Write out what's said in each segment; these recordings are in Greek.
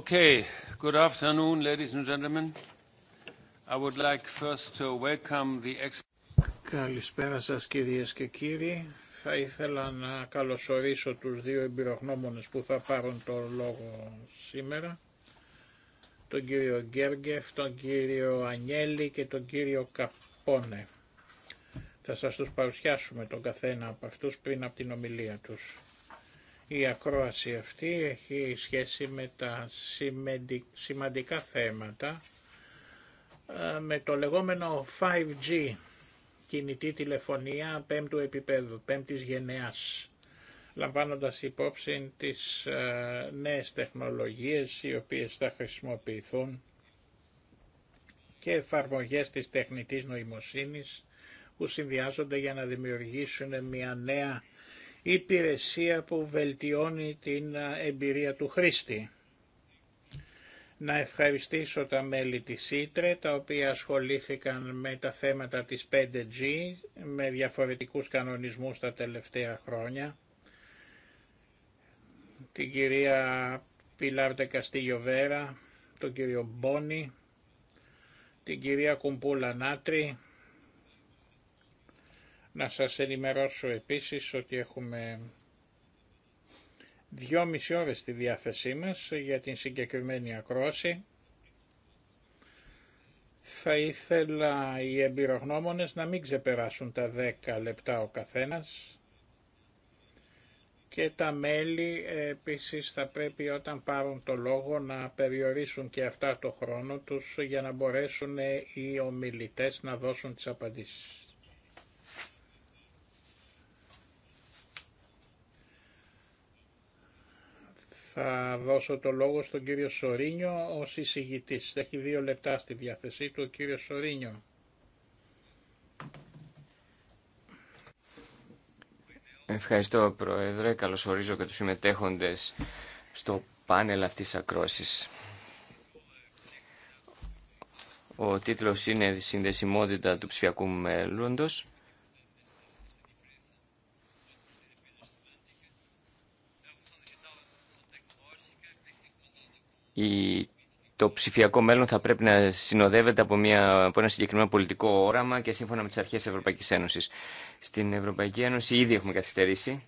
Okay, good afternoon, ladies and gentlemen. like first to welcome Καλησπέρα σας κυρίες και κύριοι. Θα ήθελα να καλωσορίσω τους δύο εμπειρογνώμονες που θα πάρουν το λόγο σήμερα. Τον κύριο Γκέργεφ, τον κύριο Ανιέλη και τον κύριο Καπόνε. Θα σας τους παρουσιάσουμε τον καθένα από αυτούς πριν από την ομιλία τους. Η ακρόαση αυτή έχει σχέση με τα σημαντικά θέματα ε, με το λεγόμενο 5G, κινητή τηλεφωνία πέμπτου επίπεδου, πέμπτης γενεάς, λαμβάνοντας υπόψη τις ε, νέες τεχνολογίες οι οποίες θα χρησιμοποιηθούν και εφαρμογές της τεχνητής νοημοσύνης που συνδυάζονται για να δημιουργήσουν μια νέα υπηρεσία που βελτιώνει την εμπειρία του χρήστη. Να ευχαριστήσω τα μέλη της ΣΥΤΡΕ, τα οποία ασχολήθηκαν με τα θέματα της 5G, με διαφορετικούς κανονισμούς τα τελευταία χρόνια. Την κυρία Πιλάρτε Καστίγιο Βέρα, τον κύριο Μπόνι, την κυρία Κουμπούλα Νάτρη, να σας ενημερώσω επίσης ότι έχουμε δυόμιση ώρες στη διάθεσή μας για την συγκεκριμένη ακρόση. Θα ήθελα οι εμπειρογνώμονες να μην ξεπεράσουν τα 10 λεπτά ο καθένας και τα μέλη επίσης θα πρέπει όταν πάρουν το λόγο να περιορίσουν και αυτά το χρόνο τους για να μπορέσουν οι ομιλητές να δώσουν τις απαντήσεις. Θα δώσω το λόγο στον κύριο Σορίνιο ως εισηγητής. Έχει δύο λεπτά στη διάθεσή του ο κύριος Σορίνιο. Ευχαριστώ Πρόεδρε. Καλωσορίζω και τους συμμετέχοντες στο πάνελ αυτής της ακρόσης. Ο τίτλος είναι «Συνδεσιμότητα του ψηφιακού μέλλοντος». η, το ψηφιακό μέλλον θα πρέπει να συνοδεύεται από, μια, από ένα συγκεκριμένο πολιτικό όραμα και σύμφωνα με τις αρχές της Ευρωπαϊκής Ένωσης. Στην Ευρωπαϊκή Ένωση ήδη έχουμε καθυστερήσει.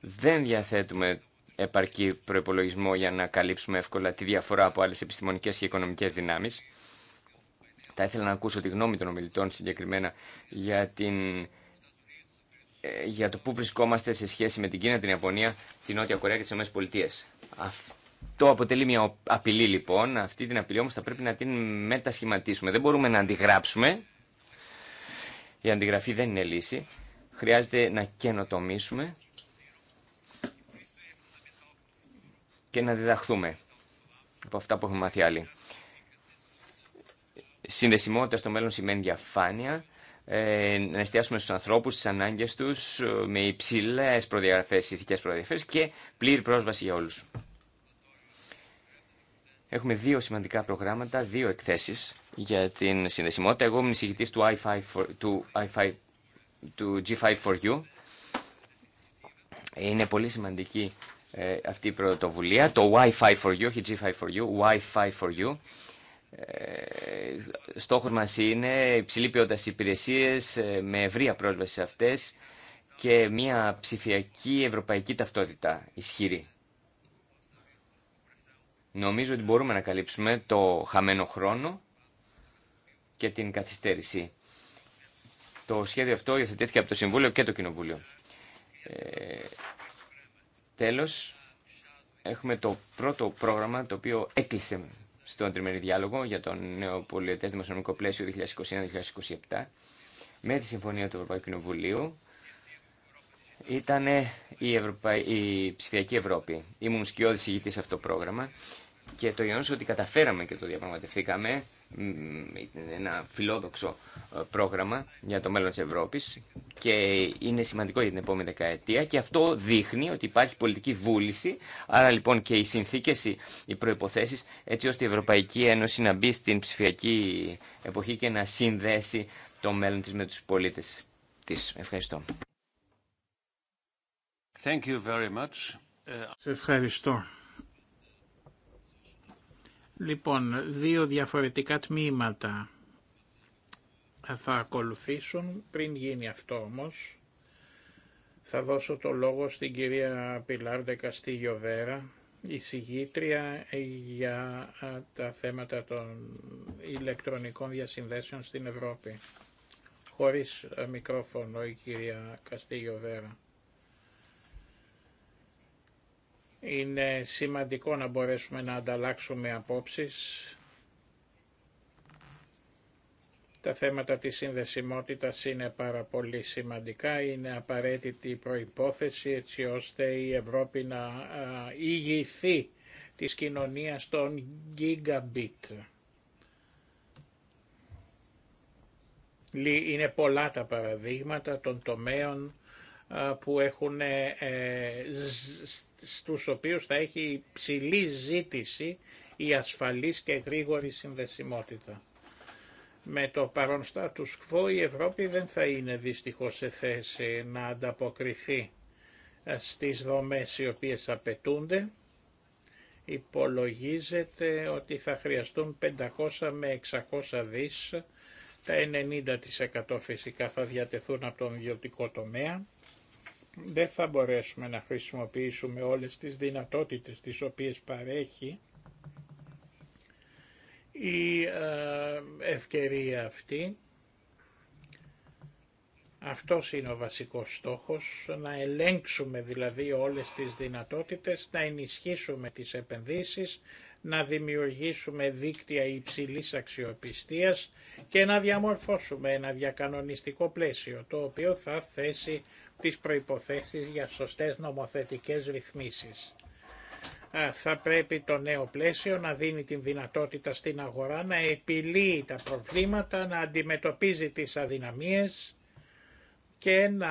Δεν διαθέτουμε επαρκή προπολογισμό για να καλύψουμε εύκολα τη διαφορά από άλλες επιστημονικές και οικονομικές δυνάμεις. Θα ήθελα να ακούσω τη γνώμη των ομιλητών συγκεκριμένα για, την, ε, για το πού βρισκόμαστε σε σχέση με την Κίνα, την Ιαπωνία, την Νότια Κορέα και τις ΗΠΑ. Το αποτελεί μια απειλή λοιπόν. Αυτή την απειλή όμως θα πρέπει να την μετασχηματίσουμε. Δεν μπορούμε να αντιγράψουμε. Η αντιγραφή δεν είναι λύση. Χρειάζεται να καινοτομήσουμε και να διδαχθούμε από αυτά που έχουμε μάθει άλλοι. Συνδεσιμότητα στο μέλλον σημαίνει διαφάνεια, ε, να εστιάσουμε στους ανθρώπους, στις ανάγκες τους, ε, με υψηλές προδιαγραφές, ηθικές προδιαγραφές και πλήρη πρόσβαση για όλους. Έχουμε δύο σημαντικά προγράμματα, δύο εκθέσεις για την συνδεσιμότητα. Εγώ είμαι η του, του, 5 του G54U. Είναι πολύ σημαντική ε, αυτή η πρωτοβουλία. Το Wi-Fi4U, όχι G54U, Wi-Fi4U. Ε, στόχος μας είναι υψηλή ποιότητα υπηρεσίες ε, με ευρία πρόσβαση σε αυτές και μια ψηφιακή ευρωπαϊκή ταυτότητα ισχυρή. Νομίζω ότι μπορούμε να καλύψουμε το χαμένο χρόνο και την καθυστέρηση. Το σχέδιο αυτό υιοθετήθηκε από το Συμβούλιο και το Κοινοβούλιο. Ε, τέλος, έχουμε το πρώτο πρόγραμμα το οποίο έκλεισε στον τριμερή διάλογο για τον νέο πολιετές δημοσιονομικό πλαίσιο 2021-2027 με τη Συμφωνία του Ευρωπαϊκού Κοινοβουλίου ήταν η, Ευρωπα... η ψηφιακή Ευρώπη. Ήμουν σκιώδης ηγητής σε αυτό το πρόγραμμα και το γεγονό ότι καταφέραμε και το διαπραγματευτήκαμε ένα φιλόδοξο ε, πρόγραμμα για το μέλλον της Ευρώπης και είναι σημαντικό για την επόμενη δεκαετία και αυτό δείχνει ότι υπάρχει πολιτική βούληση άρα λοιπόν και οι συνθήκες, οι προϋποθέσεις έτσι ώστε η Ευρωπαϊκή Ένωση να μπει στην ψηφιακή εποχή και να συνδέσει το μέλλον της με τους πολίτες της. Ευχαριστώ. Σε ευχαριστώ. Λοιπόν, δύο διαφορετικά τμήματα θα ακολουθήσουν. Πριν γίνει αυτό όμως, θα δώσω το λόγο στην κυρία Πιλάρντε Καστίγιο Βέρα, εισηγήτρια για τα θέματα των ηλεκτρονικών διασυνδέσεων στην Ευρώπη. Χωρίς μικρόφωνο η κυρία Καστίγιο Βέρα. Είναι σημαντικό να μπορέσουμε να ανταλλάξουμε απόψεις. Τα θέματα της συνδεσιμότητας είναι πάρα πολύ σημαντικά, είναι απαραίτητη προϋπόθεση έτσι ώστε η Ευρώπη να ηγηθεί της κοινωνίας των gigabit. Είναι πολλά τα παραδείγματα των τομέων ε, που έχουν, ε, ε, στους οποίους θα έχει υψηλή ζήτηση η ασφαλής και γρήγορη συνδεσιμότητα. Με το παρόν στάτους κβο η Ευρώπη δεν θα είναι δυστυχώς σε θέση να ανταποκριθεί στις δομές οι οποίες απαιτούνται. Υπολογίζεται ότι θα χρειαστούν 500 με 600 δις, τα 90% φυσικά θα διατεθούν από τον ιδιωτικό τομέα δεν θα μπορέσουμε να χρησιμοποιήσουμε όλες τις δυνατότητες τις οποίες παρέχει η ε, ευκαιρία αυτή. Αυτό είναι ο βασικός στόχος, να ελέγξουμε δηλαδή όλες τις δυνατότητες, να ενισχύσουμε τις επενδύσεις, να δημιουργήσουμε δίκτυα υψηλής αξιοπιστίας και να διαμορφώσουμε ένα διακανονιστικό πλαίσιο, το οποίο θα θέσει τις προϋποθέσεις για σωστές νομοθετικές ρυθμίσεις. Θα πρέπει το νέο πλαίσιο να δίνει την δυνατότητα στην αγορά να επιλύει τα προβλήματα, να αντιμετωπίζει τις αδυναμίες και να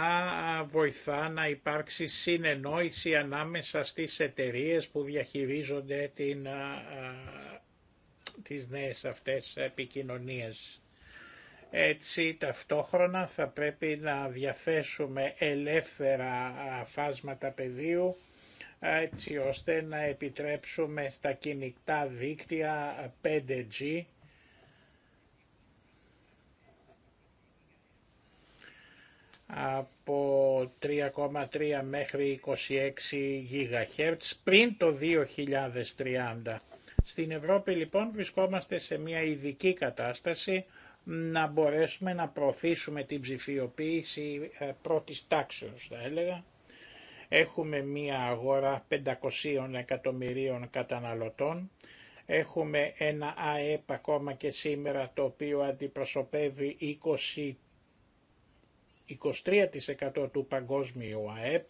βοηθά να υπάρξει συνεννόηση ανάμεσα στις εταιρείες που διαχειρίζονται την, τις νέες αυτές επικοινωνίες. Έτσι ταυτόχρονα θα πρέπει να διαθέσουμε ελεύθερα φάσματα πεδίου έτσι ώστε να επιτρέψουμε στα κινητά δίκτυα 5G από 3,3 μέχρι 26 GHz πριν το 2030. Στην Ευρώπη λοιπόν βρισκόμαστε σε μια ειδική κατάσταση να μπορέσουμε να προωθήσουμε την ψηφιοποίηση ε, πρώτης τάξεως θα έλεγα. Έχουμε μία αγορά 500 εκατομμυρίων καταναλωτών, έχουμε ένα ΑΕΠ ακόμα και σήμερα το οποίο αντιπροσωπεύει 20 23% του παγκόσμιου ΑΕΠ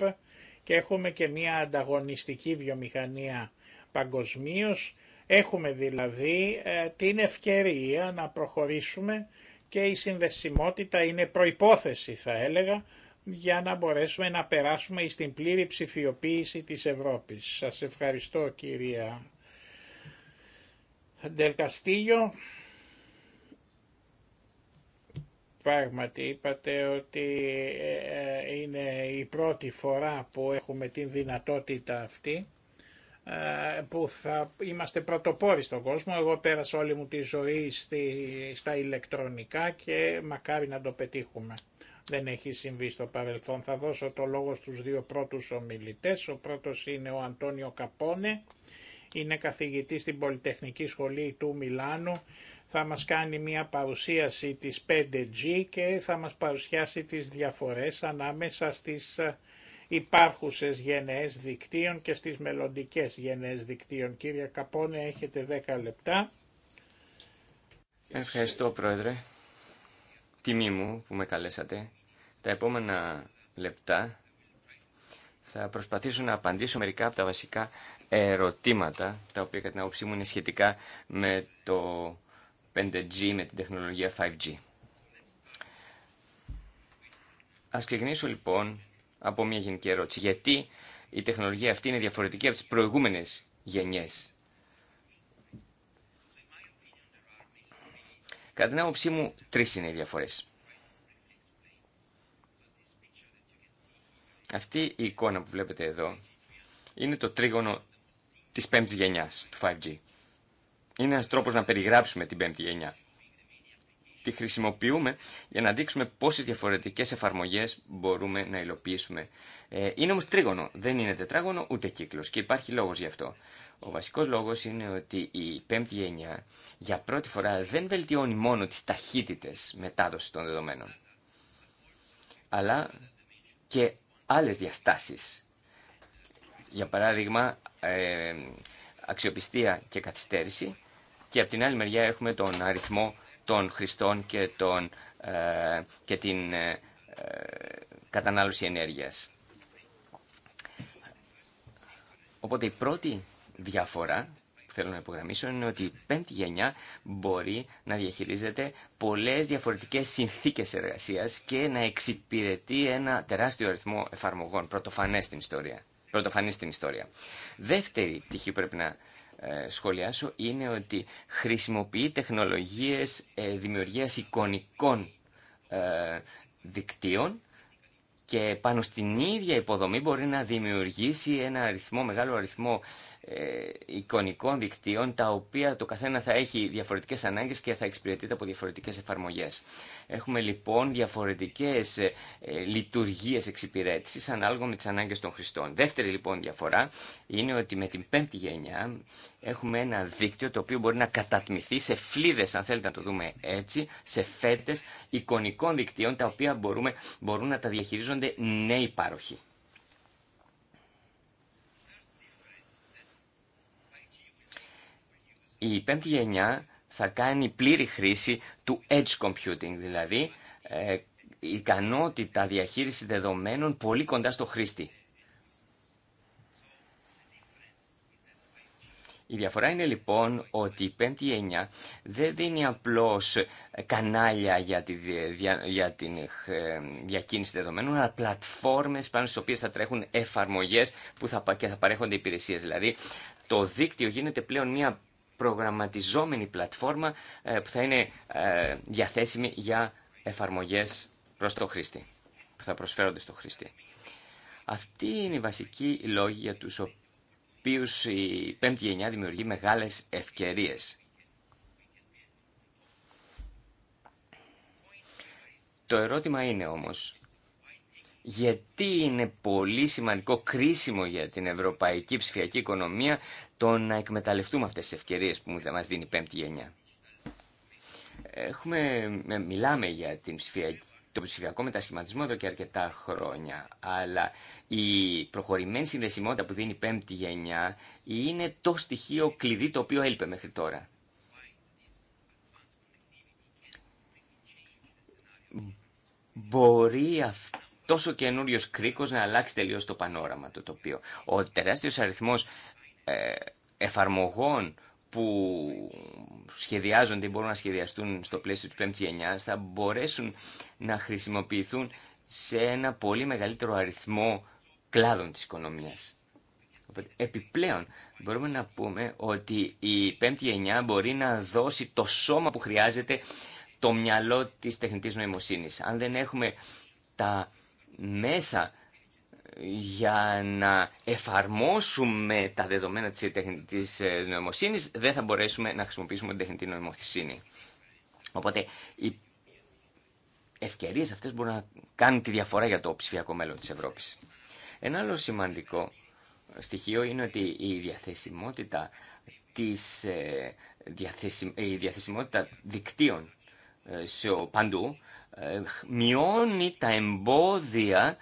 και έχουμε και μια ανταγωνιστική βιομηχανία παγκοσμίως Έχουμε δηλαδή ε, την ευκαιρία να προχωρήσουμε και η συνδεσιμότητα είναι προϋπόθεση θα έλεγα για να μπορέσουμε να περάσουμε στην πλήρη ψηφιοποίηση της Ευρώπης. Σας ευχαριστώ κυρία Ντελκαστίγιο. Πράγματι είπατε ότι ε, ε, είναι η πρώτη φορά που έχουμε την δυνατότητα αυτή ε, που θα είμαστε πρωτοπόροι στον κόσμο. Εγώ πέρασα όλη μου τη ζωή στη, στα ηλεκτρονικά και μακάρι να το πετύχουμε. Δεν έχει συμβεί στο παρελθόν. Θα δώσω το λόγο στους δύο πρώτους ομιλητές. Ο πρώτος είναι ο Αντώνιο Καπόνε. Είναι καθηγητής στην Πολυτεχνική Σχολή του Μιλάνου. Θα μας κάνει μια παρουσίαση της 5G και θα μας παρουσιάσει τις διαφορές ανάμεσα στις ε, υπάρχουσες γενναίες δικτύων και στις μελλοντικές γενναίες δικτύων. Κύριε Καπόνε, έχετε 10 λεπτά. Ευχαριστώ, Πρόεδρε. Τιμή μου που με καλέσατε. Τα επόμενα λεπτά θα προσπαθήσω να απαντήσω μερικά από τα βασικά ερωτήματα, τα οποία κατά την άποψή μου είναι σχετικά με το 5G, με την τεχνολογία 5G. Ας ξεκινήσω λοιπόν από μια γενική ερώτηση. Γιατί η τεχνολογία αυτή είναι διαφορετική από τις προηγούμενες γενιές. Κατά την άποψή μου, τρεις είναι οι διαφορές. Αυτή η εικόνα που βλέπετε εδώ είναι το τρίγωνο της πέμπτης γενιάς του 5G. Είναι ένας τρόπος να περιγράψουμε την πέμπτη γενιά τη χρησιμοποιούμε για να δείξουμε πόσες διαφορετικές εφαρμογές μπορούμε να υλοποιήσουμε. Ε, είναι όμως τρίγωνο, δεν είναι τετράγωνο ούτε κύκλος και υπάρχει λόγος γι' αυτό. Ο βασικός λόγος είναι ότι η πέμπτη γενιά για πρώτη φορά δεν βελτιώνει μόνο τις ταχύτητες μετάδοσης των δεδομένων, αλλά και άλλες διαστάσεις. Για παράδειγμα, ε, αξιοπιστία και καθυστέρηση και από την άλλη μεριά έχουμε τον αριθμό των χρηστών και, των, ε, και την ε, κατανάλωση ενέργειας. Οπότε η πρώτη διαφορά που θέλω να υπογραμμίσω είναι ότι η πέμπτη γενιά μπορεί να διαχειρίζεται πολλές διαφορετικές συνθήκες εργασίας και να εξυπηρετεί ένα τεράστιο αριθμό εφαρμογών πρωτοφανές στην ιστορία. Πρωτοφανή στην ιστορία. Δεύτερη πτυχή που πρέπει να ε, σχολιάσω είναι ότι χρησιμοποιεί τεχνολογίες ε, δημιουργίας εικονικών ε, δικτύων και πάνω στην ίδια υποδομή μπορεί να δημιουργήσει ένα αριθμό, μεγάλο αριθμό ε, εικονικών δικτύων τα οποία το καθένα θα έχει διαφορετικές ανάγκες και θα εξυπηρετείται από διαφορετικές εφαρμογές. Έχουμε λοιπόν διαφορετικές ε, ε λειτουργίες εξυπηρέτησης ανάλογα με τις ανάγκες των χρηστών. Δεύτερη λοιπόν διαφορά είναι ότι με την πέμπτη γενιά έχουμε ένα δίκτυο το οποίο μπορεί να κατατμηθεί σε φλίδες, αν θέλετε να το δούμε έτσι, σε φέτες εικονικών δικτύων τα οποία μπορούμε, μπορούν να τα διαχειρίζονται νέοι πάροχοι. Η πέμπτη γενιά θα κάνει πλήρη χρήση του edge computing, δηλαδή ε, ικανότητα διαχείρισης δεδομένων πολύ κοντά στο χρήστη. Η διαφορά είναι λοιπόν ότι η πέμπτη έννοια δεν δίνει απλώς κανάλια για, τη, για την ε, διακίνηση δεδομένων, αλλά πλατφόρμες πάνω στις οποίες θα τρέχουν εφαρμογές που θα, και θα παρέχονται υπηρεσίες. Δηλαδή το δίκτυο γίνεται πλέον μια προγραμματιζόμενη πλατφόρμα ε, που θα είναι ε, διαθέσιμη για εφαρμογές προς το χρήστη, που θα προσφέρονται στο χρήστη. Αυτή είναι η βασική λόγη για τους οποίους οποίους η πέμπτη γενιά δημιουργεί μεγάλες ευκαιρίες. Το ερώτημα είναι όμως, γιατί είναι πολύ σημαντικό, κρίσιμο για την ευρωπαϊκή ψηφιακή οικονομία το να εκμεταλλευτούμε αυτές τις ευκαιρίες που μας δίνει η πέμπτη γενιά. Έχουμε, μιλάμε για την ψηφιακή το ψηφιακό μετασχηματισμό εδώ και αρκετά χρόνια, αλλά η προχωρημένη συνδεσιμότητα που δίνει η πέμπτη γενιά είναι το στοιχείο κλειδί το οποίο έλειπε μέχρι τώρα. Μπορεί αυτό τόσο καινούριο κρίκο να αλλάξει τελείω το πανόραμα, το τοπίο. Ο τεράστιο αριθμό ε, εφαρμογών που σχεδιάζονται ή μπορούν να σχεδιαστούν στο πλαίσιο του 5ης γενιάς θα μπορέσουν να χρησιμοποιηθούν σε ένα πολύ μεγαλύτερο αριθμό κλάδων της οικονομίας. Επιπλέον, μπορούμε να πούμε ότι η πέμπτη γενιά μπορεί να δώσει το θα που χρειάζεται το μυαλό της τεχνητής νοημοσύνης. Αν δεν έχουμε τα μέσα για να εφαρμόσουμε τα δεδομένα της, της ε, νοημοσύνης δεν θα μπορέσουμε να χρησιμοποιήσουμε την τεχνητή νοημοσύνη. Οπότε οι ευκαιρίες αυτές μπορούν να κάνουν τη διαφορά για το ψηφιακό μέλλον της Ευρώπης. Ένα άλλο σημαντικό στοιχείο είναι ότι η διαθεσιμότητα, της, ε, ε, η διαθεσιμότητα δικτύων σε παντού μειώνει τα εμπόδια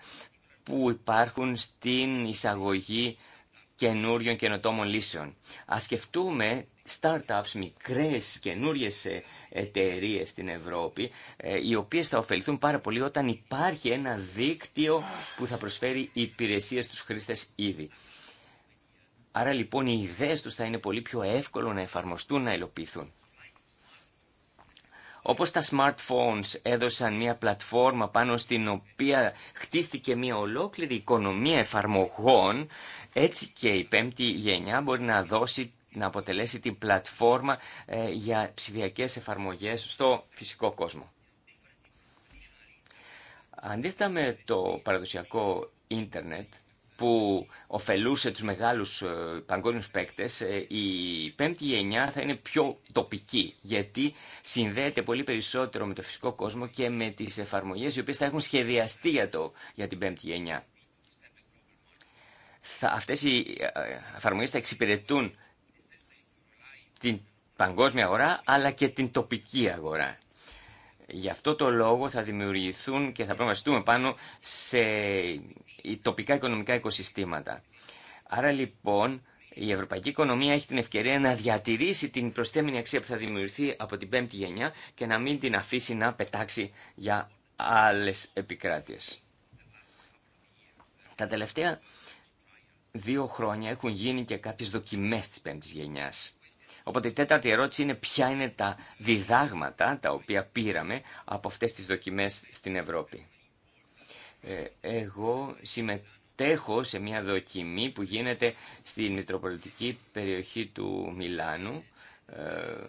που υπάρχουν στην εισαγωγή καινούριων καινοτόμων λύσεων. Ας σκεφτούμε startups, μικρές καινούριες ε, εταιρείε στην Ευρώπη, ε, οι οποίες θα ωφεληθούν πάρα πολύ όταν υπάρχει ένα δίκτυο που θα προσφέρει υπηρεσίες στους χρήστες ήδη. Άρα λοιπόν οι ιδέες τους θα είναι πολύ πιο εύκολο να εφαρμοστούν, να υλοποιηθούν. Όπως τα smartphones έδωσαν μια πλατφόρμα πάνω στην οποία χτίστηκε μια ολόκληρη οικονομία εφαρμογών, έτσι και η πέμπτη γενιά μπορεί να δώσει να αποτελέσει την πλατφόρμα ε, για ψηφιακές εφαρμογές στο φυσικό κόσμο. Αντίθετα με το παραδοσιακό ίντερνετ, που ωφελούσε τους μεγάλους ε, παγκόσμιους παίκτες, ε, η πέμπτη γενιά θα είναι πιο τοπική, γιατί συνδέεται πολύ περισσότερο με το φυσικό κόσμο και με τις εφαρμογές οι οποίες θα έχουν σχεδιαστεί για, το, για την πέμπτη γενιά. Θα, αυτές οι ε, εφαρμογές θα εξυπηρετούν την παγκόσμια αγορά, αλλά και την τοπική αγορά. Γι' αυτό το λόγο θα δημιουργηθούν και θα προγραμματιστούμε πάνω σε τοπικά οικονομικά οικοσυστήματα. Άρα λοιπόν η ευρωπαϊκή οικονομία έχει την ευκαιρία να διατηρήσει την προσθέμενη αξία που θα δημιουργηθεί από την πέμπτη γενιά και να μην την αφήσει να πετάξει για άλλες επικράτειες. Τα τελευταία δύο χρόνια έχουν γίνει και κάποιες δοκιμές της πέμπτης γενιάς. Οπότε η τέταρτη ερώτηση είναι ποια είναι τα διδάγματα τα οποία πήραμε από αυτές τις δοκιμές στην Ευρώπη. Ε, εγώ συμμετέχω σε μια δοκιμή που γίνεται στη Μητροπολιτική περιοχή του Μιλάνου. Ε,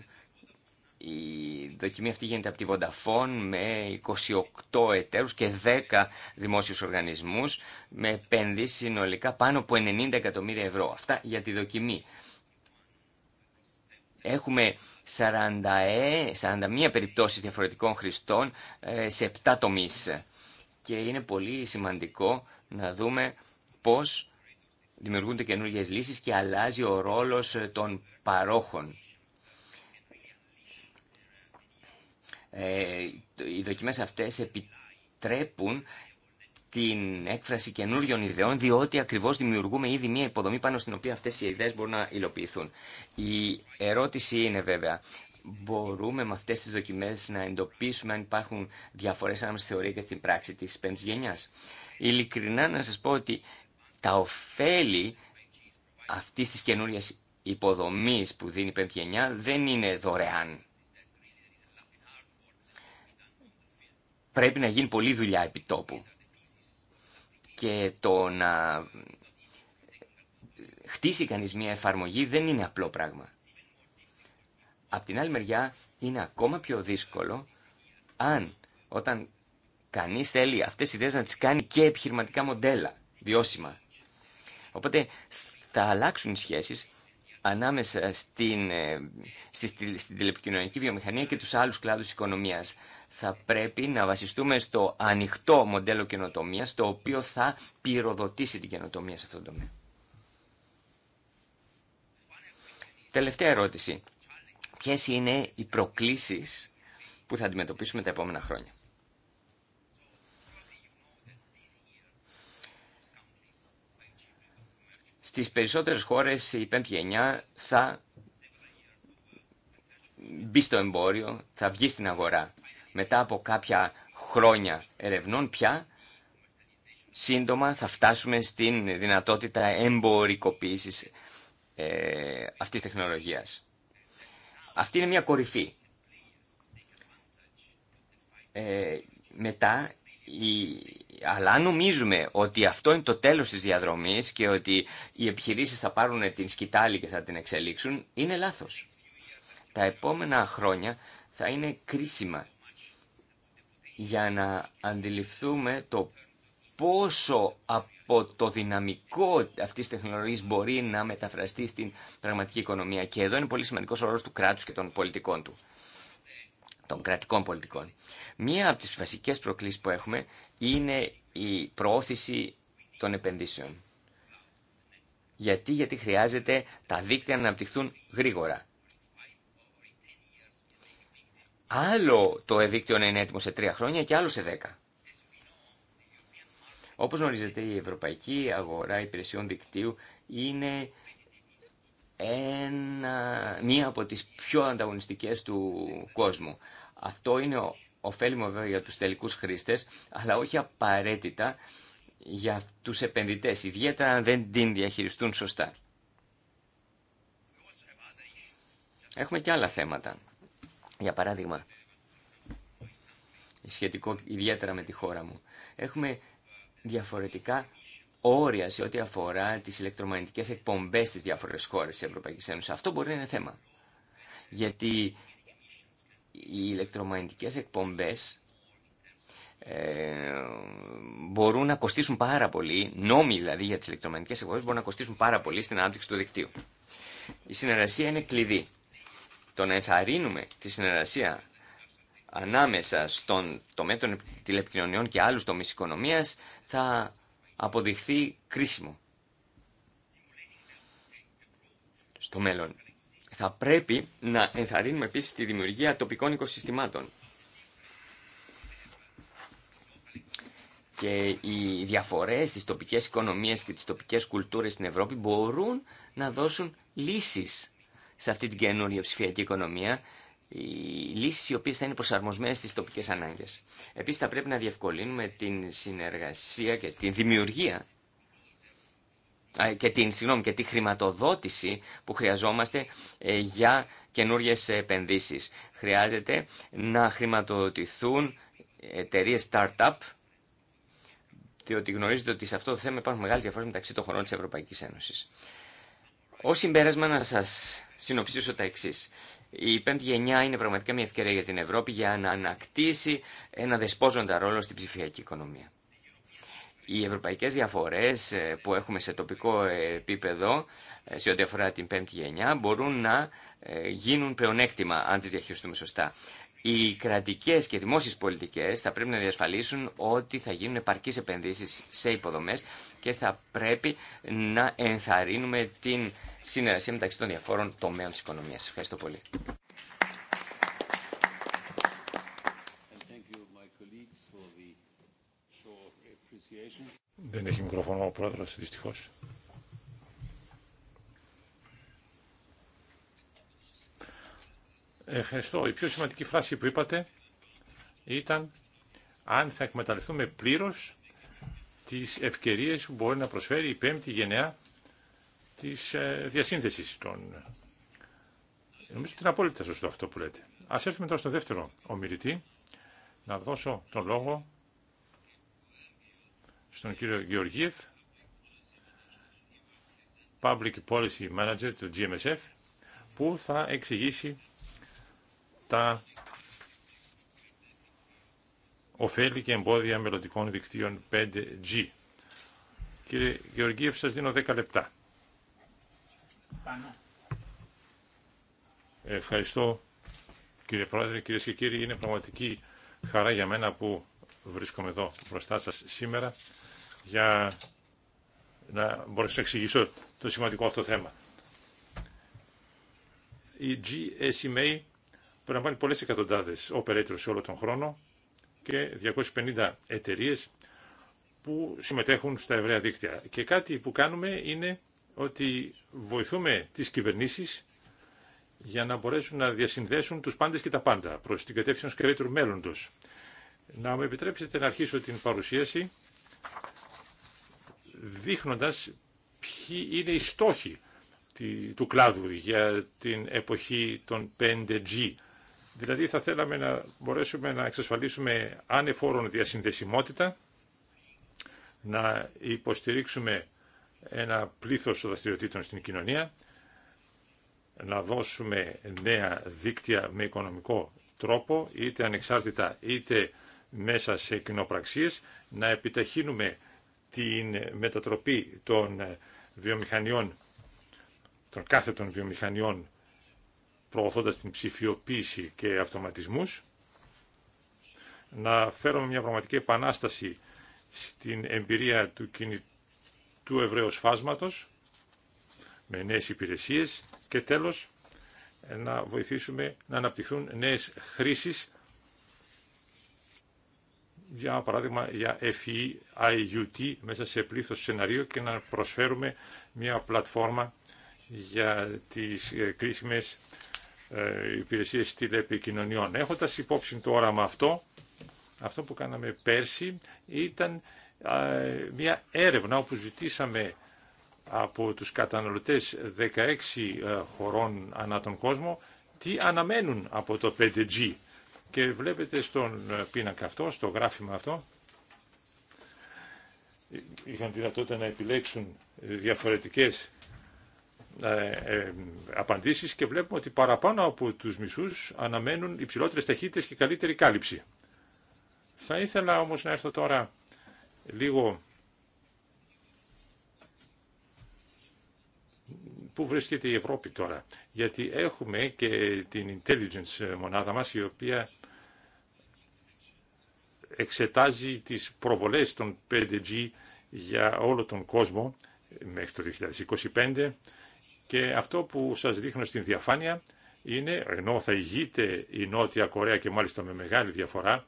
η δοκιμή αυτή γίνεται από τη Vodafone με 28 εταίρους και 10 δημόσιους οργανισμούς με επένδυση συνολικά πάνω από 90 εκατομμύρια ευρώ. Αυτά για τη δοκιμή. Έχουμε 41 ε, περιπτώσεις διαφορετικών χρηστών ε, σε 7 τομείς. Και είναι πολύ σημαντικό να δούμε πώς δημιουργούνται καινούργιε λύσεις και αλλάζει ο ρόλος ε, των παρόχων. οι δοκιμές αυτές επιτρέπουν την έκφραση καινούριων ιδεών, διότι ακριβώ δημιουργούμε ήδη μια υποδομή πάνω στην οποία αυτέ οι ιδέε μπορούν να υλοποιηθούν. Η ερώτηση είναι βέβαια, μπορούμε με αυτέ τι δοκιμέ να εντοπίσουμε αν υπάρχουν διαφορέ ανάμεσα στη θεωρία και στην πράξη τη πέμπτη γενιά. Ειλικρινά να σα πω ότι τα ωφέλη αυτή τη καινούρια υποδομή που δίνει η πέμπτη γενιά δεν είναι δωρεάν. Πρέπει να γίνει πολλή δουλειά επί και το να χτίσει κανείς μια εφαρμογή δεν είναι απλό πράγμα. Απ' την άλλη μεριά είναι ακόμα πιο δύσκολο αν όταν κανείς θέλει αυτές οι ιδέες να τις κάνει και επιχειρηματικά μοντέλα, βιώσιμα. Οπότε θα αλλάξουν οι σχέσεις ανάμεσα στην, ε, στη στην τηλεπικοινωνική βιομηχανία και τους άλλους κλάδους οικονομίας. Θα πρέπει να βασιστούμε στο ανοιχτό μοντέλο καινοτομία, το οποίο θα πυροδοτήσει την καινοτομία σε αυτό το τομέα. Τελευταία ερώτηση. Ποιες είναι οι προκλήσεις που θα αντιμετωπίσουμε τα επόμενα χρόνια. Στις περισσότερες χώρες η πέμπτη γενιά θα μπει στο εμπόριο, θα βγει στην αγορά. Μετά από κάποια χρόνια ερευνών πια, σύντομα θα φτάσουμε στην δυνατότητα εμπορικοποίησης ε, αυτής της τεχνολογίας. Αυτή είναι μια κορυφή. Ε, μετά η αλλά αν νομίζουμε ότι αυτό είναι το τέλος της διαδρομής και ότι οι επιχειρήσεις θα πάρουν την σκητάλη και θα την εξελίξουν, είναι λάθος. Τα επόμενα χρόνια θα είναι κρίσιμα για να αντιληφθούμε το πόσο από το δυναμικό αυτής της τεχνολογίας μπορεί να μεταφραστεί στην πραγματική οικονομία. Και εδώ είναι πολύ σημαντικός ο ρόλος του κράτους και των πολιτικών του των κρατικών πολιτικών. Μία από τις βασικές προκλήσεις που έχουμε είναι η προώθηση των επενδύσεων. Γιατί, γιατί χρειάζεται τα δίκτυα να αναπτυχθούν γρήγορα. Άλλο το δίκτυο να είναι έτοιμο σε τρία χρόνια και άλλο σε δέκα. Όπως γνωρίζετε η ευρωπαϊκή αγορά υπηρεσιών δικτύου είναι ένα, μία από τις πιο ανταγωνιστικές του κόσμου. Αυτό είναι ωφέλιμο βέβαια για τους τελικούς χρήστες, αλλά όχι απαραίτητα για τους επενδυτές, ιδιαίτερα αν δεν την διαχειριστούν σωστά. Έχουμε και άλλα θέματα. Για παράδειγμα, σχετικό ιδιαίτερα με τη χώρα μου, έχουμε διαφορετικά όρια σε ό,τι αφορά τις ηλεκτρομαγνητικές εκπομπές στις διάφορες χώρες της Ευρωπαϊκής Αυτό μπορεί να είναι θέμα. Γιατί οι ηλεκτρομαγνητικές εκπομπές ε, μπορούν να κοστίσουν πάρα πολύ, νόμοι δηλαδή για τις ηλεκτρομαγνητικές εκπομπές μπορούν να κοστίσουν πάρα πολύ στην ανάπτυξη του δικτύου. Η συνεργασία είναι κλειδί. Το να ενθαρρύνουμε τη συνεργασία ανάμεσα στον τομέα των τηλεπικοινωνιών και άλλους τομείς οικονομίας θα αποδειχθεί κρίσιμο στο μέλλον. Θα πρέπει να ενθαρρύνουμε επίσης τη δημιουργία τοπικών οικοσυστημάτων. Και οι διαφορές στις τοπικές οικονομίες και τις τοπικές κουλτούρες στην Ευρώπη μπορούν να δώσουν λύσεις σε αυτή την καινούργια ψηφιακή οικονομία, οι λύσεις οι οποίες θα είναι προσαρμοσμένες στις τοπικές ανάγκες. Επίσης θα πρέπει να διευκολύνουμε την συνεργασία και τη δημιουργία και την, συγγνώμη, και τη χρηματοδότηση που χρειαζόμαστε ε, για καινούριε επενδύσεις. Χρειάζεται να χρηματοδοτηθούν εταιρείε startup, διότι γνωρίζετε ότι σε αυτό το θέμα υπάρχουν μεγάλε διαφορέ μεταξύ των χωρών τη Ευρωπαϊκή Ένωση. Ω συμπέρασμα, να σα συνοψίσω τα εξή. Η πέμπτη γενιά είναι πραγματικά μια ευκαιρία για την Ευρώπη για να ανακτήσει ένα δεσπόζοντα ρόλο στην ψηφιακή οικονομία οι ευρωπαϊκές διαφορές ε, που έχουμε σε τοπικό επίπεδο ε, σε ό,τι αφορά την πέμπτη γενιά μπορούν να ε, γίνουν πλεονέκτημα αν τις διαχειριστούμε σωστά. Οι κρατικές και δημόσιες πολιτικές θα πρέπει να διασφαλίσουν ότι θα γίνουν επαρκείς επενδύσεις σε υποδομές και θα πρέπει να ενθαρρύνουμε την συνεργασία μεταξύ των διαφόρων τομέων της οικονομίας. Ευχαριστώ πολύ. Δεν έχει μικρόφωνο ο πρόεδρος, δυστυχώς. Ευχαριστώ. Η πιο σημαντική φράση που είπατε ήταν αν θα εκμεταλλευτούμε πλήρως τις ευκαιρίες που μπορεί να προσφέρει η πέμπτη γενεά της ε, διασύνθεσης των... Νομίζω ότι είναι απόλυτα σωστό αυτό που λέτε. Ας έρθουμε τώρα στο δεύτερο ομιλητή, να δώσω τον λόγο στον κύριο Γεωργίευ, Public Policy Manager του GMSF, που θα εξηγήσει τα ωφέλη και εμπόδια μελλοντικών δικτύων 5G. Κύριε Γεωργίευ, σας δίνω 10 λεπτά. Ευχαριστώ κύριε Πρόεδρε, κυρίε και κύριοι. Είναι πραγματική χαρά για μένα που βρίσκομαι εδώ μπροστά σας σήμερα για να μπορέσω να εξηγήσω το σημαντικό αυτό θέμα. Η GSMA βάλει πολλές εκατοντάδες operators όλο τον χρόνο και 250 εταιρείε που συμμετέχουν στα ευρεία δίκτυα. Και κάτι που κάνουμε είναι ότι βοηθούμε τις κυβερνήσεις για να μπορέσουν να διασυνδέσουν τους πάντες και τα πάντα προς την κατεύθυνση ενός μέλλοντος. Να μου επιτρέψετε να αρχίσω την παρουσίαση δείχνοντας ποιοι είναι οι στόχοι του κλάδου για την εποχή των 5G. Δηλαδή θα θέλαμε να μπορέσουμε να εξασφαλίσουμε ανεφόρον διασυνδεσιμότητα, να υποστηρίξουμε ένα πλήθος δραστηριοτήτων στην κοινωνία, να δώσουμε νέα δίκτυα με οικονομικό τρόπο, είτε ανεξάρτητα είτε μέσα σε κοινοπραξίες, να επιταχύνουμε την μετατροπή των ε, βιομηχανιών, των κάθετων βιομηχανιών, προωθώντας την ψηφιοποίηση και αυτοματισμούς, να φέρουμε μια πραγματική επανάσταση στην εμπειρία του κινητού ευρέως φάσματος, με νέες υπηρεσίες και τέλος να βοηθήσουμε να αναπτυχθούν νέες χρήσεις για παράδειγμα για FEIUT μέσα σε πλήθος σενάριο και να προσφέρουμε μια πλατφόρμα για τις ε, κρίσιμες ε, υπηρεσίες τηλεπικοινωνιών. Έχοντας υπόψη το όραμα αυτό, αυτό που κάναμε πέρσι ήταν μια έρευνα όπου ζητήσαμε από τους καταναλωτές 16 ε, χωρών ανά τον κόσμο τι αναμένουν από το 5G και βλέπετε στον ε, πίνακα αυτό, στο γράφημα αυτό, είχαν δυνατότητα να επιλέξουν διαφορετικές ε, ε, απαντήσεις και βλέπουμε ότι παραπάνω από τους μισούς αναμένουν υψηλότερες ταχύτητες και καλύτερη κάλυψη. Θα ήθελα όμως να έρθω τώρα λίγο πού βρίσκεται η Ευρώπη τώρα. Γιατί έχουμε και την intelligence μονάδα μας η οποία εξετάζει τις προβολές των 5G για όλο τον κόσμο μέχρι το 2025 και αυτό που σας δείχνω στην διαφάνεια είναι, ενώ θα ηγείται η Νότια Κορέα και μάλιστα με μεγάλη διαφορά,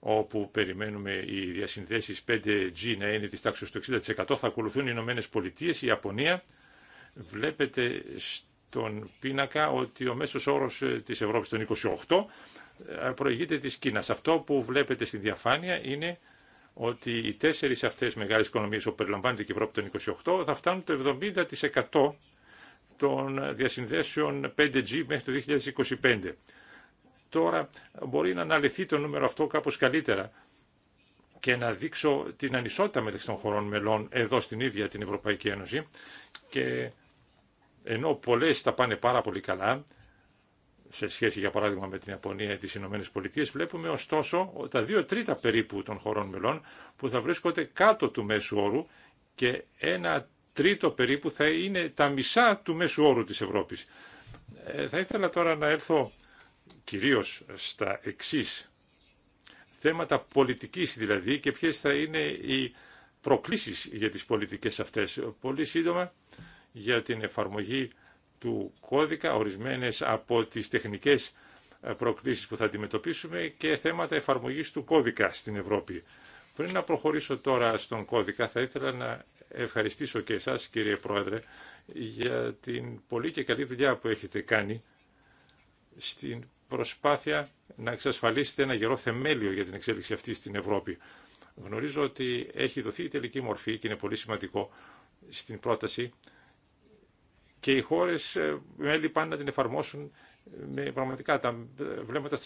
όπου περιμένουμε οι διασυνδέσεις 5G να είναι της τάξης του 60%, θα ακολουθούν οι Ηνωμένε Πολιτείε, η Ιαπωνία, Βλέπετε στον πίνακα ότι ο μέσος όρος ε, της Ευρώπης των 28 ε, προηγείται της Κίνας. Αυτό που βλέπετε στην διαφάνεια είναι ότι οι τέσσερις αυτές μεγάλες οικονομίες που περιλαμβάνεται και η Ευρώπη των 28 θα φτάνουν το 70% των διασυνδέσεων 5G μέχρι το 2025. Τώρα μπορεί να αναλυθεί το νούμερο αυτό κάπως καλύτερα και να δείξω την ανισότητα μεταξύ των χωρών μελών εδώ στην ίδια την Ευρωπαϊκή Ένωση και ενώ πολλέ τα πάνε πάρα πολύ καλά, σε σχέση για παράδειγμα με την Ιαπωνία ή τι Ηνωμένε Πολιτείε, βλέπουμε ωστόσο τα δύο τρίτα περίπου των χωρών μελών που θα βρίσκονται κάτω του μέσου όρου και ένα τρίτο περίπου θα είναι τα μισά του μέσου όρου της Ευρώπης. Ε, θα ήθελα τώρα να έρθω κυρίως στα εξής θέματα πολιτικής δηλαδή και ποιες θα είναι οι προκλήσεις για τις πολιτικές αυτές. Πολύ σύντομα για την εφαρμογή του κώδικα, ορισμένες από τις τεχνικές ε, προκλήσεις που θα αντιμετωπίσουμε και θέματα εφαρμογής του κώδικα στην Ευρώπη. Πριν να προχωρήσω τώρα στον κώδικα, θα ήθελα να ευχαριστήσω και εσάς κύριε Πρόεδρε για την πολύ και καλή δουλειά που έχετε κάνει στην προσπάθεια να εξασφαλίσετε ένα γερό θεμέλιο για την εξέλιξη αυτή στην Ευρώπη. Γνωρίζω ότι έχει δοθεί η τελική μορφή και είναι πολύ σημαντικό στην πρόταση και οι χώρες ε, μέλη πάνε να την εφαρμόσουν ε, με πραγματικά τα βλέμματα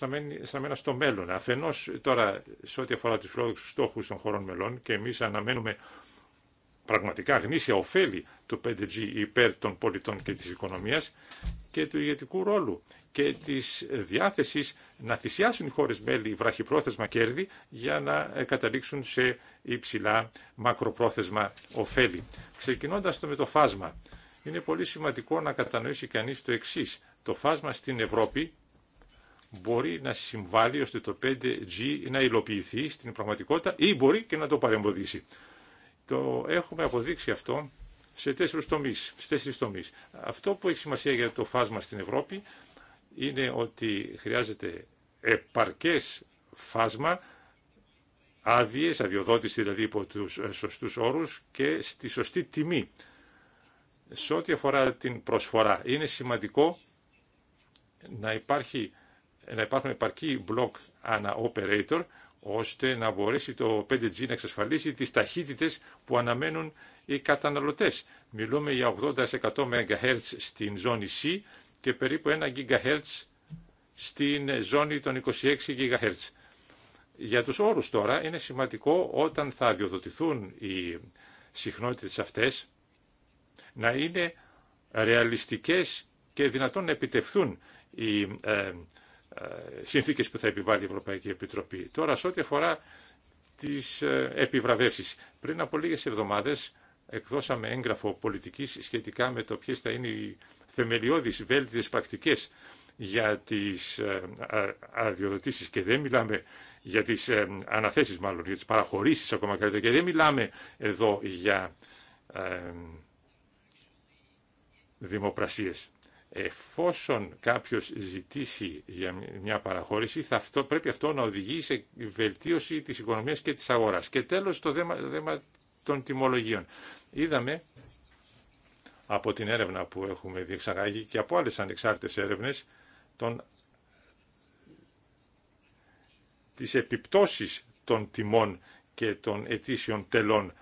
στραμμένα στο μέλλον. Αφενός τώρα σε ό,τι αφορά τους φιλόδοξους στόχους των χωρών μελών και εμείς αναμένουμε πραγματικά γνήσια ωφέλη του 5G υπέρ των πολιτών και της οικονομίας και του ηγετικού ρόλου και της διάθεσης να θυσιάσουν οι χώρες μέλη βραχυπρόθεσμα κέρδη για να ε, καταλήξουν σε υψηλά μακροπρόθεσμα ωφέλη. Ξεκινώντας το με το φάσμα, είναι πολύ σημαντικό να κατανοήσει κανείς το εξής. Το φάσμα στην Ευρώπη μπορεί να συμβάλλει ώστε το 5G να υλοποιηθεί στην πραγματικότητα ή μπορεί και να το παρεμποδίσει. Το έχουμε αποδείξει αυτό σε τέσσερις τομείς. Σε τέσσερις Αυτό που έχει σημασία για το φάσμα στην Ευρώπη είναι ότι χρειάζεται επαρκές φάσμα, άδειες, αδειοδότηση δηλαδή υπό τους σωστούς όρους και στη σωστή τιμή. Σε ό,τι αφορά την προσφορά, είναι σημαντικό να, υπάρχει, να υπάρχουν επαρκή block ανά operator, ώστε να μπορέσει το 5G να εξασφαλίσει τις ταχύτητες που αναμένουν οι καταναλωτές. Μιλούμε για 80% MHz στην ζώνη C και περίπου 1 GHz στην ζώνη των 26 GHz. Για τους όρους τώρα είναι σημαντικό όταν θα διοδοτηθούν οι συχνότητες αυτές να είναι ρεαλιστικές και δυνατόν να επιτευθούν οι ε, ε, συνθήκες που θα επιβάλλει η Ευρωπαϊκή Επιτροπή. Τώρα, σε ό,τι αφορά τις ε, επιβραβεύσεις. Πριν από λίγες εβδομάδες εκδώσαμε έγγραφο πολιτικής σχετικά με το ποιες θα είναι οι θεμελιώδεις βέλτιες πρακτικές για τις ε, αδειοδοτήσεις και δεν μιλάμε για τις αναθέσεις μάλλον, για τις παραχωρήσεις ακόμα καλύτερα και δεν μιλάμε εδώ για δημοπρασίες. Εφόσον κάποιος ζητήσει για μια παραχώρηση, θα πρέπει αυτό να οδηγεί σε βελτίωση της οικονομίας και της αγοράς. Και τέλος το θέμα, των τιμολογίων. Είδαμε από την έρευνα που έχουμε διεξαγάγει και από άλλες ανεξάρτητες έρευνες τον... τις επιπτώσεις των τιμών και των ετήσιων τελών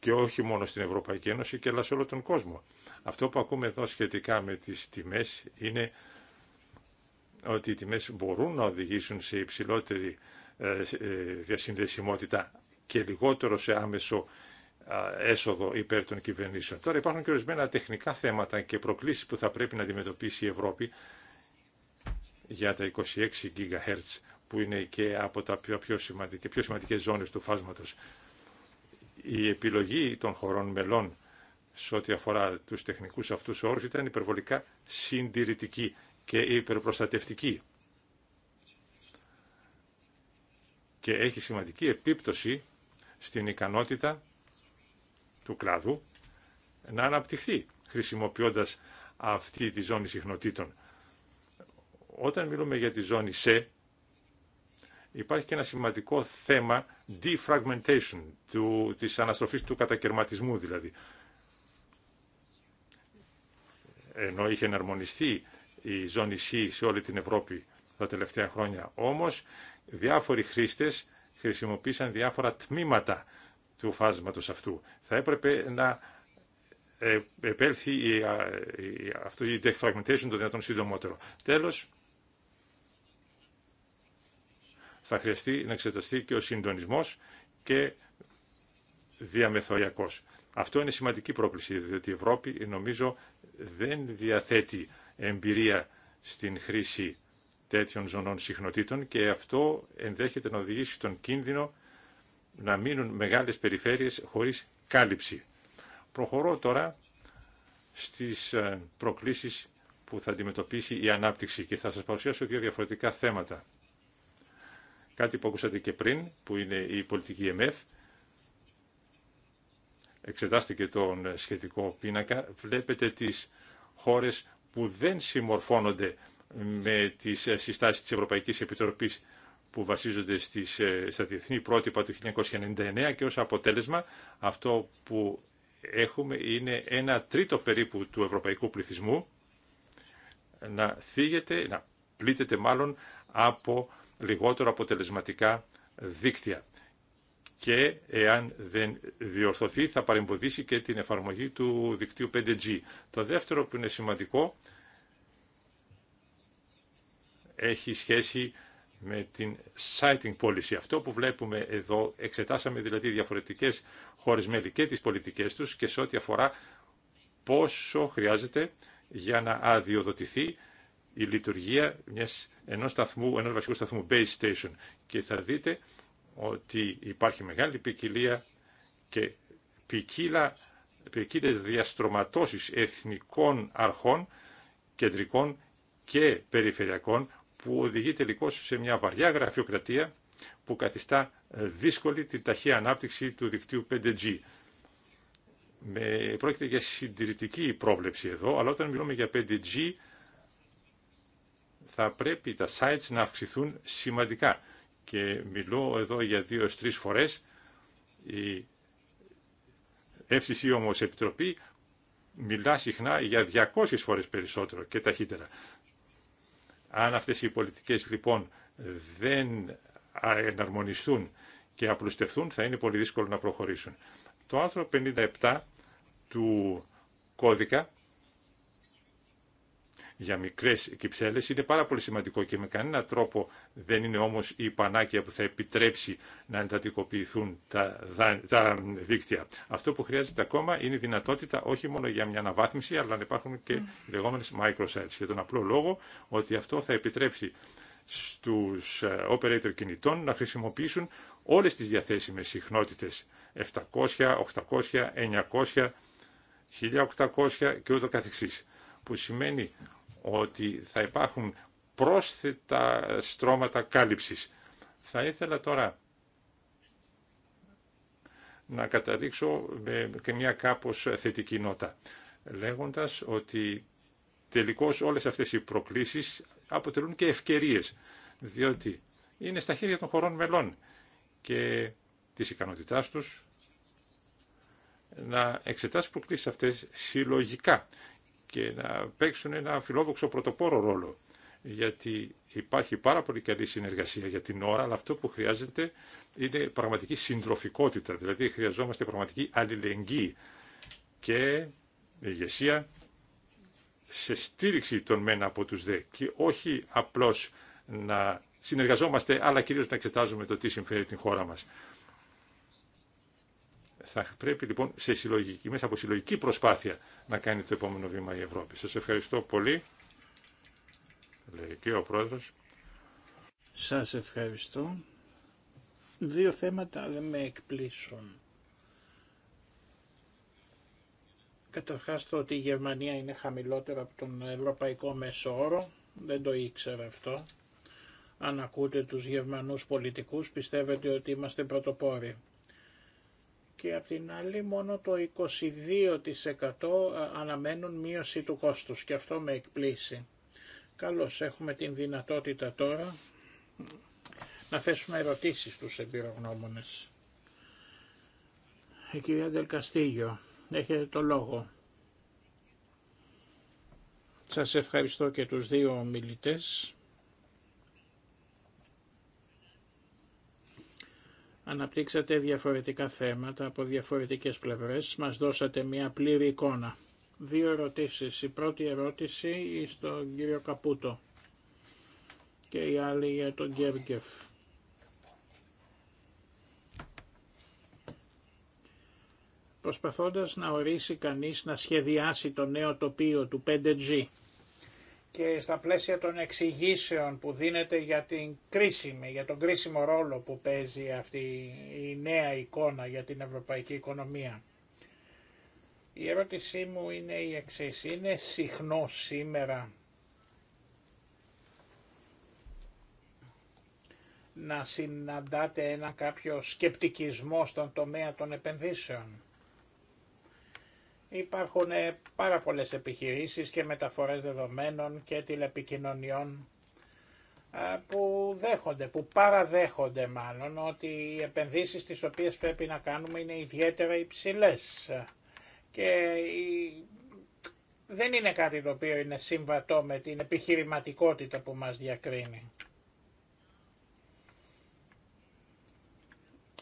και όχι μόνο στην Ευρωπαϊκή Ένωση και αλλά σε όλο τον κόσμο. Αυτό που ακούμε εδώ σχετικά με τις τιμές είναι ότι οι τιμές μπορούν να οδηγήσουν σε υψηλότερη ε, ε, διασυνδεσιμότητα και λιγότερο σε άμεσο έσοδο υπέρ των κυβερνήσεων. Τώρα υπάρχουν και ορισμένα τεχνικά θέματα και προκλήσεις που θα πρέπει να αντιμετωπίσει η Ευρώπη για τα 26 GHz που είναι και από τα πιο, πιο, σημαντικές, πιο σημαντικές ζώνες του φάσματος. Η επιλογή των χωρών μελών σε ό,τι αφορά του τεχνικού αυτούς όρου ήταν υπερβολικά συντηρητική και υπερπροστατευτική. Και έχει σημαντική επίπτωση στην ικανότητα του κλάδου να αναπτυχθεί χρησιμοποιώντας αυτή τη ζώνη συχνοτήτων. Όταν μιλούμε για τη ζώνη σε, υπάρχει και ένα σημαντικό θέμα defragmentation, του, της αναστροφής του κατακαιρματισμού δηλαδή ενώ είχε εναρμονιστεί η ζώνη C σε όλη την Ευρώπη τα τελευταία χρόνια. Όμως διάφοροι χρήστες χρησιμοποίησαν διάφορα τμήματα του φάσματος αυτού. Θα έπρεπε να ε, επέλθει η, αυτό, η defragmentation το δυνατόν συντομότερο. Τέλος, θα χρειαστεί να εξεταστεί και ο συντονισμός και διαμεθοριακός. Αυτό είναι σημαντική πρόκληση, διότι η Ευρώπη νομίζω δεν διαθέτει εμπειρία στην χρήση τέτοιων ζωνών συχνοτήτων και αυτό ενδέχεται να οδηγήσει τον κίνδυνο να μείνουν μεγάλες περιφέρειες χωρίς κάλυψη. Προχωρώ τώρα στις ε, προκλήσεις που θα αντιμετωπίσει η ανάπτυξη και θα σας παρουσιάσω δύο διαφορετικά θέματα. Κάτι που ακούσατε και πριν, που είναι η πολιτική ΕΜΕΦ e εξετάστε και τον σχετικό πίνακα, βλέπετε τις χώρες που δεν συμμορφώνονται με τις συστάσεις της Ευρωπαϊκής Επιτροπής που βασίζονται στις, ε, στα διεθνή πρότυπα του 1999 και ως αποτέλεσμα αυτό που έχουμε είναι ένα τρίτο περίπου του ευρωπαϊκού πληθυσμού να θίγεται, να πλήττεται μάλλον από λιγότερο αποτελεσματικά δίκτυα και εάν δεν διορθωθεί θα παρεμποδίσει και την εφαρμογή του δικτύου 5G. Το δεύτερο που είναι σημαντικό έχει σχέση με την sighting policy. Αυτό που βλέπουμε εδώ, εξετάσαμε δηλαδή διαφορετικές χώρες μέλη και τις πολιτικές τους και σε ό,τι αφορά πόσο χρειάζεται για να αδειοδοτηθεί η λειτουργία μιας, ενός, ενός βασικού σταθμού base station. Και θα δείτε ότι υπάρχει μεγάλη ποικιλία και ποικίλα, ποικίλες διαστρωματώσεις εθνικών αρχών, κεντρικών και περιφερειακών, που οδηγεί τελικώ σε μια βαριά γραφειοκρατία που καθιστά δύσκολη την ταχεία ανάπτυξη του δικτύου 5G. Με, πρόκειται για συντηρητική πρόβλεψη εδώ, αλλά όταν μιλούμε για 5G θα πρέπει τα sites να αυξηθούν σημαντικά και μιλώ εδώ για δύο τρεις φορές. Η FCC όμως Επιτροπή μιλά συχνά για 200 φορές περισσότερο και ταχύτερα. Αν αυτές οι πολιτικές λοιπόν δεν εναρμονιστούν και απλουστευτούν θα είναι πολύ δύσκολο να προχωρήσουν. Το άρθρο 57 του κώδικα για μικρέ κυψέλε είναι πάρα πολύ σημαντικό και με κανένα τρόπο δεν είναι όμω η πανάκια που θα επιτρέψει να εντατικοποιηθούν τα, τα δίκτυα. Αυτό που χρειάζεται ακόμα είναι η δυνατότητα όχι μόνο για μια αναβάθμιση αλλά να υπάρχουν και οι mm. λεγόμενες microsites για τον απλό λόγο ότι αυτό θα επιτρέψει στους ε, operator κινητών να χρησιμοποιήσουν όλε τι διαθέσιμε συχνότητε 700, 800, 900, 1800 και ούτω καθεξής που σημαίνει ότι θα υπάρχουν πρόσθετα στρώματα κάλυψης. Θα ήθελα τώρα να καταλήξω και μια κάπως θετική νότα, λέγοντας ότι τελικώς όλες αυτές οι προκλήσεις αποτελούν και ευκαιρίες, διότι είναι στα χέρια των χωρών μελών και της ικανότητάς τους να εξετάσουν προκλήσεις αυτές συλλογικά και να παίξουν ένα φιλόδοξο πρωτοπόρο ρόλο. Γιατί υπάρχει πάρα πολύ καλή συνεργασία για την ώρα, αλλά αυτό που χρειάζεται είναι πραγματική συντροφικότητα. Δηλαδή χρειαζόμαστε πραγματική αλληλεγγύη και ηγεσία σε στήριξη των ΜΕΝΑ από τους δε και όχι απλώς να συνεργαζόμαστε αλλά κυρίως να εξετάζουμε το τι συμφέρει την χώρα μας. Θα πρέπει λοιπόν σε συλλογική, μέσα από συλλογική προσπάθεια να κάνει το επόμενο βήμα η Ευρώπη. Σας ευχαριστώ πολύ. Λέει και ο Πρόεδρος. Σας ευχαριστώ. Δύο θέματα δεν με εκπλήσουν. Καταρχάς το ότι η Γερμανία είναι χαμηλότερο από τον ευρωπαϊκό μέσο όρο, δεν το ήξερα αυτό. Αν ακούτε τους Γερμανούς πολιτικούς πιστεύετε ότι είμαστε πρωτοπόροι και απ' την άλλη μόνο το 22% ε, αναμένουν μείωση του κόστους και αυτό με εκπλήσει. Καλώς έχουμε την δυνατότητα τώρα να θέσουμε ερωτήσεις στους εμπειρογνώμονες. Η κυρία Ντελκαστήγιο, έχετε το λόγο. Σας ευχαριστώ και τους δύο ομιλητές. Αναπτύξατε διαφορετικά θέματα από διαφορετικές πλευρές, μας δώσατε μια πλήρη εικόνα. Δύο ερωτήσεις. Η πρώτη ερώτηση στον κύριο Καπούτο και η άλλη για τον Γκέργκεφ. Προσπαθώντας να ορίσει κανείς να σχεδιάσει το νέο τοπίο του 5G, και στα πλαίσια των εξηγήσεων που δίνεται για, την κρίσιμη, για τον κρίσιμο ρόλο που παίζει αυτή η νέα εικόνα για την ευρωπαϊκή οικονομία. Η ερώτησή μου είναι η εξής. Είναι συχνό σήμερα να συναντάτε ένα κάποιο σκεπτικισμό στον τομέα των επενδύσεων. Υπάρχουν ε, πάρα πολλές επιχειρήσεις και μεταφορές δεδομένων και τηλεπικοινωνιών ε, που δέχονται, που παραδέχονται μάλλον ότι οι επενδύσεις τις οποίες πρέπει να κάνουμε είναι ιδιαίτερα υψηλές και δεν είναι κάτι το οποίο είναι συμβατό με την επιχειρηματικότητα που μας διακρίνει.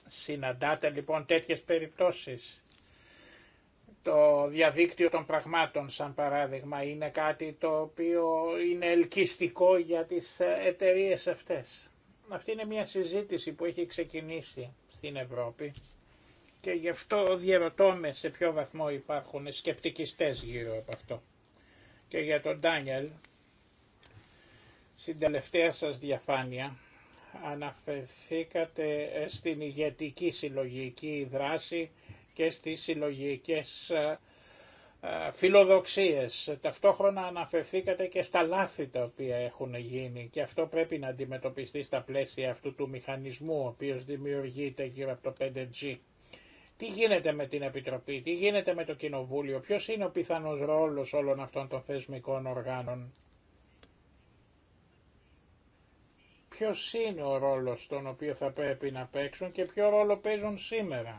Συναντάτε λοιπόν τέτοιες περιπτώσεις το διαδίκτυο των πραγμάτων σαν παράδειγμα είναι κάτι το οποίο είναι ελκυστικό για τις εταιρείε αυτές. Αυτή είναι μια συζήτηση που έχει ξεκινήσει στην Ευρώπη και γι' αυτό διαρωτώμε σε ποιο βαθμό υπάρχουν σκεπτικιστές γύρω από αυτό. Και για τον Ντάνιελ, στην τελευταία σας διαφάνεια αναφερθήκατε στην ηγετική συλλογική δράση και στις συλλογικές ε, ε, φιλοδοξίες. Ταυτόχρονα αναφερθήκατε και στα λάθη τα οποία έχουν γίνει και αυτό πρέπει να αντιμετωπιστεί στα πλαίσια αυτού του μηχανισμού ο οποίος δημιουργείται γύρω από το 5G. Τι γίνεται με την Επιτροπή, τι γίνεται με το Κοινοβούλιο, ποιος είναι ο πιθανός ρόλος όλων αυτών των θεσμικών οργάνων. Ποιος είναι ο ρόλος τον οποίο θα πρέπει να παίξουν και ποιο ρόλο παίζουν σήμερα.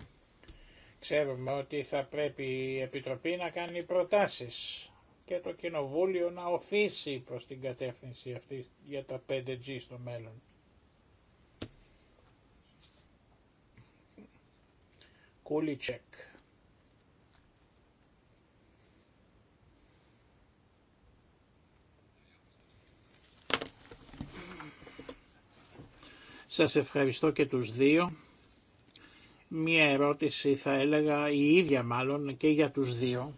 Ξέρουμε ότι θα πρέπει η Επιτροπή να κάνει προτάσεις και το Κοινοβούλιο να οφείσει προς την κατεύθυνση αυτή για τα 5G στο μέλλον. Κούλιτσεκ. Σας ευχαριστώ και τους δύο. Μία ερώτηση θα έλεγα η ίδια μάλλον και για τους δύο.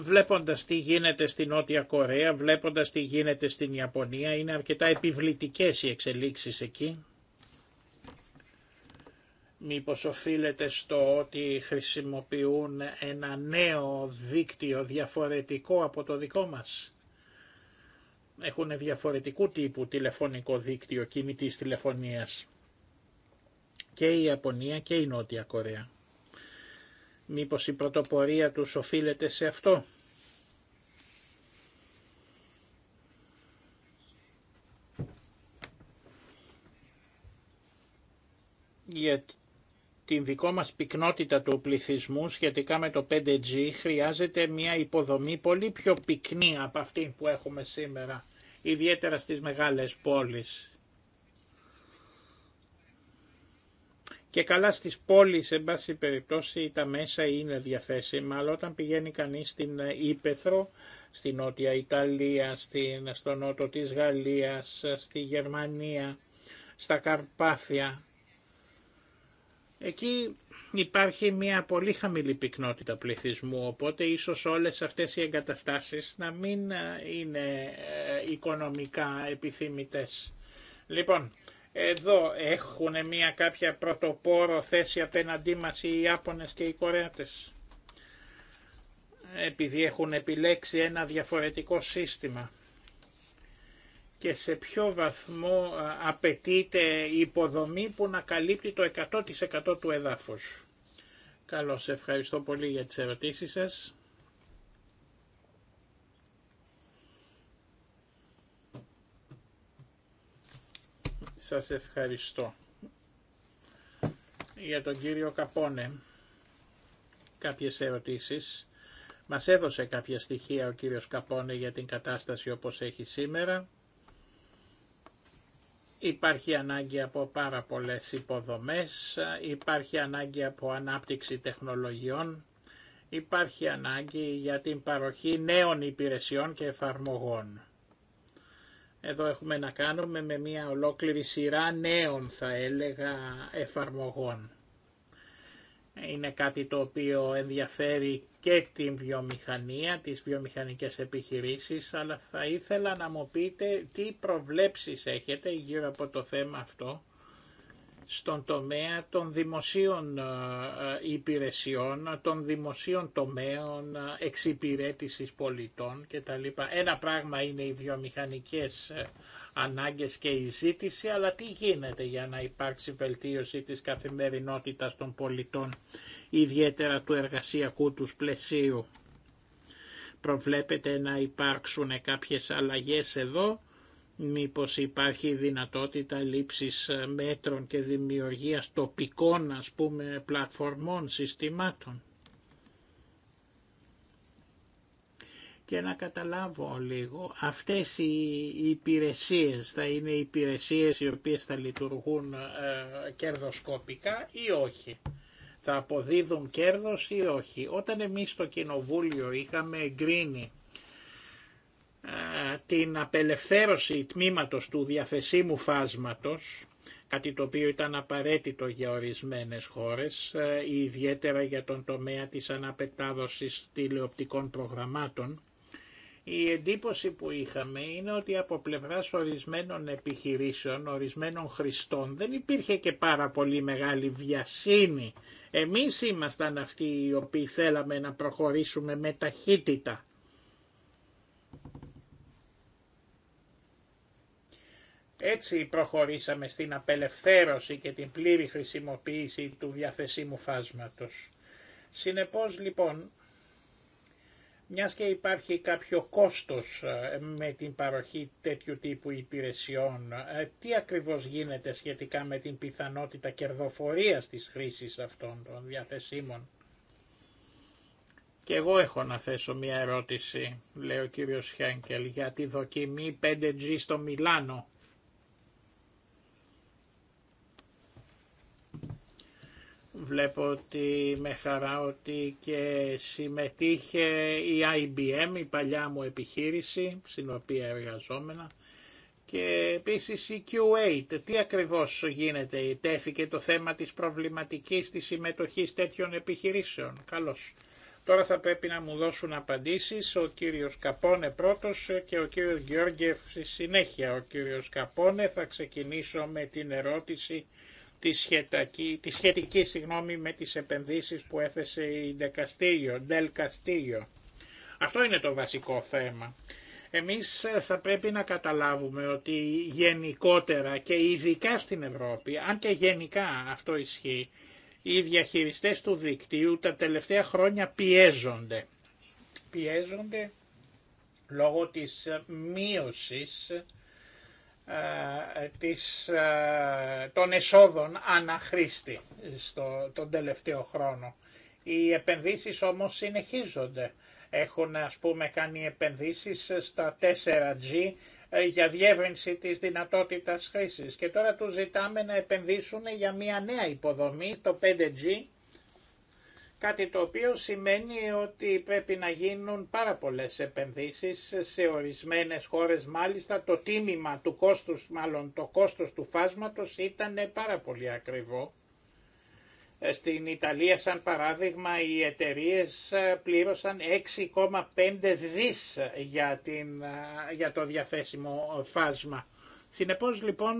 Βλέποντας τι γίνεται στην Νότια Κορέα, βλέποντας τι γίνεται στην Ιαπωνία, είναι αρκετά επιβλητικές οι εξελίξεις εκεί. Μήπως οφείλεται στο ότι χρησιμοποιούν ένα νέο δίκτυο διαφορετικό από το δικό μας έχουν διαφορετικού τύπου τηλεφωνικό δίκτυο κινητής τηλεφωνίας και η Ιαπωνία και η Νότια Κορέα. Μήπως η πρωτοπορία του οφείλεται σε αυτό. Για την δικό μας πυκνότητα του πληθυσμού σχετικά με το 5G χρειάζεται μια υποδομή πολύ πιο πυκνή από αυτή που έχουμε σήμερα ιδιαίτερα στις μεγάλες πόλεις. Και καλά στις πόλεις, εν πάση περιπτώσει, τα μέσα είναι διαθέσιμα, αλλά όταν πηγαίνει κανείς στην Ήπεθρο, στην Νότια Ιταλία, στην, στο νότο της Γαλλίας, στη Γερμανία, στα Καρπάθια, Εκεί υπάρχει μια πολύ χαμηλή πυκνότητα πληθυσμού, οπότε ίσως όλες αυτές οι εγκαταστάσεις να μην ε, είναι ε, οικονομικά επιθυμητές. Λοιπόν, εδώ έχουν μια κάποια πρωτοπόρο θέση απέναντί μας οι Ιάπωνες και οι Κορέατες, επειδή έχουν επιλέξει ένα διαφορετικό σύστημα και σε ποιο βαθμό απαιτείται υποδομή που να καλύπτει το 100% του εδάφους. Καλώς, ευχαριστώ πολύ για τις ερωτήσεις σας. Σας ευχαριστώ. Για τον κύριο Καπόνε, κάποιες ερωτήσεις. Μας έδωσε κάποια στοιχεία ο κύριος Καπόνε για την κατάσταση όπως έχει σήμερα. Υπάρχει ανάγκη από πάρα πολλές υποδομές, υπάρχει ανάγκη από ανάπτυξη τεχνολογιών, υπάρχει ανάγκη για την παροχή νέων υπηρεσιών και εφαρμογών. Εδώ έχουμε να κάνουμε με μια ολόκληρη σειρά νέων θα έλεγα εφαρμογών είναι κάτι το οποίο ενδιαφέρει και την βιομηχανία, τις βιομηχανικές επιχειρήσεις, αλλά θα ήθελα να μου πείτε τι προβλέψεις έχετε γύρω από το θέμα αυτό στον τομέα των δημοσίων ε, ε, υπηρεσιών, των δημοσίων τομέων ε, εξυπηρέτησης πολιτών κτλ. Ένα πράγμα είναι οι βιομηχανικές ανάγκες και η ζήτηση, αλλά τι γίνεται για να υπάρξει βελτίωση της καθημερινότητας των πολιτών, ιδιαίτερα του εργασιακού τους πλαισίου. Προβλέπετε να υπάρξουν κάποιες αλλαγές εδώ, μήπως υπάρχει δυνατότητα λήψης μέτρων και δημιουργίας τοπικών ας πούμε πλατφορμών, συστημάτων. και να καταλάβω λίγο αυτές οι υπηρεσίες θα είναι υπηρεσίες οι οποίες θα λειτουργούν ε, κερδοσκοπικά ή όχι. Θα αποδίδουν κέρδος ή όχι. Όταν εμείς στο Κοινοβούλιο είχαμε εγκρίνει ε, την απελευθέρωση τμήματος του διαθεσίμου φάσματος, κάτι το οποίο ήταν απαραίτητο για ορισμένες χώρες, ε, ιδιαίτερα για τον τομέα της αναπετάδοσης τηλεοπτικών προγραμμάτων, η εντύπωση που είχαμε είναι ότι από πλευρά ορισμένων επιχειρήσεων, ορισμένων χρηστών δεν υπήρχε και πάρα πολύ μεγάλη βιασύνη. Εμείς ήμασταν αυτοί οι οποίοι θέλαμε να προχωρήσουμε με ταχύτητα. Έτσι προχωρήσαμε στην απελευθέρωση και την πλήρη χρησιμοποίηση του διαθεσίμου φάσματος. Συνεπώς λοιπόν Μιας και υπάρχει κάποιο κόστος ε, με την παροχή τέτοιου τύπου υπηρεσιών, ε, τι ακριβώς γίνεται σχετικά με την πιθανότητα κερδοφορίας της χρήσης αυτών των διαθεσίμων. Και εγώ έχω να θέσω μια ερώτηση, λέει ο κύριος Χένκελ, για τη δοκιμή 5G στο Μιλάνο. Βλέπω ότι με χαρά ότι και συμμετείχε η IBM, η παλιά μου επιχείρηση, στην οποία εργαζόμενα, και επίσης η Q8. Τι ακριβώς γίνεται, τέθηκε το θέμα της προβληματικής της συμμετοχής τέτοιων επιχειρήσεων. Καλώς. Τώρα θα πρέπει να μου δώσουν απαντήσεις ο κύριος Καπόνε πρώτος και ο κύριος Γιώργεφ στη συνέχεια. Ο κύριος Καπόνε θα ξεκινήσω με την ερώτηση τη, σχετική, τη σχετική συγγνώμη με τις επενδύσεις που έθεσε η Ντελ Καστίγιο. Αυτό είναι το βασικό θέμα. Εμείς θα πρέπει να καταλάβουμε ότι γενικότερα και ειδικά στην Ευρώπη, αν και γενικά αυτό ισχύει, οι διαχειριστές του δικτύου τα τελευταία χρόνια πιέζονται. Πιέζονται λόγω της μείωσης ε, της, ε, των εσόδων αναχρήστη στο, τον τελευταίο χρόνο. Οι επενδύσεις όμως συνεχίζονται. Έχουν ας πούμε κάνει επενδύσεις στα 4G ε, για διεύρυνση της δυνατότητας χρήσης και τώρα τους ζητάμε να επενδύσουν για μια νέα υποδομή στο 5G Κάτι το οποίο σημαίνει ότι πρέπει να γίνουν πάρα πολλές επενδύσεις σε ορισμένες χώρες. Μάλιστα το τίμημα του κόστους, μάλλον το κόστος του φάσματος ήταν πάρα πολύ ακριβό. Ε, στην Ιταλία σαν παράδειγμα οι εταιρείε ε, πλήρωσαν 6,5 δις για, την, ε, για το διαθέσιμο φάσμα. Συνεπώς λοιπόν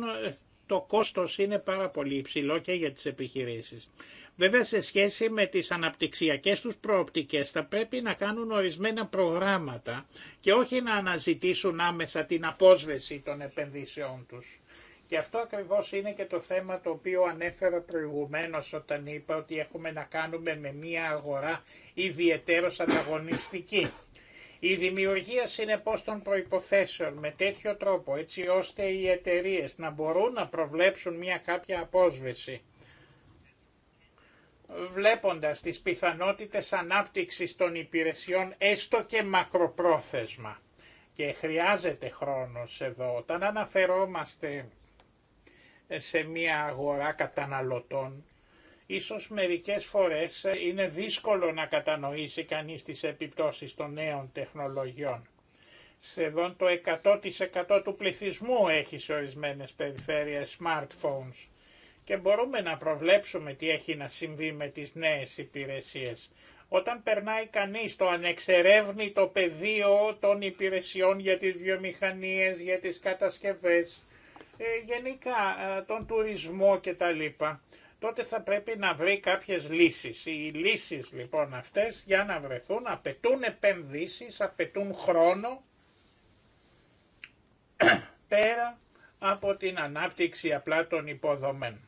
το κόστος είναι πάρα πολύ υψηλό και για τις επιχειρήσεις. Βέβαια σε σχέση με τις αναπτυξιακές τους προοπτικές θα πρέπει να κάνουν ορισμένα προγράμματα και όχι να αναζητήσουν άμεσα την απόσβεση των επενδύσεών τους. Και αυτό ακριβώς είναι και το θέμα το οποίο ανέφερα προηγουμένως όταν είπα ότι έχουμε να κάνουμε με μια αγορά ιδιαίτερως ανταγωνιστική. Η δημιουργία συνεπώς των προϋποθέσεων με τέτοιο τρόπο έτσι ώστε οι εταιρείε να μπορούν να προβλέψουν μια κάποια απόσβεση βλέποντας τις πιθανότητες ανάπτυξης των υπηρεσιών έστω και μακροπρόθεσμα. Και χρειάζεται χρόνος εδώ. Όταν αναφερόμαστε σε μια αγορά καταναλωτών Ίσως μερικές φορές ε, είναι δύσκολο να κατανοήσει κανείς τις επιπτώσεις των νέων τεχνολογιών. Σχεδόν το 100% του πληθυσμού έχει σε ορισμένες περιφέρειες smartphones και μπορούμε να προβλέψουμε τι έχει να συμβεί με τις νέες υπηρεσίες. Όταν περνάει κανείς το ανεξερεύνητο πεδίο των υπηρεσιών για τις βιομηχανίες, για τις κατασκευές, ε, γενικά ε, τον τουρισμό κτλ τότε θα πρέπει να βρει κάποιες λύσεις. Οι λύσεις λοιπόν αυτές για να βρεθούν απαιτούν επενδύσεις, απαιτούν χρόνο πέρα από την ανάπτυξη απλά των υποδομών.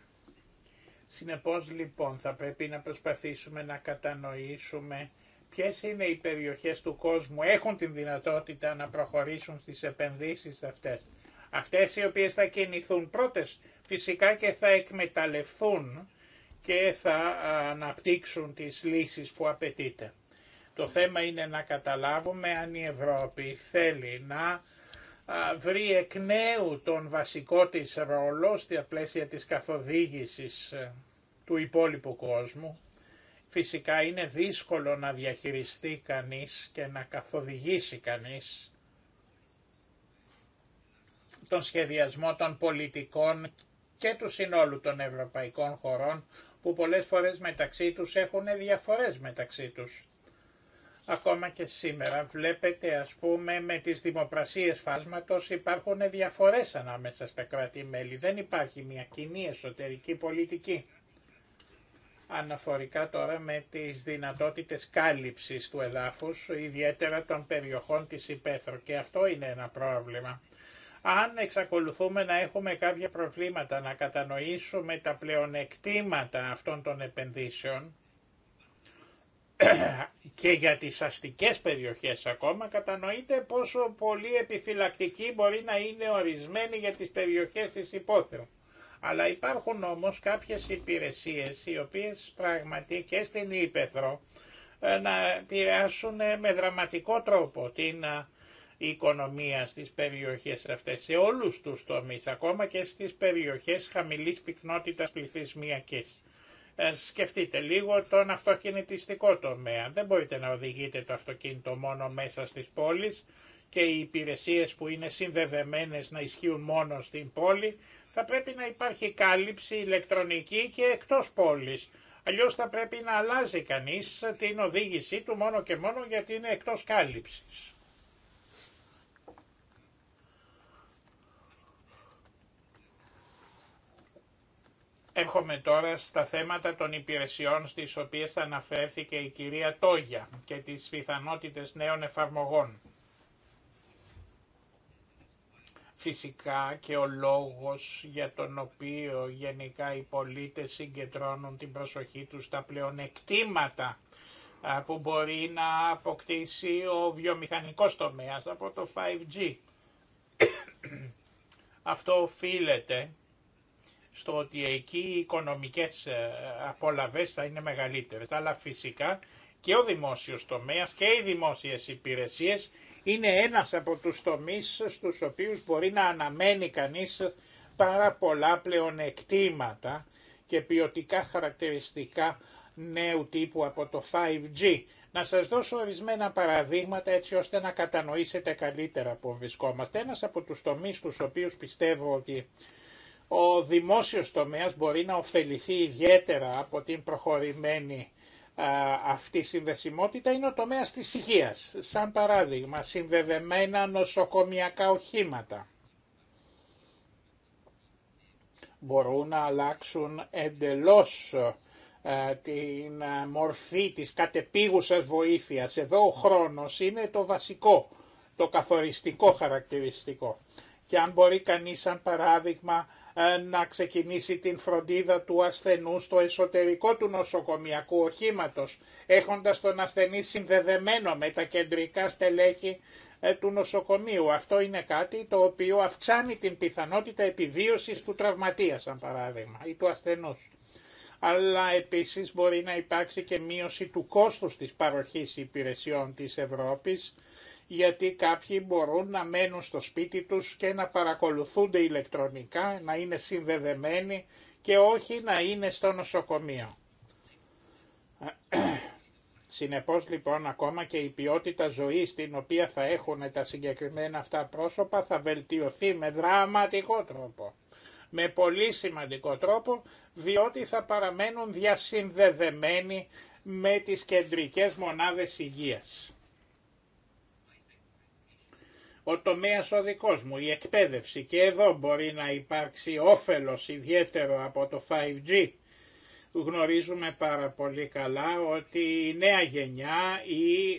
Συνεπώς λοιπόν θα πρέπει να προσπαθήσουμε να κατανοήσουμε ποιες είναι οι περιοχές του κόσμου έχουν την δυνατότητα να προχωρήσουν στις επενδύσεις αυτές. Αυτές οι οποίες θα κινηθούν πρώτες φυσικά και θα εκμεταλλευθούν και θα αναπτύξουν τις λύσεις που απαιτείται. Το θέμα είναι να καταλάβουμε αν η Ευρώπη θέλει να βρει εκ νέου τον βασικό της ρόλο στη πλαίσια της καθοδήγησης ε, του υπόλοιπου κόσμου. Φυσικά είναι δύσκολο να διαχειριστεί κανείς και να καθοδηγήσει κανείς τον σχεδιασμό των πολιτικών και του συνόλου των ευρωπαϊκών χωρών που πολλές φορές μεταξύ τους έχουν διαφορές μεταξύ τους. Ακόμα και σήμερα βλέπετε ας πούμε με τις δημοπρασίες φάσματος υπάρχουν διαφορές ανάμεσα στα κράτη-μέλη. Δεν υπάρχει μια κοινή εσωτερική πολιτική. Αναφορικά τώρα με τις δυνατότητες κάλυψης του εδάφους, ιδιαίτερα των περιοχών της υπαίθρου και αυτό είναι ένα πρόβλημα. Αν εξακολουθούμε να έχουμε κάποια προβλήματα να κατανοήσουμε τα πλεονεκτήματα αυτών των επενδύσεων και για τις αστικές περιοχές ακόμα, κατανοείται πόσο πολύ επιφυλακτική μπορεί να είναι ορισμένη για τις περιοχές της υπόθεου. Αλλά υπάρχουν όμως κάποιες υπηρεσίες οι οποίες πραγματικά και στην Ήπεθρο ε, να επηρεάσουν με δραματικό τρόπο την ε, οικονομία στις περιοχές αυτές, σε όλους τους τομείς, ακόμα και στις περιοχές χαμηλής πυκνότητας πληθυσμιακής. Ε, σκεφτείτε λίγο τον αυτοκινητιστικό τομέα. Δεν μπορείτε να οδηγείτε το αυτοκίνητο μόνο μέσα στις πόλεις και οι υπηρεσίες που είναι συνδεδεμένες να ισχύουν μόνο στην πόλη. Θα πρέπει να υπάρχει κάλυψη ηλεκτρονική και εκτός πόλης. Αλλιώς θα πρέπει να αλλάζει κανείς την οδήγησή του μόνο και μόνο γιατί είναι εκτός κάλυψης. Έρχομαι τώρα στα θέματα των υπηρεσιών στις οποίες αναφέρθηκε η κυρία Τόγια και τις πιθανότητες νέων εφαρμογών. Φυσικά και ο λόγος για τον οποίο γενικά οι πολίτες συγκεντρώνουν την προσοχή τους στα πλεονεκτήματα που μπορεί να αποκτήσει ο βιομηχανικός τομέας από το 5G. Αυτό οφείλεται στο ότι εκεί οι οικονομικές ε, απολαβές θα είναι μεγαλύτερες. Αλλά φυσικά και ο δημόσιος τομέας και οι δημόσιες υπηρεσίες είναι ένας από τους τομείς στους οποίους μπορεί να αναμένει κανείς πάρα πολλά πλεονεκτήματα και ποιοτικά χαρακτηριστικά νέου τύπου από το 5G. Να σας δώσω ορισμένα παραδείγματα έτσι ώστε να κατανοήσετε καλύτερα που βρισκόμαστε. Ένας από τους τομείς στους οποίους πιστεύω ότι ο δημόσιος τομέας μπορεί να ωφεληθεί ιδιαίτερα από την προχωρημένη αυτή συνδεσιμότητα είναι ο τομέας της υγείας. Σαν παράδειγμα, συνδεδεμένα νοσοκομιακά οχήματα. Μπορούν να αλλάξουν εντελώς την μορφή της κατεπίγουσας βοήθειας. Εδώ ο χρόνος είναι το βασικό, το καθοριστικό χαρακτηριστικό. Και αν μπορεί κανείς σαν παράδειγμα ε, να ξεκινήσει την φροντίδα του ασθενού στο εσωτερικό του νοσοκομιακού οχήματος, έχοντας τον ασθενή συνδεδεμένο με τα κεντρικά στελέχη ε, του νοσοκομείου. Αυτό είναι κάτι το οποίο αυξάνει την πιθανότητα επιβίωσης του τραυματία, σαν παράδειγμα, ή του ασθενούς. Αλλά επίσης μπορεί να υπάρξει και μείωση του κόστους της παροχής υπηρεσιών της Ευρώπης, γιατί κάποιοι μπορούν να μένουν στο σπίτι τους και να παρακολουθούνται ηλεκτρονικά, να είναι συνδεδεμένοι και όχι να είναι στο νοσοκομείο. Συνεπώς λοιπόν ακόμα και η ποιότητα ζωής την οποία θα έχουν τα συγκεκριμένα αυτά πρόσωπα θα βελτιωθεί με δραματικό τρόπο. Με πολύ σημαντικό τρόπο διότι θα παραμένουν διασυνδεδεμένοι με τις κεντρικές μονάδες υγείας. Ο τομέας ο δικός μου, η εκπαίδευση και εδώ μπορεί να υπάρξει όφελος ιδιαίτερο από το 5G. Γνωρίζουμε πάρα πολύ καλά ότι η νέα γενιά, οι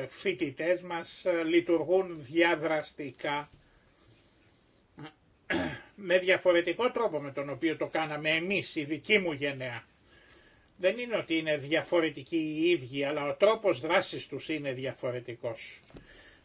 ε, φοιτητές μας ε, λειτουργούν διαδραστικά με διαφορετικό τρόπο με τον οποίο το κάναμε εμείς, η δική μου γενιά. Δεν είναι ότι είναι διαφορετικοί οι ίδιοι, αλλά ο τρόπος δράσης τους είναι διαφορετικός.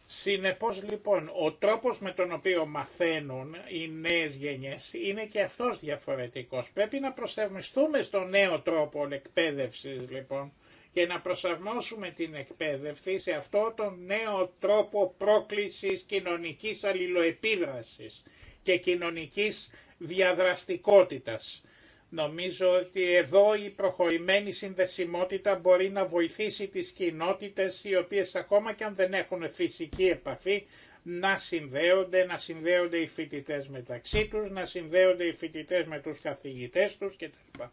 Συνεπώς λοιπόν ο τρόπος με τον οποίο μαθαίνουν οι νέες γενιές είναι και αυτός διαφορετικός. Πρέπει να προσαρμιστούμε στο νέο τρόπο εκπαίδευση λοιπόν και να προσαρμόσουμε την εκπαίδευση σε αυτό τον νέο τρόπο πρόκλησης κοινωνικής αλληλοεπίδρασης και κοινωνικής διαδραστικότητας. Νομίζω ότι εδώ η προχωρημένη συνδεσιμότητα μπορεί να βοηθήσει τις κοινότητες οι οποίες ακόμα και αν δεν έχουν φυσική επαφή να συνδέονται, να συνδέονται οι φοιτητέ μεταξύ τους, να συνδέονται οι φοιτητέ με τους καθηγητές τους κτλ.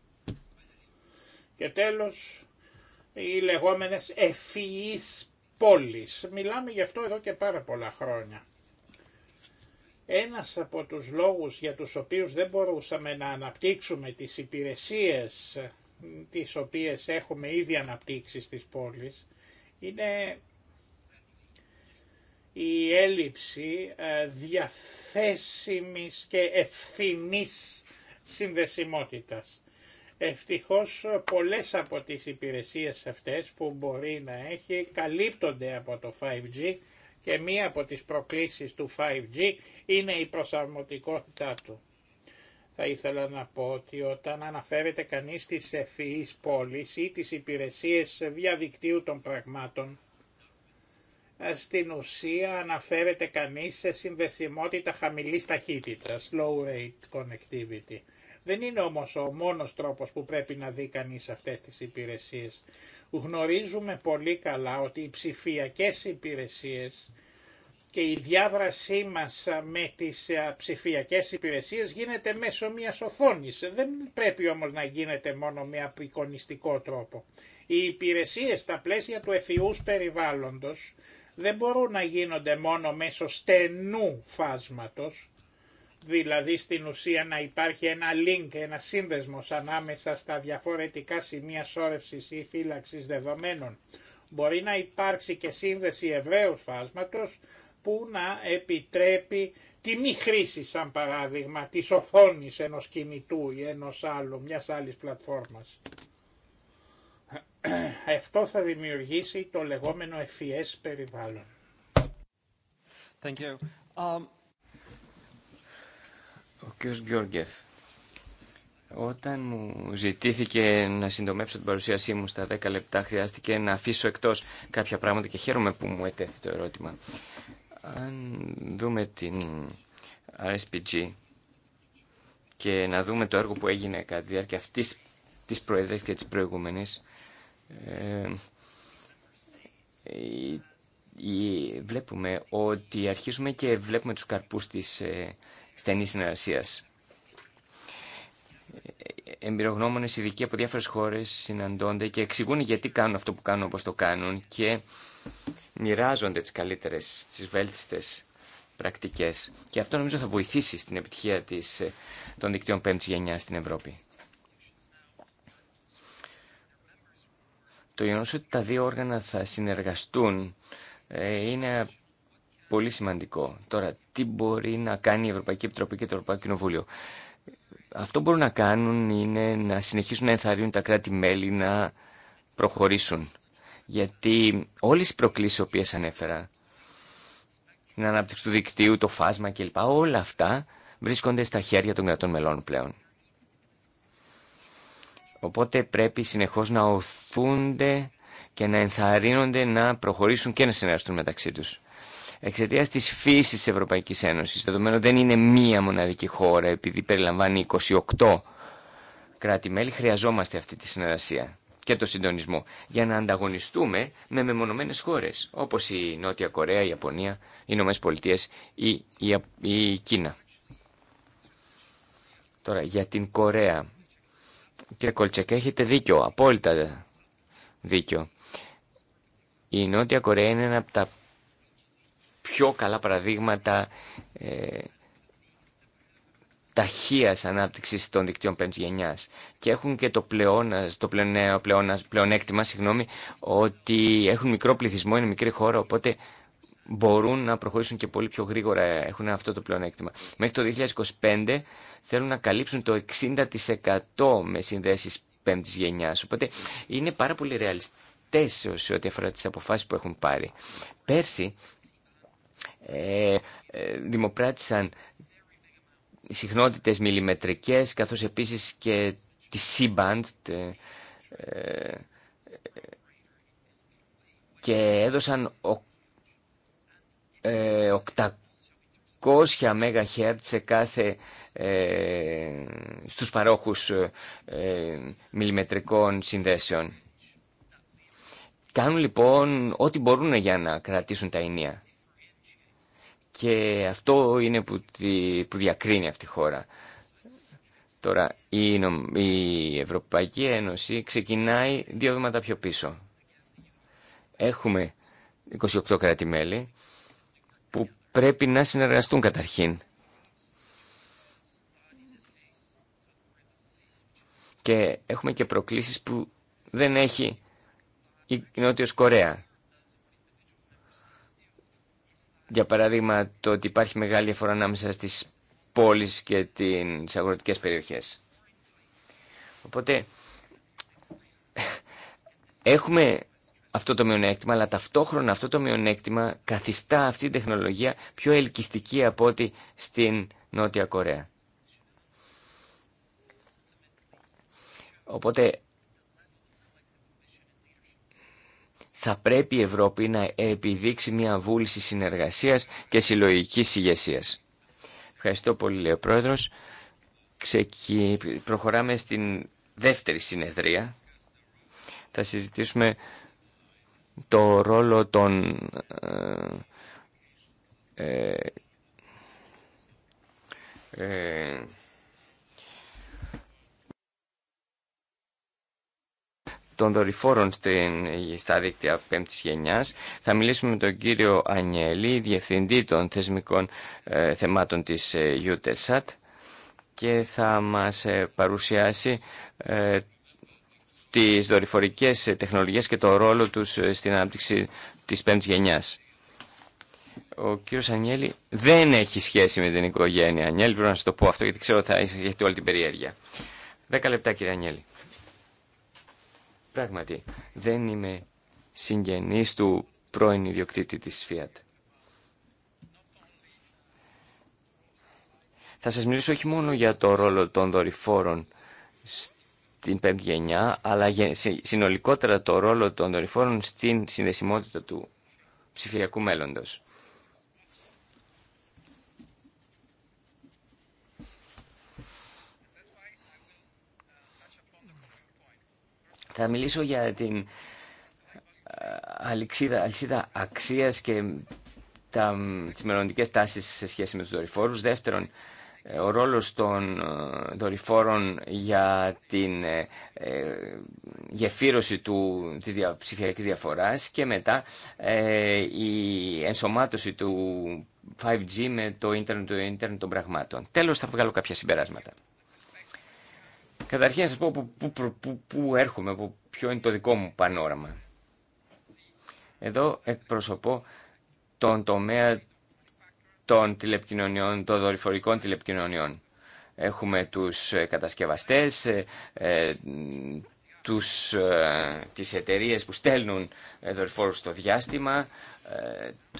Και τέλος, οι λεγόμενες ευφυείς πόλεις. Μιλάμε γι' αυτό εδώ και πάρα πολλά χρόνια. Ένας από τους λόγους για τους οποίους δεν μπορούσαμε να αναπτύξουμε τις υπηρεσίες ε, τις οποίες έχουμε ήδη αναπτύξει στις πόλεις είναι η έλλειψη ε, διαθέσιμης και ευθυνής συνδεσιμότητας. Ευτυχώς πολλές από τις υπηρεσίες αυτές που μπορεί να έχει καλύπτονται από το 5G και μία από τις προκλήσεις του 5G είναι η προσαρμοτικότητά του. Θα ήθελα να πω ότι όταν αναφέρεται κανείς τις ευφυείς πόλεις ή τις υπηρεσίες διαδικτύου των πραγμάτων, στην ουσία αναφέρεται κανείς σε συνδεσιμότητα χαμηλής ταχύτητας, low rate connectivity. Δεν είναι όμως ο μόνος τρόπος που πρέπει να δει κανεί αυτές τις υπηρεσίες. Γνωρίζουμε πολύ καλά ότι οι ψηφιακές υπηρεσίες και η διάδρασή μας με τις ε, ψηφιακές υπηρεσίες γίνεται μέσω μιας οθόνης. Δεν πρέπει όμως να γίνεται μόνο με απεικονιστικό τρόπο. Οι υπηρεσίες στα πλαίσια του εφιούς περιβάλλοντος δεν μπορούν να γίνονται μόνο μέσω στενού φάσματος, δηλαδή στην ουσία να υπάρχει ένα link, ένα σύνδεσμος ανάμεσα στα διαφορετικά σημεία σώρευσης ή φύλαξης δεδομένων. Μπορεί να υπάρξει και σύνδεση ευρέως φάσματος που να επιτρέπει τη μη χρήση, σαν παράδειγμα, της οθόνη ενός κινητού ή ενός άλλου, μιας άλλης πλατφόρμας. Αυτό θα δημιουργήσει το λεγόμενο FES περιβάλλον. Um, ο κ. Γκιόργεφ. Όταν μου ζητήθηκε να συντομεύσω την παρουσίασή μου στα 10 λεπτά, χρειάστηκε να αφήσω εκτός κάποια πράγματα και χαίρομαι που μου ετέθη το ερώτημα. Αν δούμε την RSPG και να δούμε το έργο που έγινε κατά τη διάρκεια αυτής της Προεδρία και της προηγούμενης, ε, ε βλέπουμε ότι αρχίζουμε και βλέπουμε τους καρπούς της ε, στενή συνεργασία. Εμπειρογνώμονε ειδικοί από διάφορε χώρες συναντώνται και εξηγούν γιατί κάνουν αυτό που κάνουν όπω το κάνουν και μοιράζονται τις καλύτερε, τις βέλτιστε πρακτικές. Και αυτό νομίζω θα βοηθήσει στην επιτυχία της, ε, των δικτύων πέμπτης Γενιά στην Ευρώπη. Το γεγονό ότι τα δύο όργανα θα συνεργαστούν ε, είναι πολύ σημαντικό. Τώρα, τι μπορεί να κάνει η Ευρωπαϊκή Επιτροπή και το Ευρωπαϊκό Κοινοβούλιο. Αυτό που μπορούν να κάνουν είναι να συνεχίσουν να ενθαρρύνουν τα κράτη-μέλη να προχωρήσουν. Γιατί όλες οι προκλήσεις οποίες ανέφερα, την ανάπτυξη του δικτύου, το φάσμα κλπ, όλα αυτά βρίσκονται στα χέρια των κρατών μελών πλέον. Οπότε πρέπει συνεχώς να οθούνται και να ενθαρρύνονται να προχωρήσουν και να συνεργαστούν μεταξύ τους εξαιτία τη φύση τη Ευρωπαϊκή Ένωση. Δεδομένου δεν είναι μία μοναδική χώρα, επειδή περιλαμβάνει 28 κράτη-μέλη, χρειαζόμαστε αυτή τη συνεργασία και το συντονισμό για να ανταγωνιστούμε με μεμονωμένες χώρες όπως η Νότια Κορέα, η Ιαπωνία, οι Ηνωμένες Πολιτείες ή η, η, η Κίνα. Τώρα για την Κορέα. Κύριε Κολτσεκ, έχετε δίκιο, απόλυτα δίκιο. Η Νότια Κορέα είναι ένα από τα πιο καλά παραδείγματα ε, ταχείας ανάπτυξης των δικτύων πέμπτης γενιάς και έχουν και το, πλεόνας, το πλεονέκτημα ότι έχουν μικρό πληθυσμό, είναι μικρή χώρα οπότε μπορούν να προχωρήσουν και πολύ πιο γρήγορα έχουν αυτό το πλεονέκτημα. Μέχρι το 2025 θέλουν να καλύψουν το 60% με συνδέσεις πέμπτης γενιάς. Οπότε είναι πάρα πολύ ρεαλιστέ σε ό,τι αφορά τις αποφάσεις που έχουν πάρει. Πέρσι ε, ε, δημοπράτησαν συχνότητες μιλιμετρικές καθώς επίσης και τη C-band ε, και έδωσαν ο, 800 ε, MHz σε κάθε ε, στους παρόχους μιλιμετρικών συνδέσεων. Κάνουν λοιπόν ό,τι μπορούν για να κρατήσουν τα ενία. Και αυτό είναι που, που διακρίνει αυτή η χώρα. Τώρα, η, η Ευρωπαϊκή Ένωση ξεκινάει δύο βήματα πιο πίσω. Έχουμε 28 κράτη-μέλη που πρέπει να συνεργαστούν καταρχήν. Και έχουμε και προκλήσεις που δεν έχει η Νότιος Κορέα. Για παράδειγμα, το ότι υπάρχει μεγάλη διαφορά ανάμεσα στις πόλεις και τις αγροτικέ περιοχές. Οπότε, έχουμε αυτό το μειονέκτημα, αλλά ταυτόχρονα αυτό το μειονέκτημα καθιστά αυτή την τεχνολογία πιο ελκυστική από ό,τι στην Νότια Κορέα. Οπότε θα πρέπει η Ευρώπη να επιδείξει μια βούληση συνεργασίας και συλλογικής ηγεσία. Ευχαριστώ πολύ, λέει Πρόεδρος. Ξεκι... Προχωράμε στην δεύτερη συνεδρία. Θα συζητήσουμε το ρόλο των ε, ε, ε, των δορυφόρων στην, στα δίκτυα πέμπτης γενιάς. Θα μιλήσουμε με τον κύριο Ανιέλη, διευθυντή των θεσμικών ε, θεμάτων της ε, UTELSAT και θα μας ε, παρουσιάσει ε, τις δορυφορικές ε, τεχνολογίες και το ρόλο τους στην ανάπτυξη της πέμπτης γενιάς. Ο κύριος Ανιέλη δεν έχει σχέση με την οικογένεια Ανιέλη, πρέπει να σα το πω αυτό γιατί ξέρω ότι θα έχετε όλη την περιέργεια. Δέκα λεπτά κύριε Ανιέλη. Πράγματι, δεν είμαι συγγενής του πρώην ιδιοκτήτη της Fiat. Θα σας μιλήσω όχι μόνο για το ρόλο των δορυφόρων στην πέμπτη γενιά, αλλά συνολικότερα το ρόλο των δορυφόρων στην συνδεσιμότητα του ψηφιακού μέλλοντος. Θα μιλήσω για την ε, αλυσίδα, αλυσίδα αξίας και τα, τις μελλοντικές τάσεις σε σχέση με τους δορυφόρους. Δεύτερον, ε, ο ρόλος των ε, δορυφόρων για την γεφύρωση του, της δια, διαφοράς και μετά η ενσωμάτωση του 5G με το ίντερνετ, το ίντερνετ των πραγμάτων. Τέλος θα βγάλω κάποια συμπεράσματα. Καταρχήν να σας πω πού που, που, που, έρχομαι, ποιο είναι το δικό μου πανόραμα. Εδώ εκπροσωπώ τον τομέα των τηλεπικοινωνιών, των δορυφορικών τηλεπικοινωνιών. Έχουμε τους ε, κατασκευαστές, ε, ε, τους, τις εταιρείες που στέλνουν δορυφόρους στο διάστημα,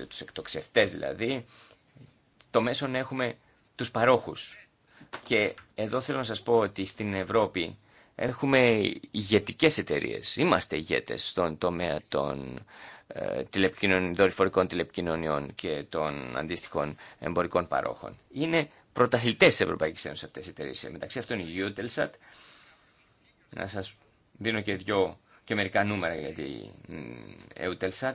τους εκτοξευτές δηλαδή. Το μέσον έχουμε τους παρόχους και εδώ θέλω να σας πω ότι στην Ευρώπη έχουμε ηγετικέ εταιρείε. Είμαστε ηγέτες στον τομέα των ε, δορυφορικών τηλεπικοινωνιών και των αντίστοιχων εμπορικών παρόχων. Είναι πρωταθλητές της Ευρωπαϊκής Ένωσης αυτές οι εταιρείε. Ε, μεταξύ αυτών η Eutelsat. Να σας δίνω και δυο και μερικά νούμερα για την Eutelsat.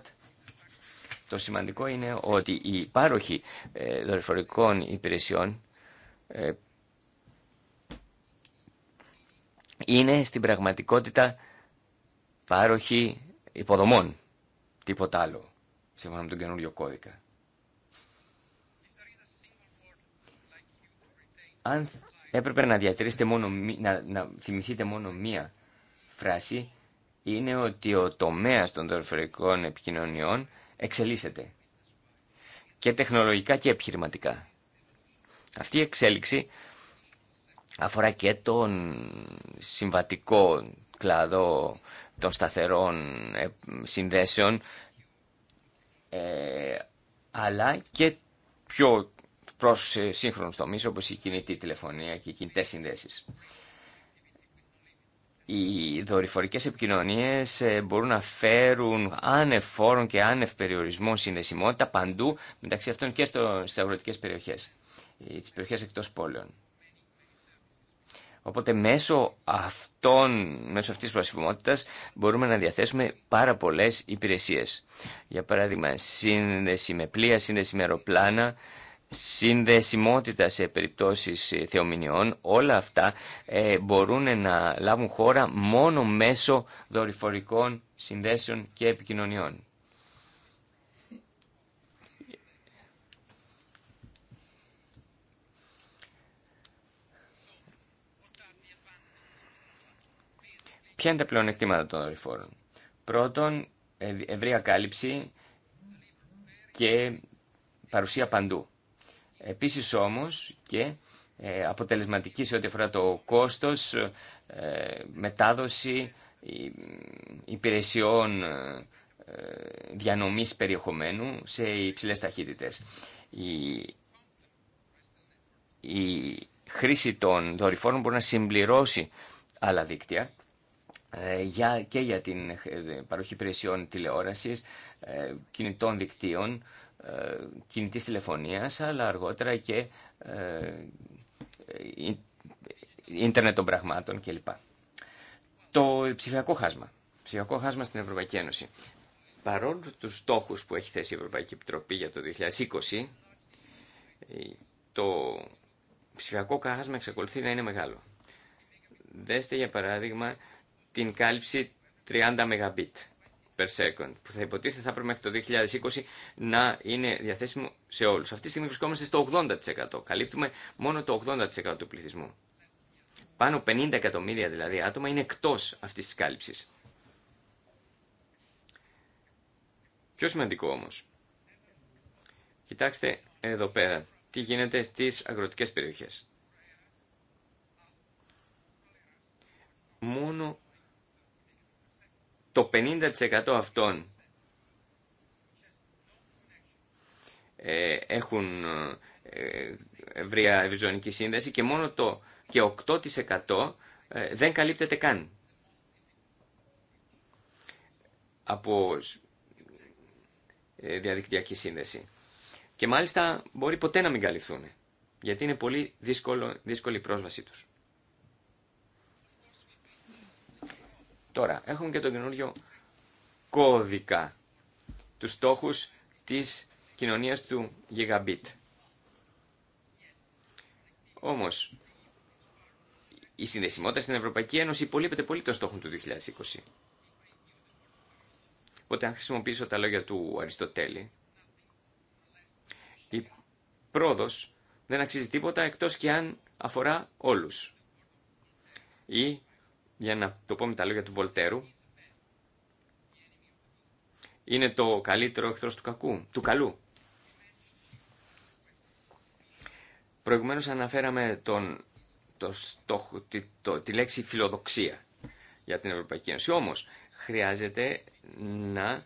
Το σημαντικό είναι ότι οι πάροχοι ε, δορυφορικών υπηρεσιών ε, είναι στην πραγματικότητα πάροχη υποδομών. Τίποτα άλλο, σύμφωνα με τον καινούριο κώδικα. Αν έπρεπε να μόνο, να, να θυμηθείτε μόνο μία φράση, είναι ότι ο τομέας των δορυφορικών επικοινωνιών εξελίσσεται. Και τεχνολογικά και επιχειρηματικά. Αυτή η εξέλιξη αφορά και τον συμβατικό κλάδο των σταθερών ε, συνδέσεων ε, αλλά και πιο προς ε, σύγχρονους τομείς όπως η κινητή τηλεφωνία και οι κινητές συνδέσεις. Οι δορυφορικές επικοινωνίες μπορούν να φέρουν άνευ φόρων και άνευ περιορισμών συνδεσιμότητα παντού μεταξύ αυτών και στο, στις αγροτικές περιοχές, τις περιοχές εκτός πόλεων. Οπότε μέσω, αυτών, μέσω αυτής της μπορούμε να διαθέσουμε πάρα πολλές υπηρεσίες. Για παράδειγμα, σύνδεση με πλοία, σύνδεση με αεροπλάνα, συνδεσιμότητα σε περιπτώσεις ε, θεομηνιών, όλα αυτά ε, μπορούν να λάβουν χώρα μόνο μέσω δορυφορικών συνδέσεων και επικοινωνιών. Ποια είναι τα πλεονεκτήματα των δορυφόρων. Πρώτον, ευρία κάλυψη και παρουσία παντού. Επίσης όμως και ε, αποτελεσματική σε ό,τι αφορά το κόστος, ε, μετάδοση υπηρεσιών ε, διανομής περιεχομένου σε υψηλές ταχύτητες. Η, η χρήση των δορυφόρων μπορεί να συμπληρώσει άλλα δίκτυα ε, για, και για την ε, παροχή υπηρεσιών τηλεόρασης, ε, κινητών δικτύων, κινητής τηλεφωνίας, αλλά αργότερα και ίντερνετ των πραγμάτων κλπ. Το ψηφιακό χάσμα. Ψηφιακό χάσμα στην Ευρωπαϊκή Ένωση. Παρόλου τους στόχους που έχει θέσει η Ευρωπαϊκή Επιτροπή για το 2020, το ψηφιακό χάσμα εξακολουθεί να είναι μεγάλο. Δέστε για παράδειγμα την κάλυψη 30 Mbit per second, που θα υποτίθεται θα πρέπει μέχρι το 2020 να είναι διαθέσιμο σε όλους. Αυτή τη στιγμή βρισκόμαστε στο 80%. Καλύπτουμε μόνο το 80% του πληθυσμού. Πάνω 50 εκατομμύρια δηλαδή άτομα είναι εκτός αυτής της κάλυψης. Πιο σημαντικό όμως. Κοιτάξτε εδώ πέρα τι γίνεται στις αγροτικές περιοχές. Μόνο το 50% αυτών ε, έχουν ε, ευρεία ευρυζωνική σύνδεση και μόνο το και 8% ε, δεν καλύπτεται καν. από διαδικτυακή σύνδεση. Και μάλιστα μπορεί ποτέ να μην καλυφθούν, γιατί είναι πολύ δύσκολο, δύσκολη η πρόσβασή τους. Τώρα, έχουμε και τον καινούριο κώδικα, τους στόχους της κοινωνίας του Gigabit. Όμως, η συνδεσιμότητα στην Ευρωπαϊκή Ένωση υπολείπεται πολύ των στόχων του 2020. Οπότε, αν χρησιμοποιήσω τα λόγια του Αριστοτέλη, η πρόοδος δεν αξίζει τίποτα εκτός και αν αφορά όλους. Ή για να το πω με τα λόγια του Βολτέρου, είναι το καλύτερο εχθρός του, κακού, του καλού. Προηγουμένως αναφέραμε τον, το, τη λέξη φιλοδοξία για την Ευρωπαϊκή Ένωση. Όμως, χρειάζεται να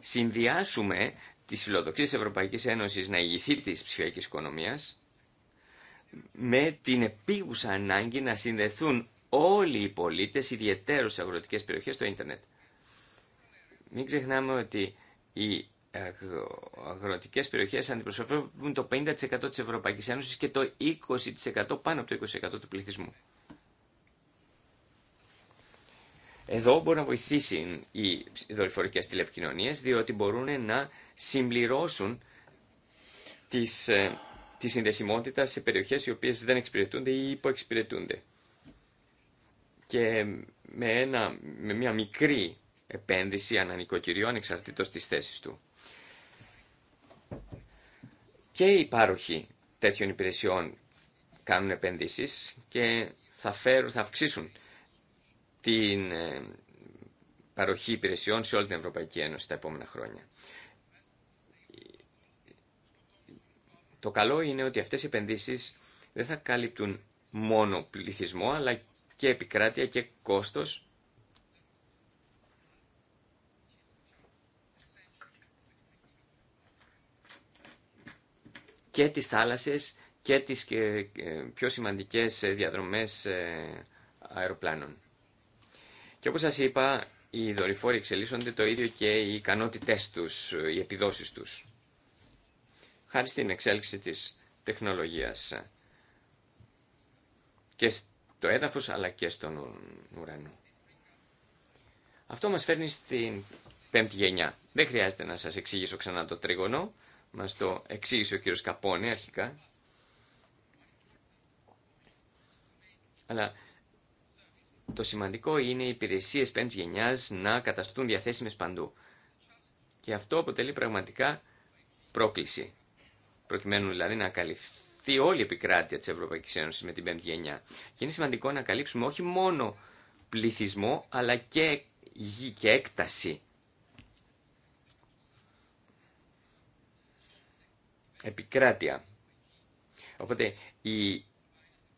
συνδυάσουμε τις φιλοδοξίες της Ευρωπαϊκής Ένωσης να ηγηθεί της ψηφιακής οικονομίας με την επίγουσα ανάγκη να συνδεθούν όλοι οι πολίτες, ιδιαίτερως σε αγροτικές περιοχές, στο ίντερνετ. Μην ξεχνάμε ότι οι αγροτικές περιοχές αντιπροσωπεύουν το 50% της Ευρωπαϊκής Ένωσης και το 20% πάνω από το 20% του πληθυσμού. Εδώ μπορούν να βοηθήσουν οι δορυφορικές τηλεπικοινωνίες διότι μπορούν να συμπληρώσουν τις, ε, τη συνδεσιμότητα σε περιοχές οι οποίες δεν εξυπηρετούνται ή υποεξυπηρετούνται και με, ένα, με μια μικρή επένδυση ανανοικοκυριών ανεξαρτήτως της θέσης του. Και οι υπάροχοι τέτοιων υπηρεσιών κάνουν επενδύσεις και θα, φέρουν, θα αυξήσουν την ε, παροχή υπηρεσιών σε όλη την Ευρωπαϊκή Ένωση τα επόμενα χρόνια. Το καλό είναι ότι αυτές οι επενδύσεις δεν θα καλύπτουν μόνο πληθυσμό, αλλά και επικράτεια και κόστος και τις θάλασσες και τις ε, ε, πιο σημαντικές ε, διαδρομές αεροπλάνων. Και όπως σας είπα, οι δορυφόροι εξελίσσονται το ίδιο και οι ικανότητές τους, οι επιδόσεις τους. Χάρη στην εξέλιξη της τεχνολογίας και το έδαφος αλλά και στον ουρανό. Αυτό μας φέρνει στην πέμπτη γενιά. Δεν χρειάζεται να σας εξηγήσω ξανά το τρίγωνο. Μας το εξήγησε ο κύριος Καπώνη αρχικά. Αλλά το σημαντικό είναι οι υπηρεσίες πέμπτης γενιάς να καταστούν διαθέσιμες παντού. Και αυτό αποτελεί πραγματικά πρόκληση. Προκειμένου δηλαδή να καλυφθεί καλυφθεί όλη η επικράτεια της Ευρωπαϊκής Ένωσης με την πέμπτη γενιά. Και είναι σημαντικό να καλύψουμε όχι μόνο πληθυσμό, αλλά και γη και έκταση. Επικράτεια. Οπότε η,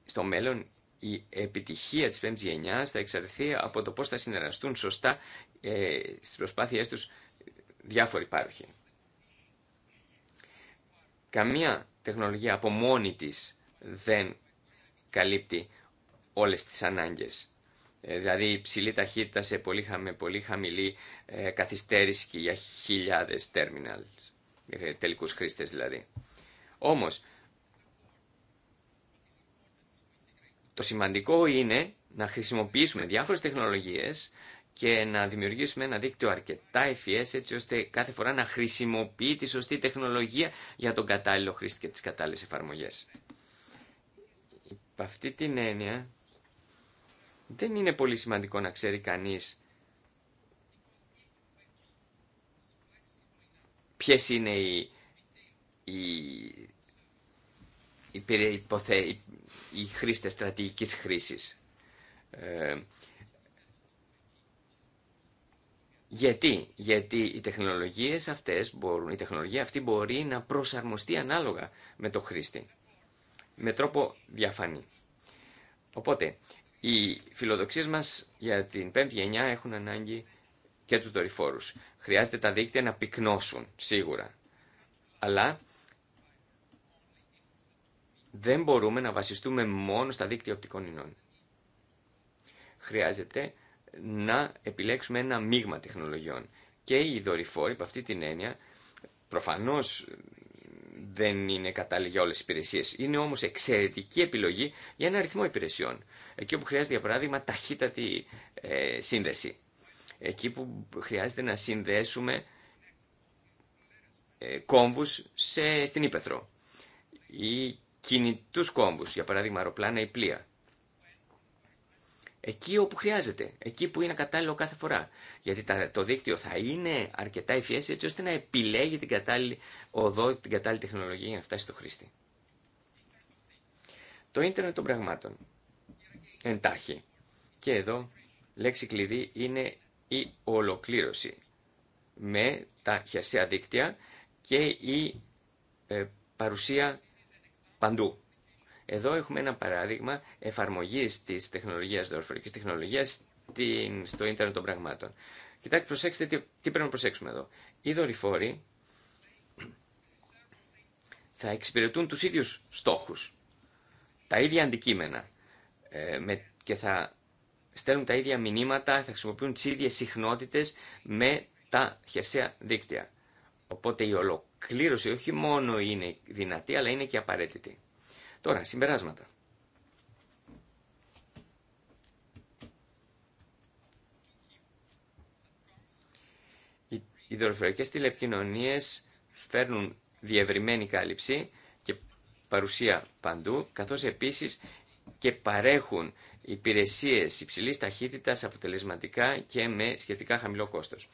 στο μέλλον η επιτυχία της πέμπτης γενιάς θα εξαρτηθεί από το πώς θα συνεργαστούν σωστά ε, στις προσπάθειές τους διάφοροι πάροχοι. Καμία τεχνολογία από μόνη της δεν καλύπτει όλες τις ανάγκες. Ε, δηλαδή υψηλή ταχύτητα σε πολύ, με πολύ χαμηλή ε, καθυστέρηση και για χιλιάδες τέρμιναλ, ε, τελικούς χρήστες δηλαδή. Όμως, το σημαντικό είναι να χρησιμοποιήσουμε διάφορες τεχνολογίες και να δημιουργήσουμε ένα δίκτυο αρκετά ευφυές έτσι ώστε κάθε φορά να χρησιμοποιεί τη σωστή τεχνολογία για τον κατάλληλο χρήστη και τις κατάλληλες εφαρμογές. Υπ' αυτή την έννοια δεν είναι πολύ σημαντικό να ξέρει κανείς ποιες είναι οι, οι, οι, οι χρήστες στρατηγικής χρήσης. Ε, Γιατί, γιατί οι τεχνολογίες αυτές μπορούν, η τεχνολογία αυτή μπορεί να προσαρμοστεί ανάλογα με το χρήστη, με τρόπο διαφανή. Οπότε, οι φιλοδοξίες μας για την πέμπτη γενιά έχουν ανάγκη και τους δορυφόρους. Χρειάζεται τα δίκτυα να πυκνώσουν, σίγουρα. Αλλά δεν μπορούμε να βασιστούμε μόνο στα δίκτυα οπτικών ινών. Χρειάζεται να επιλέξουμε ένα μείγμα τεχνολογιών. Και οι δορυφόροι, από αυτή την έννοια, προφανώς δεν είναι κατάλληλοι για όλε τι υπηρεσίες. Είναι όμως εξαιρετική επιλογή για ένα αριθμό υπηρεσιών. Εκεί όπου χρειάζεται, για παράδειγμα, ταχύτατη ε, σύνδεση. Εκεί που χρειάζεται να συνδέσουμε ε, κόμβους σε, στην ύπεθρο. Ή κινητούς κόμβους, για παράδειγμα αεροπλάνα ή πλοία εκεί όπου χρειάζεται, εκεί που είναι κατάλληλο κάθε φορά. Γιατί το δίκτυο θα είναι αρκετά ευφυές έτσι ώστε να επιλέγει την κατάλληλη οδό, την κατάλληλη τεχνολογία για να φτάσει στο χρήστη. Το ίντερνετ των πραγμάτων. Εντάχει. Και εδώ λέξη κλειδί είναι η ολοκλήρωση με τα χερσαία δίκτυα και η ε, παρουσία παντού. Εδώ έχουμε ένα παράδειγμα εφαρμογής της τεχνολογίας, δορυφορικής τεχνολογίας στο ίντερνετ των πραγμάτων. Κοιτάξτε, προσέξτε τι, τι πρέπει να προσέξουμε εδώ. Οι δορυφόροι θα εξυπηρετούν τους ίδιους στόχους, τα ίδια αντικείμενα ε, και θα στέλνουν τα ίδια μηνύματα, θα χρησιμοποιούν τις ίδιες συχνότητες με τα χερσαία δίκτυα. Οπότε η ολοκλήρωση όχι μόνο είναι δυνατή, αλλά είναι και απαραίτητη. Τώρα, συμπεράσματα. Οι δορυφορικές τηλεπικοινωνίες φέρνουν διευρυμένη κάλυψη και παρουσία παντού, καθώς επίσης και παρέχουν υπηρεσίες υψηλής ταχύτητας αποτελεσματικά και με σχετικά χαμηλό κόστος.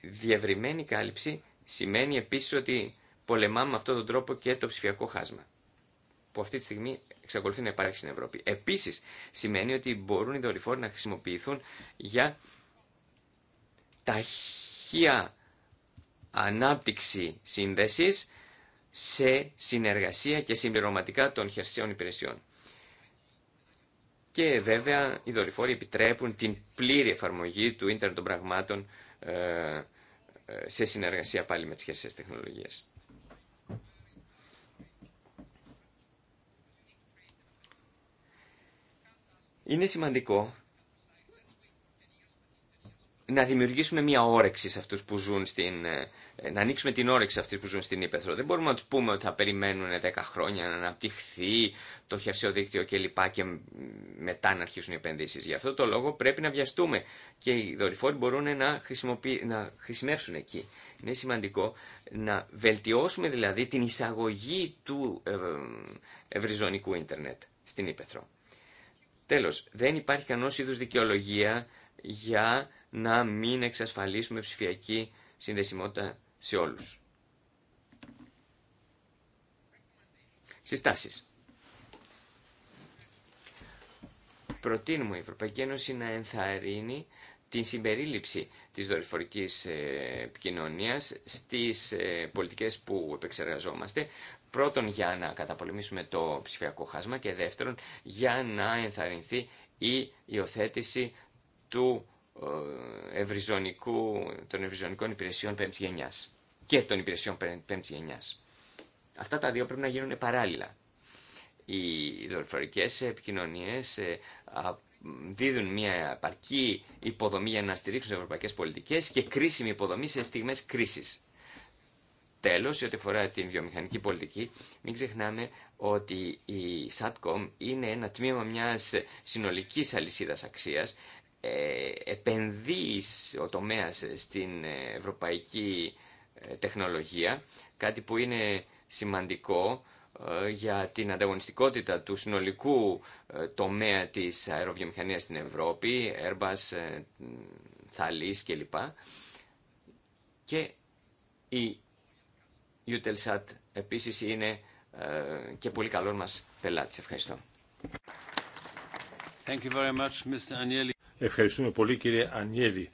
Διευρυμένη κάλυψη σημαίνει επίσης ότι πολεμάμε με αυτόν τον τρόπο και το ψηφιακό χάσμα που αυτή τη στιγμή εξακολουθεί να υπάρχει στην Ευρώπη. Επίσης, σημαίνει ότι μπορούν οι δορυφόροι να χρησιμοποιηθούν για ταχεία ανάπτυξη σύνδεση σε συνεργασία και συμπληρωματικά των χερσαίων υπηρεσιών. Και βέβαια οι δορυφόροι επιτρέπουν την πλήρη εφαρμογή του ίντερνετ των πραγμάτων ε, ε, σε συνεργασία πάλι με τις χερσαίες τεχνολογίες. Είναι σημαντικό να δημιουργήσουμε μια όρεξη σε αυτούς που ζουν στην... Ε, να ανοίξουμε την όρεξη σε αυτούς που ζουν στην Ήπεθρο. Δεν μπορούμε να τους πούμε ότι θα περιμένουν 10 χρόνια να αναπτυχθεί το χερσαίο δίκτυο λοιπά και μετά να αρχίσουν οι επενδύσεις. Γι' αυτό το λόγο πρέπει να βιαστούμε και οι δορυφόροι μπορούν να, χρησιμοποιη... να χρησιμεύσουν εκεί. Είναι σημαντικό να βελτιώσουμε δηλαδή την εισαγωγή του ε, ε, ευρυζωνικού ίντερνετ στην Ήπεθρο. Τέλος, δεν υπάρχει κανός είδους δικαιολογία για να μην εξασφαλίσουμε ψηφιακή συνδεσιμότητα σε όλους. Συστάσεις. Προτείνουμε η Ευρωπαϊκή Ένωση να ενθαρρύνει την συμπερίληψη της δορυφορικής ε, επικοινωνίας στις ε, πολιτικές που επεξεργαζόμαστε Πρώτον, για να καταπολεμήσουμε το ψηφιακό χάσμα και δεύτερον, για να ενθαρρυνθεί η υιοθέτηση του ε, των ευρυζωνικών υπηρεσιών πέμπτης γενιάς και των υπηρεσιών πέμπτης γενιάς. Αυτά τα δύο πρέπει να γίνουν παράλληλα. Οι δορυφορικές επικοινωνίες ε, δίδουν μια επαρκή υποδομή για να στηρίξουν ευρωπαϊκές πολιτικές και κρίσιμη υποδομή σε στιγμές κρίσης. Τέλος, ό,τι αφορά την βιομηχανική πολιτική, μην ξεχνάμε ότι η SATCOM είναι ένα τμήμα μιας συνολική αλυσίδας αξίας. Ε, επενδύει ο τομέας στην ευρωπαϊκή ε, τεχνολογία, κάτι που είναι σημαντικό ε, για την ανταγωνιστικότητα του συνολικού ε, τομέα της αεροβιομηχανίας στην Ευρώπη, Airbus, Thalys κλπ. Και η Utelsat επίσης είναι ε, και πολύ καλό μας πελάτης. Ευχαριστώ. Ευχαριστούμε πολύ κύριε Ανιέλη.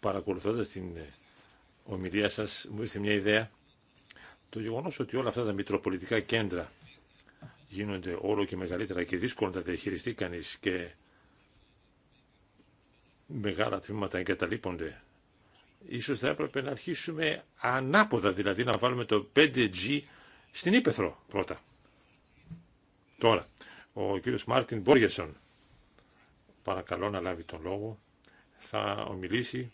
Παρακολουθώντας την ε, ομιλία σας μου ήρθε μια ιδέα. Το γεγονός ότι όλα αυτά τα μητροπολιτικά κέντρα γίνονται όλο και μεγαλύτερα και δύσκολα να τα διαχειριστεί κανείς και μεγάλα τμήματα εγκαταλείπονται Ίσως θα έπρεπε να αρχίσουμε ανάποδα, δηλαδή να βάλουμε το 5G στην Ήπεθρο πρώτα. Τώρα, ο κύριος Μάρτιν Μπόργεσον, παρακαλώ να λάβει τον λόγο, θα ομιλήσει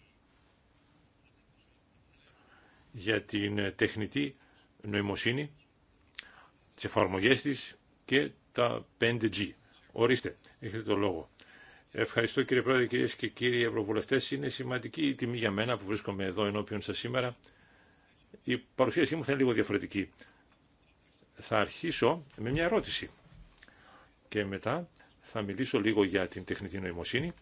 για την τεχνητή νοημοσύνη, τις εφαρμογές της και τα 5G. Ορίστε, έχετε τον λόγο. Ευχαριστώ κύριε Πρόεδρε, κυρίε και κύριοι Ευρωβουλευτέ. Είναι σημαντική η τιμή για μένα που βρίσκομαι εδώ ενώπιον σα σήμερα. Η παρουσίασή μου θα είναι λίγο διαφορετική. Θα αρχίσω με μια ερώτηση και μετά θα μιλήσω λίγο για την τεχνητή νοημοσύνη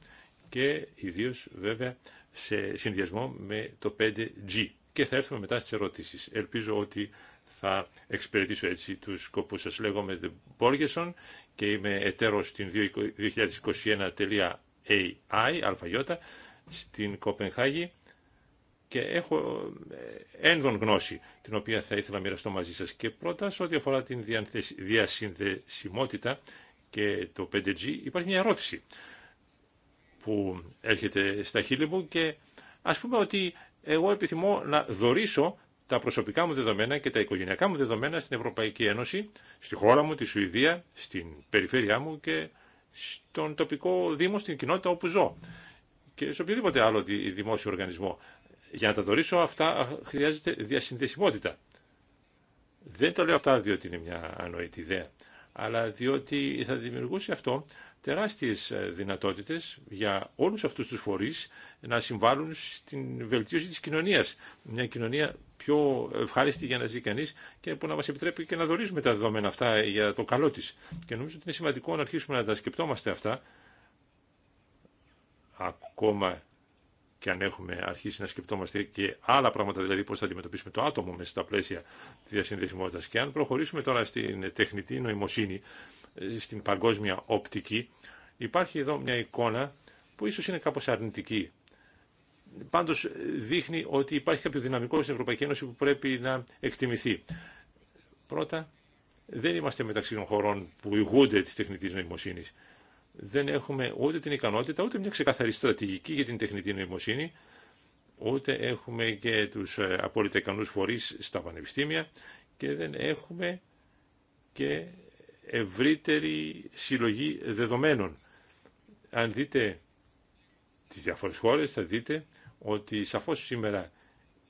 και ιδίω βέβαια σε συνδυασμό με το 5G. Και θα έρθουμε μετά στι ερωτήσει. Ελπίζω ότι θα εξυπηρετήσω έτσι τους σκοπούς σας. Λέγομαι Μπόργεσον και είμαι εταίρο στην 2021.ai, αλφαγιώτα, στην Κοπενχάγη και έχω ε, ένδον γνώση την οποία θα ήθελα να μοιραστώ μαζί σας και πρώτα σε ό,τι αφορά την διασυνδεσιμότητα και το 5G υπάρχει μια ερώτηση που έρχεται στα χείλη μου και ας πούμε ότι εγώ επιθυμώ να δωρήσω τα προσωπικά μου δεδομένα και τα οικογενειακά μου δεδομένα στην Ευρωπαϊκή Ένωση, στη χώρα μου, τη Σουηδία, στην περιφέρειά μου και στον τοπικό δήμο, στην κοινότητα όπου ζω και σε οποιοδήποτε άλλο δημόσιο οργανισμό. Για να τα δωρήσω αυτά χρειάζεται διασυνδεσιμότητα. Δεν τα λέω αυτά διότι είναι μια ανοητή ιδέα, αλλά διότι θα δημιουργούσε αυτό τεράστιες ε, δυνατότητες για όλους αυτούς τους φορείς να συμβάλλουν στην βελτίωση της κοινωνίας. Μια κοινωνία πιο ευχάριστη για να ζει κανεί και που να μα επιτρέπει και να δορίζουμε τα δεδομένα αυτά για το καλό τη. Και νομίζω ότι είναι σημαντικό να αρχίσουμε να τα σκεπτόμαστε αυτά, ακόμα και αν έχουμε αρχίσει να σκεπτόμαστε και άλλα πράγματα, δηλαδή πώ θα αντιμετωπίσουμε το άτομο μέσα στα πλαίσια τη διασυνδεσιμότητα. Και αν προχωρήσουμε τώρα στην τεχνητή νοημοσύνη, στην παγκόσμια οπτική, υπάρχει εδώ μια εικόνα που ίσως είναι κάπω αρνητική Πάντω δείχνει ότι υπάρχει κάποιο δυναμικό στην Ευρωπαϊκή Ένωση που πρέπει να εκτιμηθεί. Πρώτα, δεν είμαστε μεταξύ των χωρών που ηγούνται τη τεχνητή νοημοσύνη. Δεν έχουμε ούτε την ικανότητα, ούτε μια ξεκαθαρή στρατηγική για την τεχνητή νοημοσύνη, ούτε έχουμε και τους ε, απόλυτα ικανούς φορείς στα πανεπιστήμια και δεν έχουμε και ευρύτερη συλλογή δεδομένων. Αν δείτε τις διάφορες χώρες θα δείτε ότι σαφώς σήμερα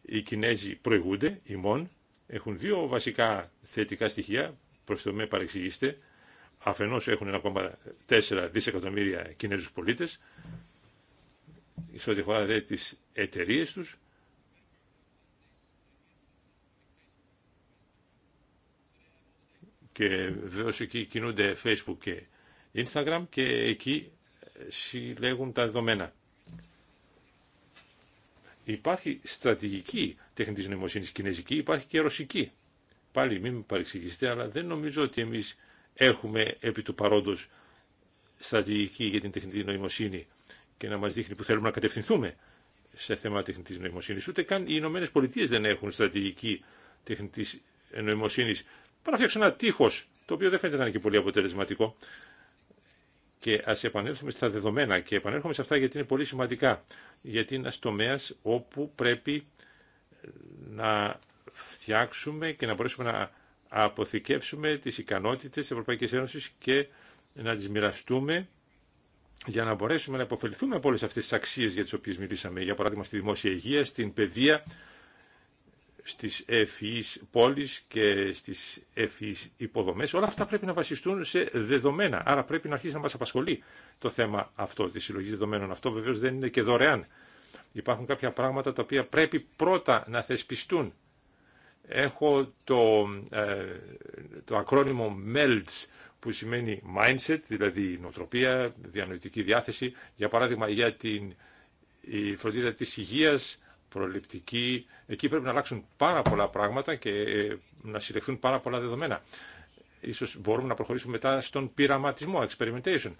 οι Κινέζοι προηγούνται, οι ΜΟΝ, έχουν δύο βασικά θετικά στοιχεία, προς το με παρεξηγήστε, αφενός έχουν 1,4 δισεκατομμύρια Κινέζους πολίτες, σε ό,τι αφορά δε τις εταιρείε τους, και βεβαίως εκεί κινούνται Facebook και Instagram και εκεί συλλέγουν τα δεδομένα. Υπάρχει στρατηγική τέχνη τη νοημοσύνη κινέζικη, υπάρχει και ρωσική. Πάλι μην με παρεξηγήσετε, αλλά δεν νομίζω ότι εμεί έχουμε επί του παρόντο στρατηγική για την τεχνητή νοημοσύνη και να μα δείχνει που θέλουμε να κατευθυνθούμε σε θέμα τεχνητή νοημοσύνης. Ούτε καν οι Ηνωμένε Πολιτείε δεν έχουν στρατηγική τεχνητή νοημοσύνη. να φτιάξω ένα τείχο, το οποίο δεν φαίνεται να είναι και πολύ αποτελεσματικό. Και α επανέλθουμε στα δεδομένα και επανέρχομαι σε αυτά γιατί είναι πολύ σημαντικά. Γιατί είναι ένα τομέα όπου πρέπει να φτιάξουμε και να μπορέσουμε να αποθηκεύσουμε τις ικανότητες της Ευρωπαϊκής Ένωσης και να τις μοιραστούμε για να μπορέσουμε να υποφεληθούμε από όλες αυτές τις αξίες για τις οποίες μιλήσαμε. Για παράδειγμα στη δημόσια υγεία, στην παιδεία, στις ευφυείς πόλεις και στις ευφυείς υποδομές. Όλα αυτά πρέπει να βασιστούν σε δεδομένα. Άρα πρέπει να αρχίσει να μας απασχολεί το θέμα αυτό της συλλογή δεδομένων. Αυτό βεβαίως δεν είναι και δωρεάν. Υπάρχουν κάποια πράγματα τα οποία πρέπει πρώτα να θεσπιστούν. Έχω το, ε, το ακρόνιμο MELTS που σημαίνει mindset, δηλαδή νοοτροπία, διανοητική διάθεση. Για παράδειγμα για την η φροντίδα της υγείας, προληπτική. Εκεί πρέπει να αλλάξουν πάρα πολλά πράγματα και ε, να συλλεχθούν πάρα πολλά δεδομένα. Ίσως μπορούμε να προχωρήσουμε μετά στον πειραματισμό, experimentation.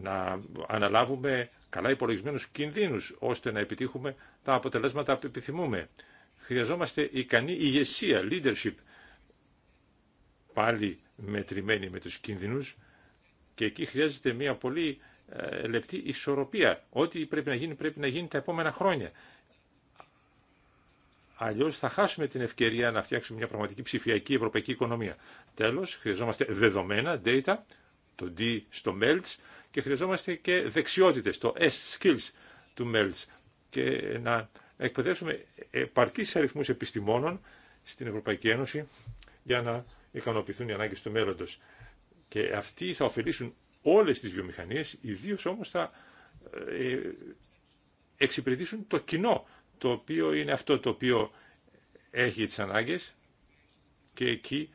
Να αναλάβουμε καλά υπολογισμένους κινδύνους, ώστε να επιτύχουμε τα αποτελέσματα που επιθυμούμε. Χρειαζόμαστε ικανή ηγεσία, leadership, πάλι μετρημένη με τους κινδύνους και εκεί χρειάζεται μια πολύ ε, λεπτή ισορροπία. Ό,τι πρέπει να γίνει, πρέπει να γίνει τα επόμενα χρόνια. Αλλιώ θα χάσουμε την ευκαιρία να φτιάξουμε μια πραγματική ψηφιακή ευρωπαϊκή οικονομία. Τέλο, χρειαζόμαστε δεδομένα, data, το D στο MELTS και χρειαζόμαστε και δεξιότητε, το S skills του MELTS και να εκπαιδεύσουμε επαρκεί αριθμού επιστημόνων στην Ευρωπαϊκή Ένωση για να ικανοποιηθούν οι ανάγκε του μέλλοντο. Και αυτοί θα ωφελήσουν όλες τις βιομηχανίες, ιδίω όμως θα ε, εξυπηρετήσουν το κοινό, το οποίο είναι αυτό το οποίο έχει τις ανάγκες και εκεί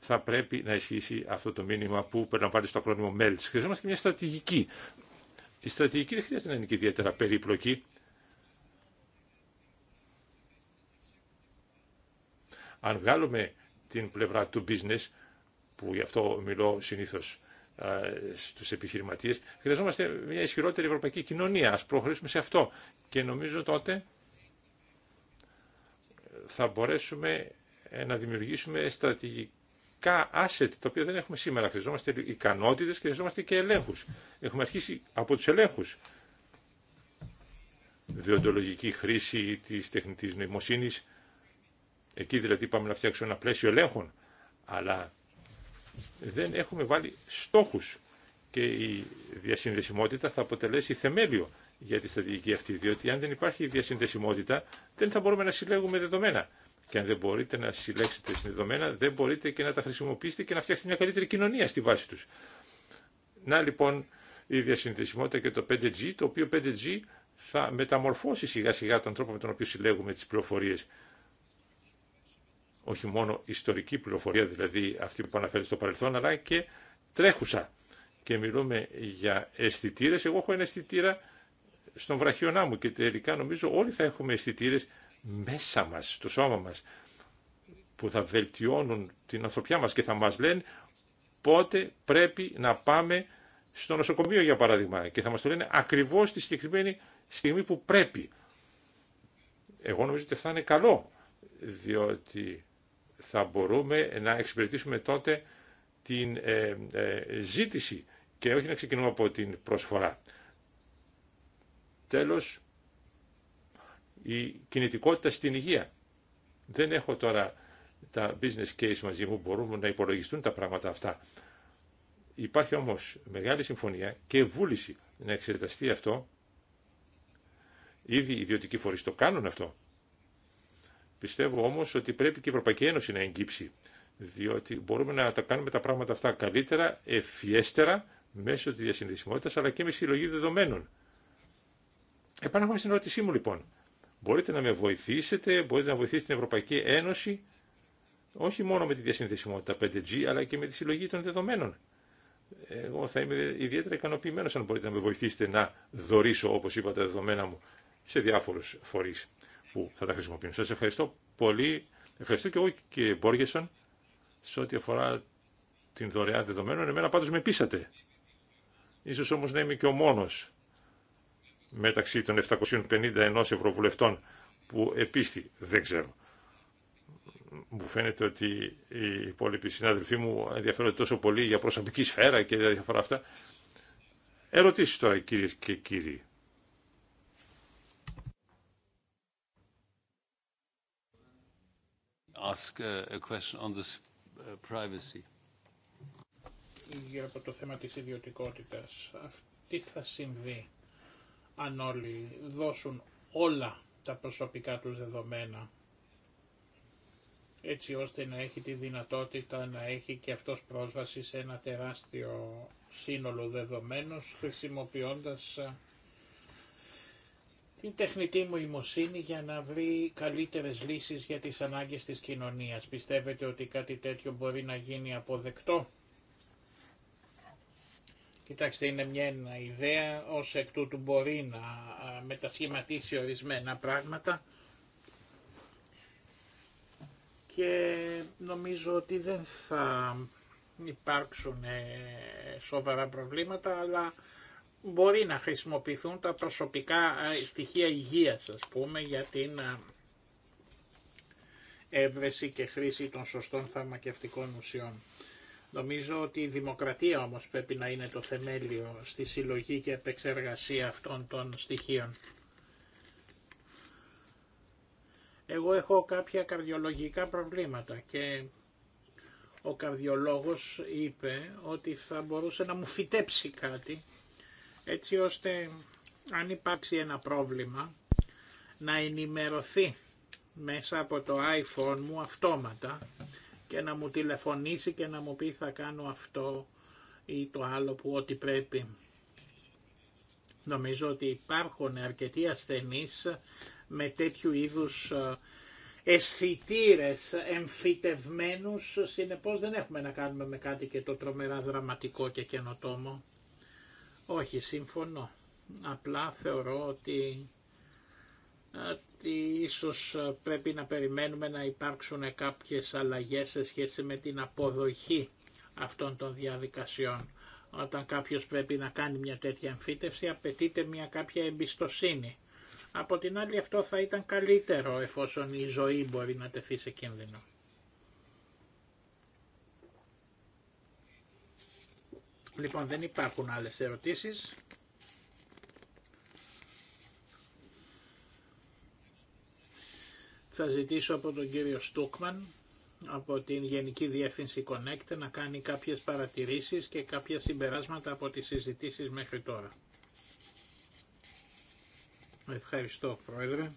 θα πρέπει να ισχύσει αυτό το μήνυμα που περιλαμβάνει στο ακρόνιμο MELTS. Χρειαζόμαστε μια στρατηγική. Η στρατηγική δεν χρειάζεται να είναι και ιδιαίτερα περίπλοκη. Αν βγάλουμε την πλευρά του business, που γι' αυτό μιλώ συνήθως στους επιχειρηματίες. Χρειαζόμαστε μια ισχυρότερη ευρωπαϊκή κοινωνία. Ας προχωρήσουμε σε αυτό. Και νομίζω τότε θα μπορέσουμε ε, να δημιουργήσουμε στρατηγικά asset, τα οποία δεν έχουμε σήμερα. Χρειαζόμαστε ικανότητες χρειαζόμαστε και ελέγχους. Έχουμε αρχίσει από τους ελέγχους. Διοντολογική χρήση της τεχνητής νοημοσύνης. Εκεί δηλαδή πάμε να φτιάξουμε ένα πλαίσιο ελέγχων. Αλλά δεν έχουμε βάλει στόχους και η διασυνδεσιμότητα θα αποτελέσει θεμέλιο για τη στρατηγική αυτή, διότι αν δεν υπάρχει διασυνδεσιμότητα δεν θα μπορούμε να συλλέγουμε δεδομένα. Και αν δεν μπορείτε να συλλέξετε δεδομένα, δεν μπορείτε και να τα χρησιμοποιήσετε και να φτιάξετε μια καλύτερη κοινωνία στη βάση τους. Να λοιπόν η διασυνδεσιμότητα και το 5G, το οποίο 5G θα μεταμορφώσει σιγά σιγά τον τρόπο με τον οποίο συλλέγουμε τις πληροφορίες όχι μόνο ιστορική πληροφορία, δηλαδή αυτή που αναφέρει στο παρελθόν, αλλά και τρέχουσα. Και μιλούμε για αισθητήρε. Εγώ έχω ένα αισθητήρα στον βραχιονά μου και τελικά νομίζω όλοι θα έχουμε αισθητήρε μέσα μα, στο σώμα μα, που θα βελτιώνουν την ανθρωπιά μα και θα μα λένε πότε πρέπει να πάμε στο νοσοκομείο, για παράδειγμα. Και θα μα το λένε ακριβώ τη συγκεκριμένη στιγμή που πρέπει. Εγώ νομίζω ότι θα είναι καλό, διότι θα μπορούμε να εξυπηρετήσουμε τότε την ε, ε, ζήτηση και όχι να ξεκινούμε από την προσφορά. Τέλος, η κινητικότητα στην υγεία. Δεν έχω τώρα τα business case μαζί μου, μπορούμε να υπολογιστούν τα πράγματα αυτά. Υπάρχει όμως μεγάλη συμφωνία και βούληση να εξεταστεί αυτό. Ήδη οι ιδιωτικοί φορείς το κάνουν αυτό. Πιστεύω όμω ότι πρέπει και η Ευρωπαϊκή Ένωση να εγκύψει, διότι μπορούμε να τα κάνουμε τα πράγματα αυτά καλύτερα, ευφιέστερα, μέσω τη διασυνδεσιμότητας, αλλά και με συλλογή δεδομένων. Επανέρχομαι στην ερώτησή μου λοιπόν. Μπορείτε να με βοηθήσετε, μπορείτε να βοηθήσετε την Ευρωπαϊκή Ένωση, όχι μόνο με τη διασυνδεσιμότητα 5G, αλλά και με τη συλλογή των δεδομένων. Εγώ θα είμαι ιδιαίτερα ικανοποιημένο αν μπορείτε να με βοηθήσετε να δωρήσω, όπω είπα, τα δεδομένα μου σε διάφορου φορεί που θα τα χρησιμοποιούν. Σας ευχαριστώ πολύ. Ευχαριστώ και εγώ και Μπόργεσον σε ό,τι αφορά την δωρεά δεδομένων. Εμένα πάντως με πείσατε. Ίσως όμως να είμαι και ο μόνος μεταξύ των 751 ευρωβουλευτών που επίστη. Δεν ξέρω. Μου φαίνεται ότι οι υπόλοιποι συνάδελφοί μου ενδιαφέρονται τόσο πολύ για προσωπική σφαίρα και διάφορα αυτά. Ερωτήσεις τώρα κύριε και κύριοι. ask uh, a question on this uh, privacy. από το θέμα της ιδιωτικότητας, τι θα συμβεί αν όλοι δώσουν όλα τα προσωπικά τους δεδομένα έτσι ώστε να έχει τη δυνατότητα να έχει και αυτός πρόσβαση σε ένα τεράστιο σύνολο δεδομένων χρησιμοποιώντας την τεχνητή μου ημοσύνη για να βρει καλύτερες λύσεις για τις ανάγκες της κοινωνίας. Πιστεύετε ότι κάτι τέτοιο μπορεί να γίνει αποδεκτό. Κοιτάξτε, είναι μια ιδέα, ως εκ τούτου μπορεί να μετασχηματίσει ορισμένα πράγματα και νομίζω ότι δεν θα υπάρξουν σοβαρά προβλήματα, αλλά μπορεί να χρησιμοποιηθούν τα προσωπικά στοιχεία υγείας, ας πούμε, για την έβρεση και χρήση των σωστών φαρμακευτικών ουσιών. Νομίζω ότι η δημοκρατία όμως πρέπει να είναι το θεμέλιο στη συλλογή και επεξεργασία αυτών των στοιχείων. Εγώ έχω κάποια καρδιολογικά προβλήματα και ο καρδιολόγος είπε ότι θα μπορούσε να μου φυτέψει κάτι έτσι ώστε αν υπάρξει ένα πρόβλημα να ενημερωθεί μέσα από το iPhone μου αυτόματα και να μου τηλεφωνήσει και να μου πει θα κάνω αυτό ή το άλλο που ό,τι πρέπει. Νομίζω ότι υπάρχουν αρκετοί ασθενείς με τέτοιου είδους ε, αισθητήρε εμφυτευμένους, συνεπώς δεν έχουμε να κάνουμε με κάτι και το τρομερά δραματικό και καινοτόμο. Όχι, σύμφωνο. Απλά θεωρώ ότι, ότι ίσως πρέπει να περιμένουμε να υπάρξουν κάποιες αλλαγές σε σχέση με την αποδοχή αυτών των διαδικασιών. Όταν κάποιος πρέπει να κάνει μια τέτοια εμφύτευση απαιτείται μια κάποια εμπιστοσύνη. Από την άλλη αυτό θα ήταν καλύτερο εφόσον η ζωή μπορεί να τεθεί σε κίνδυνο. Λοιπόν, δεν υπάρχουν άλλες ερωτήσεις. Θα ζητήσω από τον κύριο Στούκμαν, από την Γενική Διεύθυνση Connect, να κάνει κάποιες παρατηρήσεις και κάποια συμπεράσματα από τις συζητήσεις μέχρι τώρα. Ευχαριστώ, Πρόεδρε.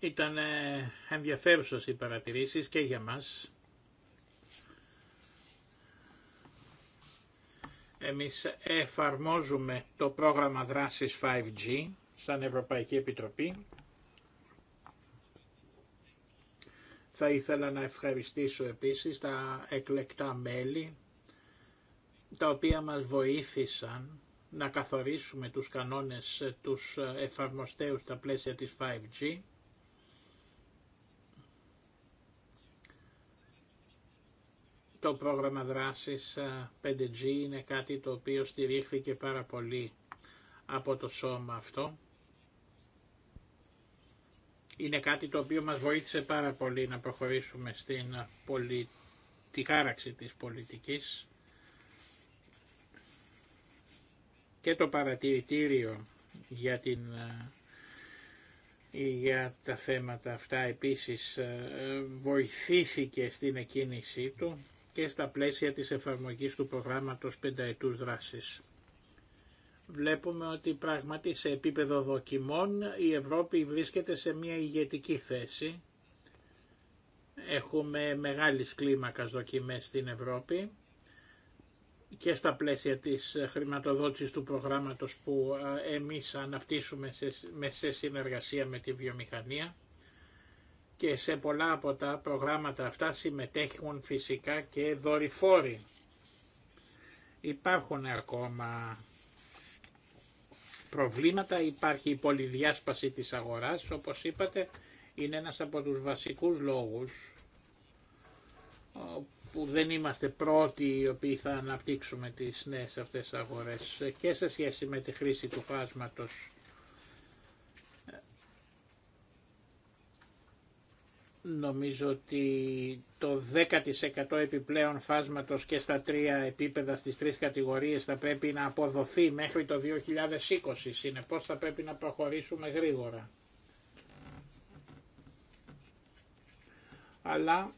Ήταν ενδιαφέρουσες οι παρατηρήσεις και για μας Εμείς εφαρμόζουμε το πρόγραμμα δράσης 5G σαν Ευρωπαϊκή Επιτροπή. Θα ήθελα να ευχαριστήσω επίσης τα εκλεκτά μέλη, τα οποία μας βοήθησαν να καθορίσουμε τους κανόνες τους εφαρμοστέους στα πλαίσια της 5G Το πρόγραμμα δράσης 5G ε, είναι κάτι το οποίο στηρίχθηκε πάρα πολύ από το σώμα αυτό. Είναι κάτι το οποίο μας βοήθησε πάρα πολύ να προχωρήσουμε στην ε, πολι... τη χάραξη της πολιτικής. Και το παρατηρητήριο για την ε, για τα θέματα αυτά επίσης βοηθήθηκε στην εκκίνησή του και στα πλαίσια της εφαρμογής του προγράμματος πενταετούς δράσης. Βλέπουμε ότι πράγματι σε επίπεδο δοκιμών η Ευρώπη βρίσκεται σε μια ηγετική θέση. Έχουμε μεγάλης κλίμακας δοκιμές στην Ευρώπη και στα πλαίσια της χρηματοδότησης του προγράμματος που ε, εμείς αναπτύσσουμε σε, σε συνεργασία με τη βιομηχανία και σε πολλά από τα προγράμματα αυτά συμμετέχουν φυσικά και δορυφόροι. Υπάρχουν ακόμα προβλήματα, υπάρχει η πολυδιάσπαση της αγοράς, όπως είπατε, είναι ένας από τους βασικούς λόγους που δεν είμαστε πρώτοι οι οποίοι θα αναπτύξουμε τις νέες αυτές αγορές και σε σχέση με τη χρήση του φάσματος Νομίζω ότι το 10% επιπλέον φάσματος και στα τρία επίπεδα στις τρεις κατηγορίες θα πρέπει να αποδοθεί μέχρι το 2020. Συνεπώς θα πρέπει να προχωρήσουμε γρήγορα. Αλλά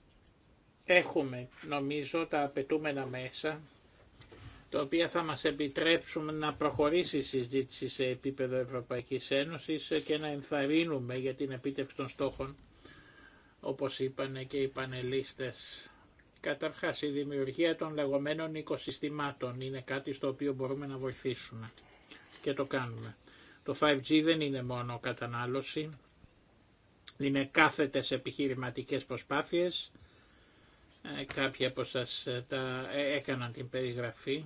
έχουμε νομίζω τα απαιτούμενα μέσα τα οποία θα μας επιτρέψουν να προχωρήσει η συζήτηση σε επίπεδο Ευρωπαϊκής Ένωσης και να ενθαρρύνουμε για την επίτευξη των στόχων όπως είπαν και οι πανελίστες. Καταρχάς η δημιουργία των λεγόμενων οικοσυστημάτων είναι κάτι στο οποίο μπορούμε να βοηθήσουμε και το κάνουμε. Το 5G δεν είναι μόνο κατανάλωση, είναι κάθετες επιχειρηματικές προσπάθειες, ε, κάποιοι από σας ε, τα ε, έκαναν την περιγραφή.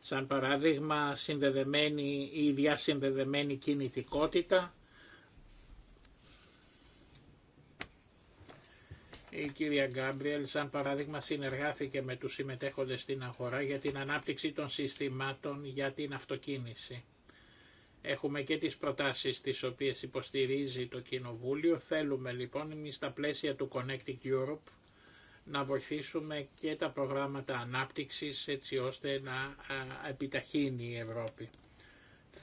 Σαν παράδειγμα, συνδεδεμένη ή διασυνδεδεμένη κινητικότητα, η κυρία Γκάμπριελ σαν παράδειγμα συνεργάθηκε με τους συμμετέχοντες στην αγορά για την ανάπτυξη των συστημάτων για την αυτοκίνηση. Έχουμε και τις προτάσεις τις οποίες υποστηρίζει το Κοινοβούλιο. Θέλουμε λοιπόν εμείς στα πλαίσια του Connected Europe να βοηθήσουμε και τα προγράμματα ανάπτυξης έτσι ώστε να επιταχύνει η Ευρώπη.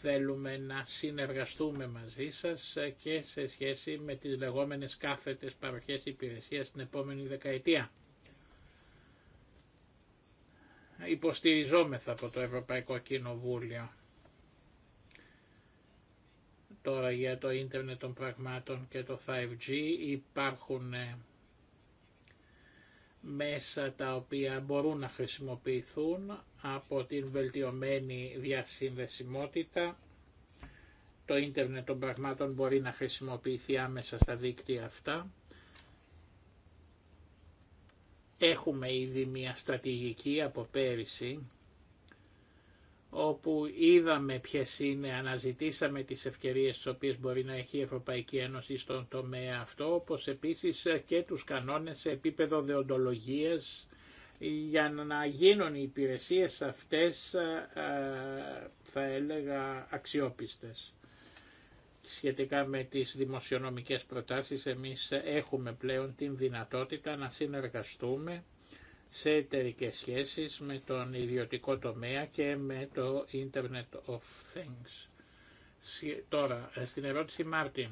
Θέλουμε να συνεργαστούμε μαζί σας ε, και σε σχέση με τις λεγόμενες κάθετες παροχές υπηρεσίας την επόμενη δεκαετία. Υποστηριζόμεθα από το Ευρωπαϊκό Κοινοβούλιο τώρα για το ίντερνετ των πραγμάτων και το 5G υπάρχουν ε, μέσα τα οποία μπορούν να χρησιμοποιηθούν από την βελτιωμένη διασυνδεσιμότητα. Το ίντερνετ των πραγμάτων μπορεί να χρησιμοποιηθεί άμεσα στα δίκτυα αυτά. Έχουμε ήδη μια στρατηγική από πέρυσι όπου είδαμε ποιες είναι, αναζητήσαμε τις ευκαιρίες τις οποίες μπορεί να έχει η Ευρωπαϊκή Ένωση στον τομέα αυτό, όπως επίσης και τους κανόνες σε επίπεδο δεοντολογίας για να γίνουν οι υπηρεσίες αυτές, ε, θα έλεγα, αξιόπιστες. Σχετικά με τις δημοσιονομικές προτάσεις, εμείς έχουμε πλέον την δυνατότητα να συνεργαστούμε σε εταιρικέ σχέσεις με τον ιδιωτικό τομέα και με το Internet of Things. Τώρα, ε, στην ερώτηση Μάρτιν.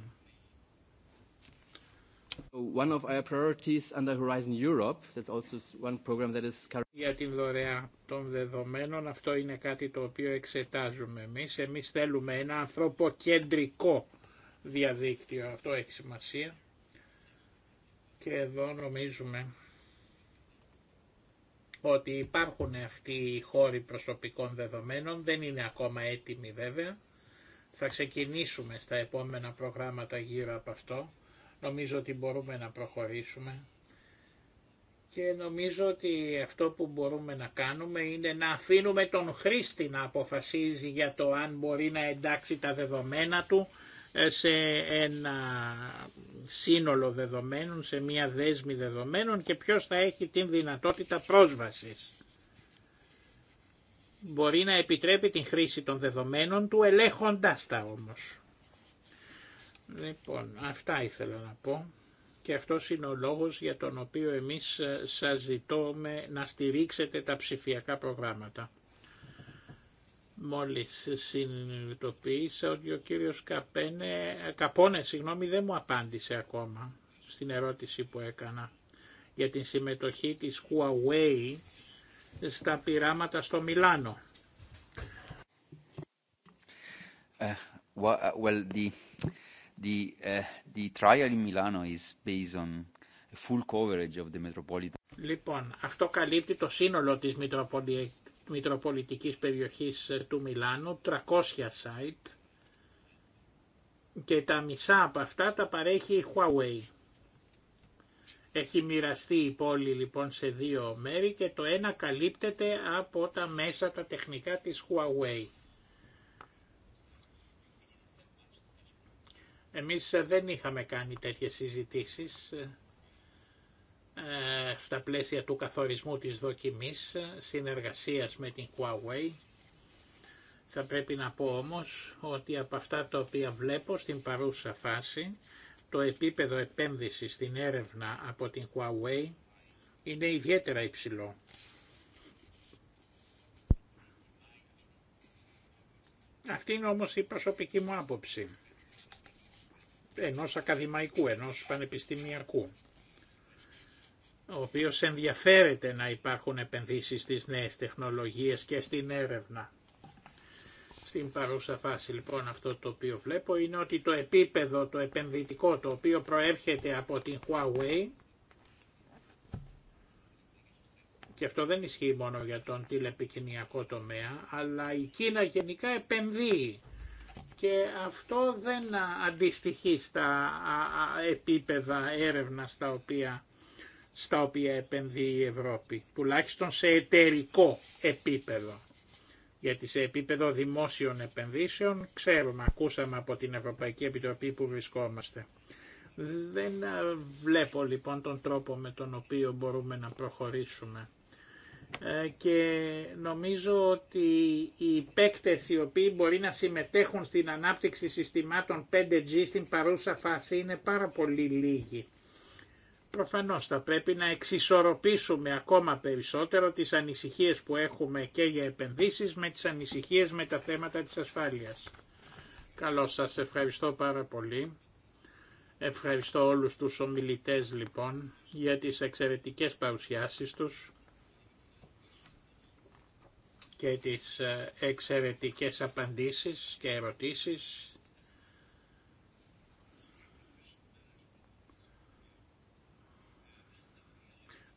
One of our priorities under Horizon Europe, that's also one program that is Για την δωρεά των δεδομένων, αυτό είναι κάτι το οποίο εξετάζουμε εμείς. Εμείς θέλουμε ένα ανθρωποκεντρικό διαδίκτυο, αυτό έχει σημασία. Και εδώ νομίζουμε ότι υπάρχουν αυτοί οι χώροι προσωπικών δεδομένων, δεν είναι ακόμα έτοιμοι βέβαια. Θα ξεκινήσουμε στα επόμενα προγράμματα γύρω από αυτό. Νομίζω ότι μπορούμε να προχωρήσουμε. Και νομίζω ότι αυτό που μπορούμε να κάνουμε είναι να αφήνουμε τον χρήστη να αποφασίζει για το αν μπορεί να εντάξει τα δεδομένα του ε, σε ένα σύνολο δεδομένων, σε μια δέσμη δεδομένων και ποιος θα έχει την δυνατότητα πρόσβασης. Μπορεί να επιτρέπει την χρήση των δεδομένων του ελέγχοντάς τα όμως. Λοιπόν, αυτά ήθελα να πω και αυτό είναι ο λόγος για τον οποίο εμείς σας ζητούμε να στηρίξετε τα ψηφιακά προγράμματα. Μόλις συνειδητοποίησα ότι ο κύριος Καπένε, Καπόνε συγγνώμη, δεν μου απάντησε ακόμα στην ερώτηση που έκανα για την συμμετοχή της Huawei στα πειράματα στο Μιλάνο. Ε, ε, well, the, the, ε, the trial in Milano is based on full coverage of the metropolitan. Λοιπόν, αυτό καλύπτει το σύνολο της Μητροπολιτικής Περιοχής ε, του Μιλάνου, 300 site και τα μισά από αυτά τα παρέχει η Huawei. Έχει μοιραστεί η πόλη λοιπόν σε δύο μέρη και το ένα καλύπτεται από τα μέσα τα τεχνικά της Huawei. Εμείς ε, δεν είχαμε κάνει τέτοιες συζητήσεις ε, ε, στα πλαίσια του καθορισμού της δοκιμής ε, συνεργασίας με την Huawei. Θα πρέπει να πω όμως ότι από αυτά τα οποία βλέπω στην παρούσα φάση, το επίπεδο επένδυσης στην έρευνα από την Huawei είναι ιδιαίτερα υψηλό. Αυτή είναι όμως η προσωπική μου άποψη, ενός ακαδημαϊκού, ενός πανεπιστημιακού ο οποίος ενδιαφέρεται να υπάρχουν επενδύσεις στις νέες τεχνολογίες και στην έρευνα. Στην παρούσα φάση λοιπόν αυτό το οποίο βλέπω είναι ότι το επίπεδο το επενδυτικό το οποίο προέρχεται από την Huawei και αυτό δεν ισχύει μόνο για τον τηλεπικοινιακό τομέα, αλλά η Κίνα γενικά επενδύει και αυτό δεν αντιστοιχεί στα επίπεδα έρευνα στα οποία στα οποία επενδύει η Ευρώπη, τουλάχιστον σε εταιρικό επίπεδο. Γιατί σε επίπεδο δημόσιων επενδύσεων ξέρουμε, ακούσαμε από την Ευρωπαϊκή Επιτροπή που βρισκόμαστε. Δεν ε, βλέπω λοιπόν τον τρόπο με τον οποίο μπορούμε να προχωρήσουμε ε, και νομίζω ότι οι παίκτες οι οποίοι μπορεί να συμμετέχουν στην ανάπτυξη συστημάτων 5G στην παρούσα φάση είναι πάρα πολύ λίγοι. Προφανώς θα πρέπει να εξισορροπήσουμε ακόμα περισσότερο τις ανησυχίες που έχουμε και για επενδύσεις με τις ανησυχίες με τα θέματα της ασφάλειας. Καλώς σας ευχαριστώ πάρα πολύ. Ευχαριστώ όλους τους ομιλητές λοιπόν για τις εξαιρετικές παρουσιάσεις τους και τις ε, εξαιρετικές απαντήσεις και ερωτήσεις.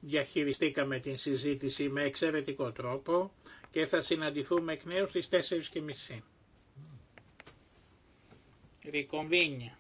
διαχειριστήκαμε την συζήτηση με εξαιρετικό τρόπο και θα συναντηθούμε εκ νέου στις 4.30. Ρικομβίνια.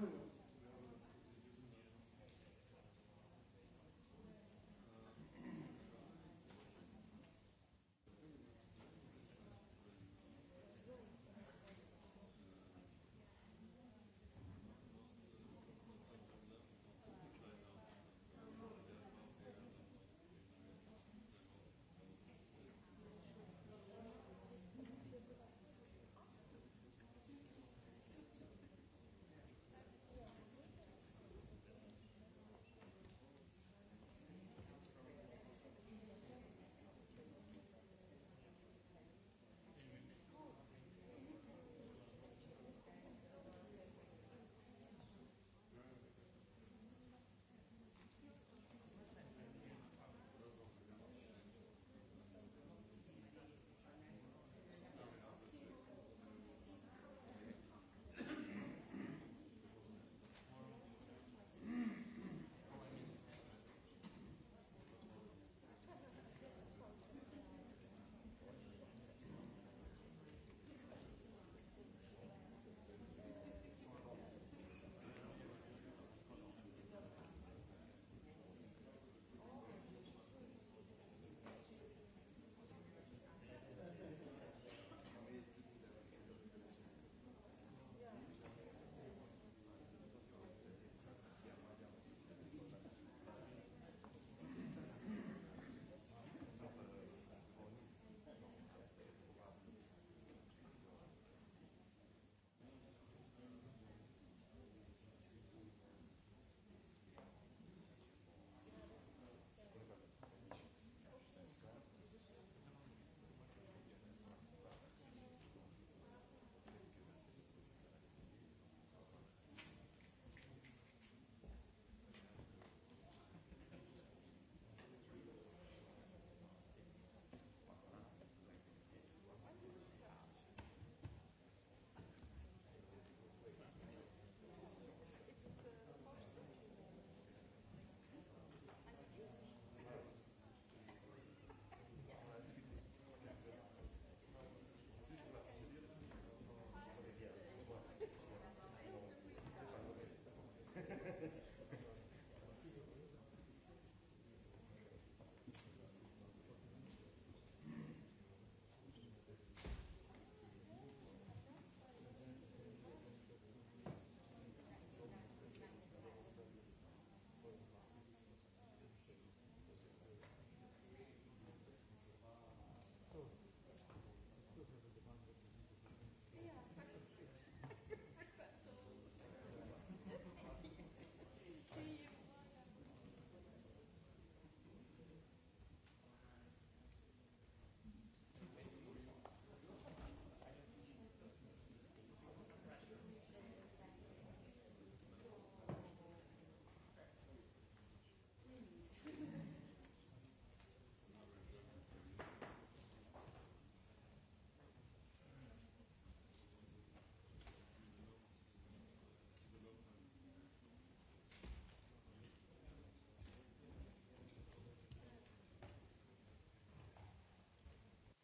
χ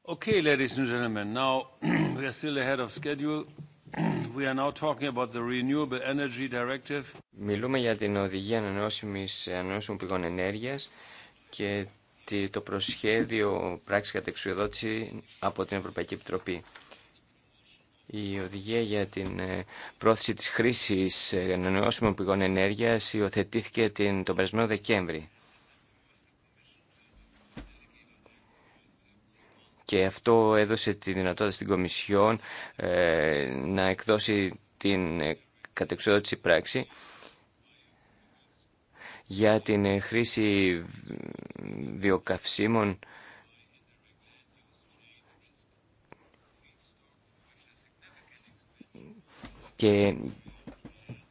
Okay, ladies and gentlemen, now we are still ahead of schedule. We are now talking about the Renewable Energy Directive. Μιλούμε για την οδηγία ανανεώσιμης ανανεώσιμων πηγών ενέργειας και το προσχέδιο πράξης κατεξουδότηση από την Ευρωπαϊκή Επιτροπή. Η οδηγία για την ε, πρόθεση της χρήσης ε, ανανεώσιμων πηγών ενέργειας υιοθετήθηκε τον περασμένο Δεκέμβρη. και αυτό έδωσε τη δυνατότητα στην Κομισιόν ε, να εκδώσει την ε, κατεξοδότηση πράξη για την ε, χρήση βιοκαυσίμων και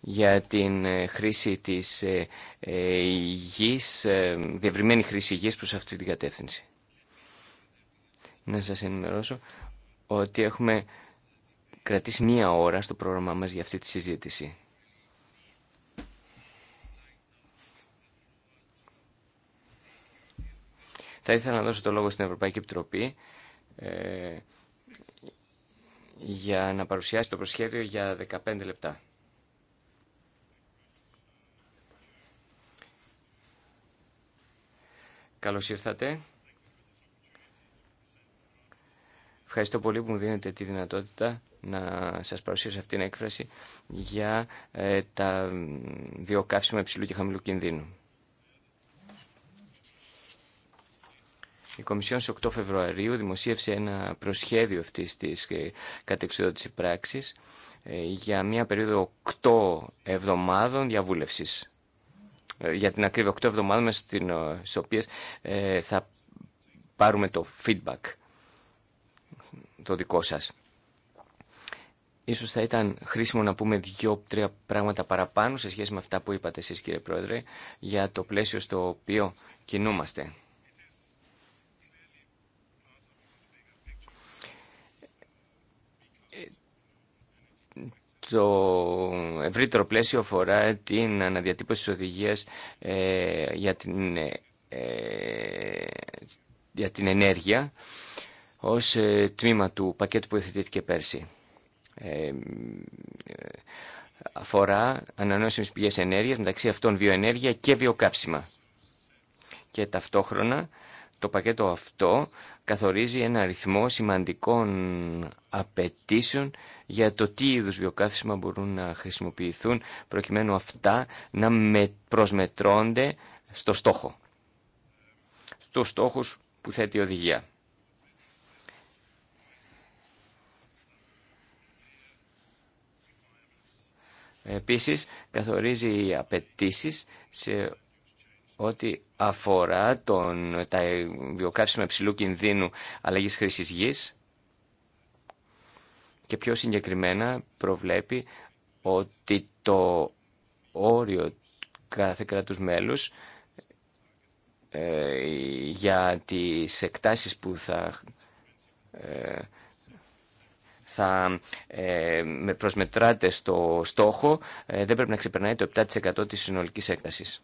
για την ε, χρήση της ε, γης, διευρυμένη χρήση γης προς αυτή την κατεύθυνση να σας ενημερώσω ότι έχουμε κρατήσει μία ώρα στο πρόγραμμά μας για αυτή τη συζήτηση. Θα ήθελα να δώσω το λόγο στην Ευρωπαϊκή Επιτροπή ε, για να παρουσιάσει το προσχέδιο για 15 λεπτά. Καλώς ήρθατε. Ευχαριστώ πολύ που μου δίνετε τη δυνατότητα να σας παρουσίασω αυτήν την έκφραση για ε, τα βιοκαύσιμα υψηλού και χαμηλού κινδύνου. Η Κομισιόν στις 8 Φεβρουαρίου δημοσίευσε ένα προσχέδιο αυτής της ε, κατεξοδότηση πράξης ε, για μια περίοδο 8 εβδομάδων διαβούλευσης. Για την ακρίβεια 8 εβδομάδων στις οποίες θα πάρουμε το feedback το δικό σας. Ίσως θα ήταν χρήσιμο να πούμε δύο-τρία πράγματα παραπάνω σε σχέση με αυτά που είπατε εσείς κύριε Πρόεδρε για το πλαίσιο στο οποίο κινούμαστε. το ευρύτερο πλαίσιο αφορά την αναδιατύπωση της οδηγίας ε, για, την, ε, ε για την ενέργεια ως ε, τμήμα του πακέτου που εθετήθηκε πέρσι. Ε, ε, αφορά ανανεώσιμες πηγές ενέργειας, μεταξύ αυτών βιοενέργεια και βιοκαύσιμα. Και ταυτόχρονα το πακέτο αυτό καθορίζει ένα αριθμό σημαντικών απαιτήσεων για το τι είδους βιοκαύσιμα μπορούν να χρησιμοποιηθούν προκειμένου αυτά να προσμετρώνται στο στόχο. Στους στόχους που θέτει η οδηγία. Επίσης, καθορίζει οι απαιτήσει σε ό,τι αφορά τον, τα βιοκάψιμα υψηλού κινδύνου αλλαγής χρήσης γης και πιο συγκεκριμένα προβλέπει ότι το όριο κάθε κράτους μέλους ε, για τις εκτάσεις που θα ε, θα ε, με προσμετράτε στο στόχο ε, δεν πρέπει να ξεπερνάει το 7% της συνολικής έκτασης.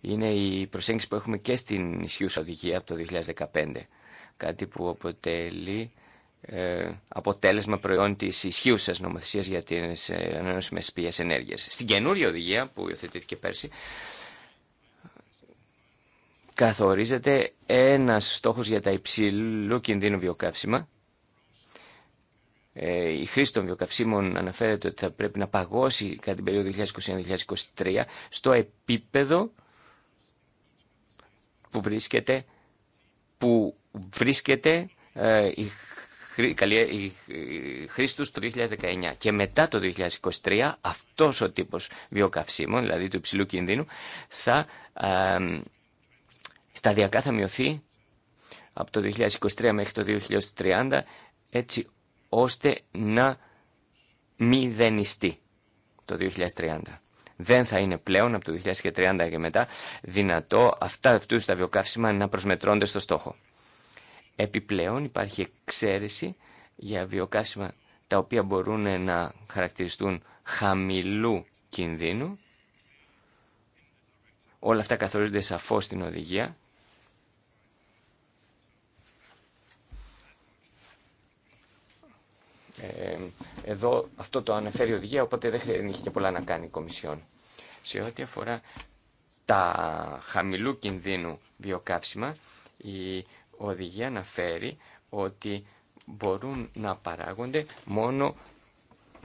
Είναι η προσέγγιση που έχουμε και στην ισχύουσα οδηγία από το 2015. Κάτι που αποτελεί ε, αποτέλεσμα προϊόν τη ισχύουσα νομοθεσία για τι ανανεώσιμε πηγέ ενέργεια. Στην καινούργια οδηγία που υιοθετήθηκε πέρσι, καθορίζεται ένας στόχος για τα υψηλού κινδύνου βιοκαύσιμα. Ε, η χρήση των βιοκαυσίμων αναφέρεται ότι θα πρέπει να παγώσει κατά την περίοδο 2021-2023 στο επίπεδο που βρίσκεται, που βρίσκεται ε, η η χρήση του το 2019 και μετά το 2023 αυτός ο τύπος βιοκαυσίμων, δηλαδή του υψηλού κινδύνου, θα ε, σταδιακά θα μειωθεί από το 2023 μέχρι το 2030 έτσι ώστε να μηδενιστεί το 2030. Δεν θα είναι πλέον από το 2030 και μετά δυνατό αυτά αυτούς τα βιοκαύσιμα να προσμετρώνται στο στόχο. Επιπλέον υπάρχει εξαίρεση για βιοκαύσιμα τα οποία μπορούν να χαρακτηριστούν χαμηλού κινδύνου. Όλα αυτά καθορίζονται σαφώς στην οδηγία Ε, εδώ αυτό το αναφέρει η οδηγία, οπότε δεν είχε και πολλά να κάνει η Κομισιόν. Σε ό,τι αφορά τα χαμηλού κινδύνου βιοκάψιμα, η οδηγία αναφέρει ότι μπορούν να παράγονται μόνο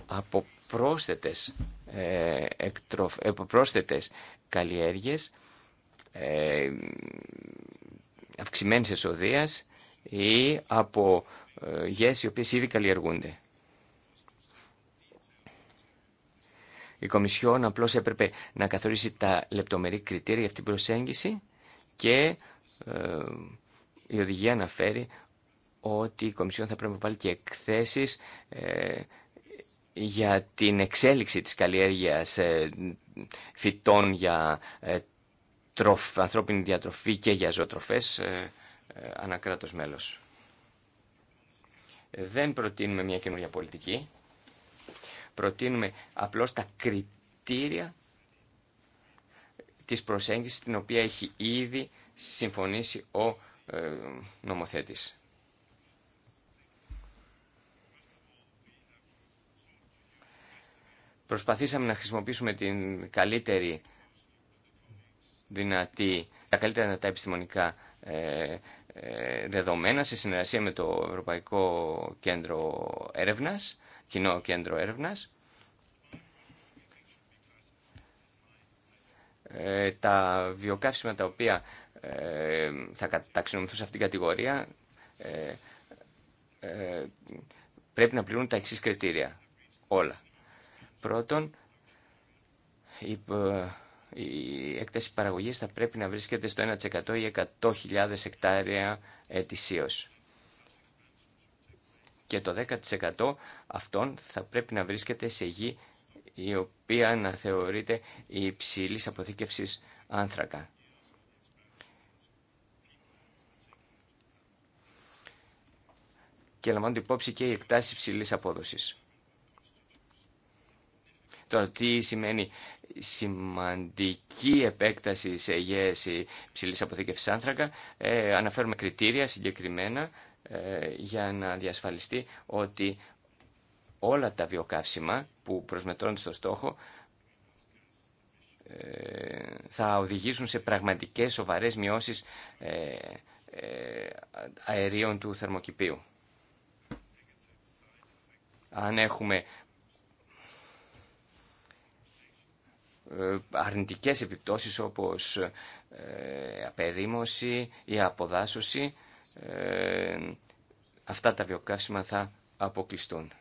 από πρόσθετες, ε, εκτροφ, ε, πρόσθετες καλλιέργειες ε, αυξημένης εσοδείας ή από ε, οι οποίες ήδη καλλιεργούνται. Η Κομισιόν απλώ έπρεπε να καθορίσει τα λεπτομερή κριτήρια για αυτή την προσέγγιση και ε, η οδηγία αναφέρει ότι η Κομισιόν θα πρέπει να βάλει και εκθέσεις ε, για την εξέλιξη της καλλιέργειας ε, φυτών για ανθρώπινη διατροφή και για ζωοτροφές ανακράτος μέλος. Δεν προτείνουμε μια καινούργια πολιτική. Προτείνουμε απλώς τα κριτήρια της προσέγγισης την οποία έχει ήδη συμφωνήσει ο ε, νομοθέτης. Προσπαθήσαμε να χρησιμοποιήσουμε την καλύτερη δυνατή, τα καλύτερα δυνατά επιστημονικά ε, ε, δεδομένα σε συνεργασία με το Ευρωπαϊκό Κέντρο Έρευνας κοινό κέντρο έρευνας. Ε, τα βιοκαύσιμα τα οποία ε, θα ταξινομηθούν σε αυτήν την κατηγορία ε, πρέπει να πληρούν τα εξή κριτήρια. Όλα. Πρώτον, η, η έκταση παραγωγής θα πρέπει να βρίσκεται στο 1% ή 100.000 εκτάρια ετησίως και το 10% αυτών θα πρέπει να βρίσκεται σε γη η οποία να θεωρείται υψηλής αποθήκευσης άνθρακα. Και λαμβάνονται υπόψη και οι εκτάσεις υψηλής απόδοσης. Τώρα, τι σημαίνει σημαντική επέκταση σε γέες υψηλής αποθήκευσης άνθρακα. Ε, αναφέρουμε κριτήρια συγκεκριμένα για να διασφαλιστεί ότι όλα τα βιοκαύσιμα που προσμετρώνται στο στόχο ε, θα οδηγήσουν σε πραγματικές σοβαρές μειώσεις ε, ε, αερίων του θερμοκηπίου. Αν έχουμε αρνητικές επιπτώσεις όπως απερίμωση ή αποδάσωση, ε, αυτά τα βιοκαύσιμα θα αποκλειστούν.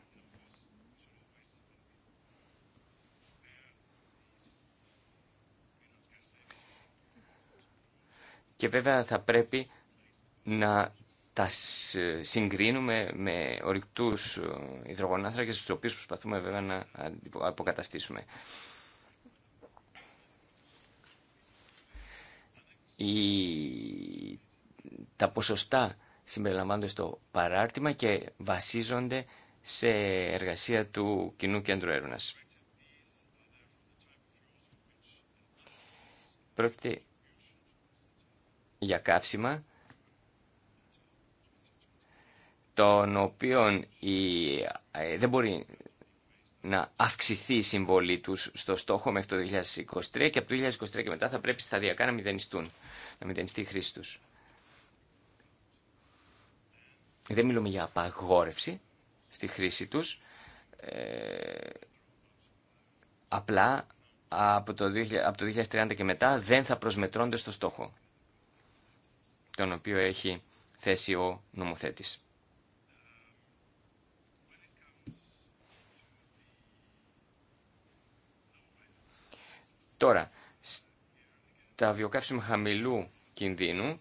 Και βέβαια θα πρέπει να τα συγκρίνουμε με ορυκτούς ε, υδρογονάθρακες, στους οποίους προσπαθούμε βέβαια να αποκαταστήσουμε. Η τα ποσοστά συμπεριλαμβάνονται στο παράρτημα και βασίζονται σε εργασία του Κοινού Κέντρου Έρευνας. Πρόκειται για καύσιμα τον οποίο η, ε, δεν μπορεί να αυξηθεί η συμβολή τους στο στόχο μέχρι το 2023 και από το 2023 και μετά θα πρέπει σταδιακά να μηδενιστούν, να μηδενιστεί η χρήση τους. Δεν μιλούμε για απαγόρευση στη χρήση τους. Ε, απλά από το, 2000, από το 2030 και μετά δεν θα προσμετρώνται στο στόχο τον οποίο έχει θέσει ο νομοθέτης. Τώρα, τα βιοκαύσιμα χαμηλού κινδύνου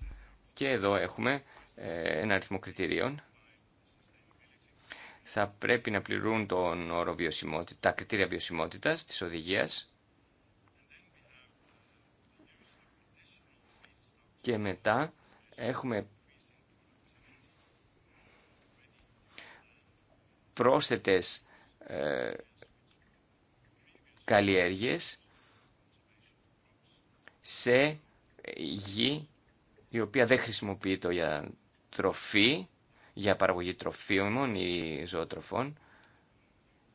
και εδώ έχουμε ε, ένα αριθμό κριτηρίων. Θα πρέπει να πληρούν τον όρο τα κριτήρια βιωσιμότητας της οδηγίας και μετά έχουμε πρόσθετες ε, καλλιέργειες σε γη η οποία δεν χρησιμοποιείται για τροφή, για παραγωγή τροφίμων ή ζωοτροφών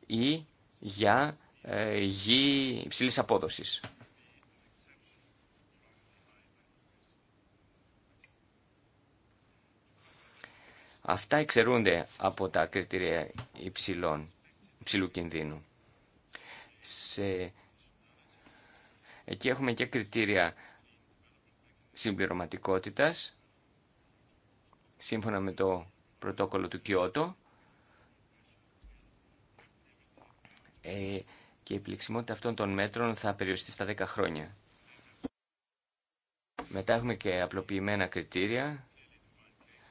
ή για ε, γη υψηλής απόδοσης. Αυτά εξαιρούνται από τα κριτήρια υψηλών, υψηλού κινδύνου. Σε... Εκεί έχουμε και κριτήρια συμπληρωματικότητας σύμφωνα με το πρωτόκολλο του Κιώτο ε, και η πληξιμότητα αυτών των μέτρων θα περιοριστεί στα 10 χρόνια. Μετά έχουμε και απλοποιημένα κριτήρια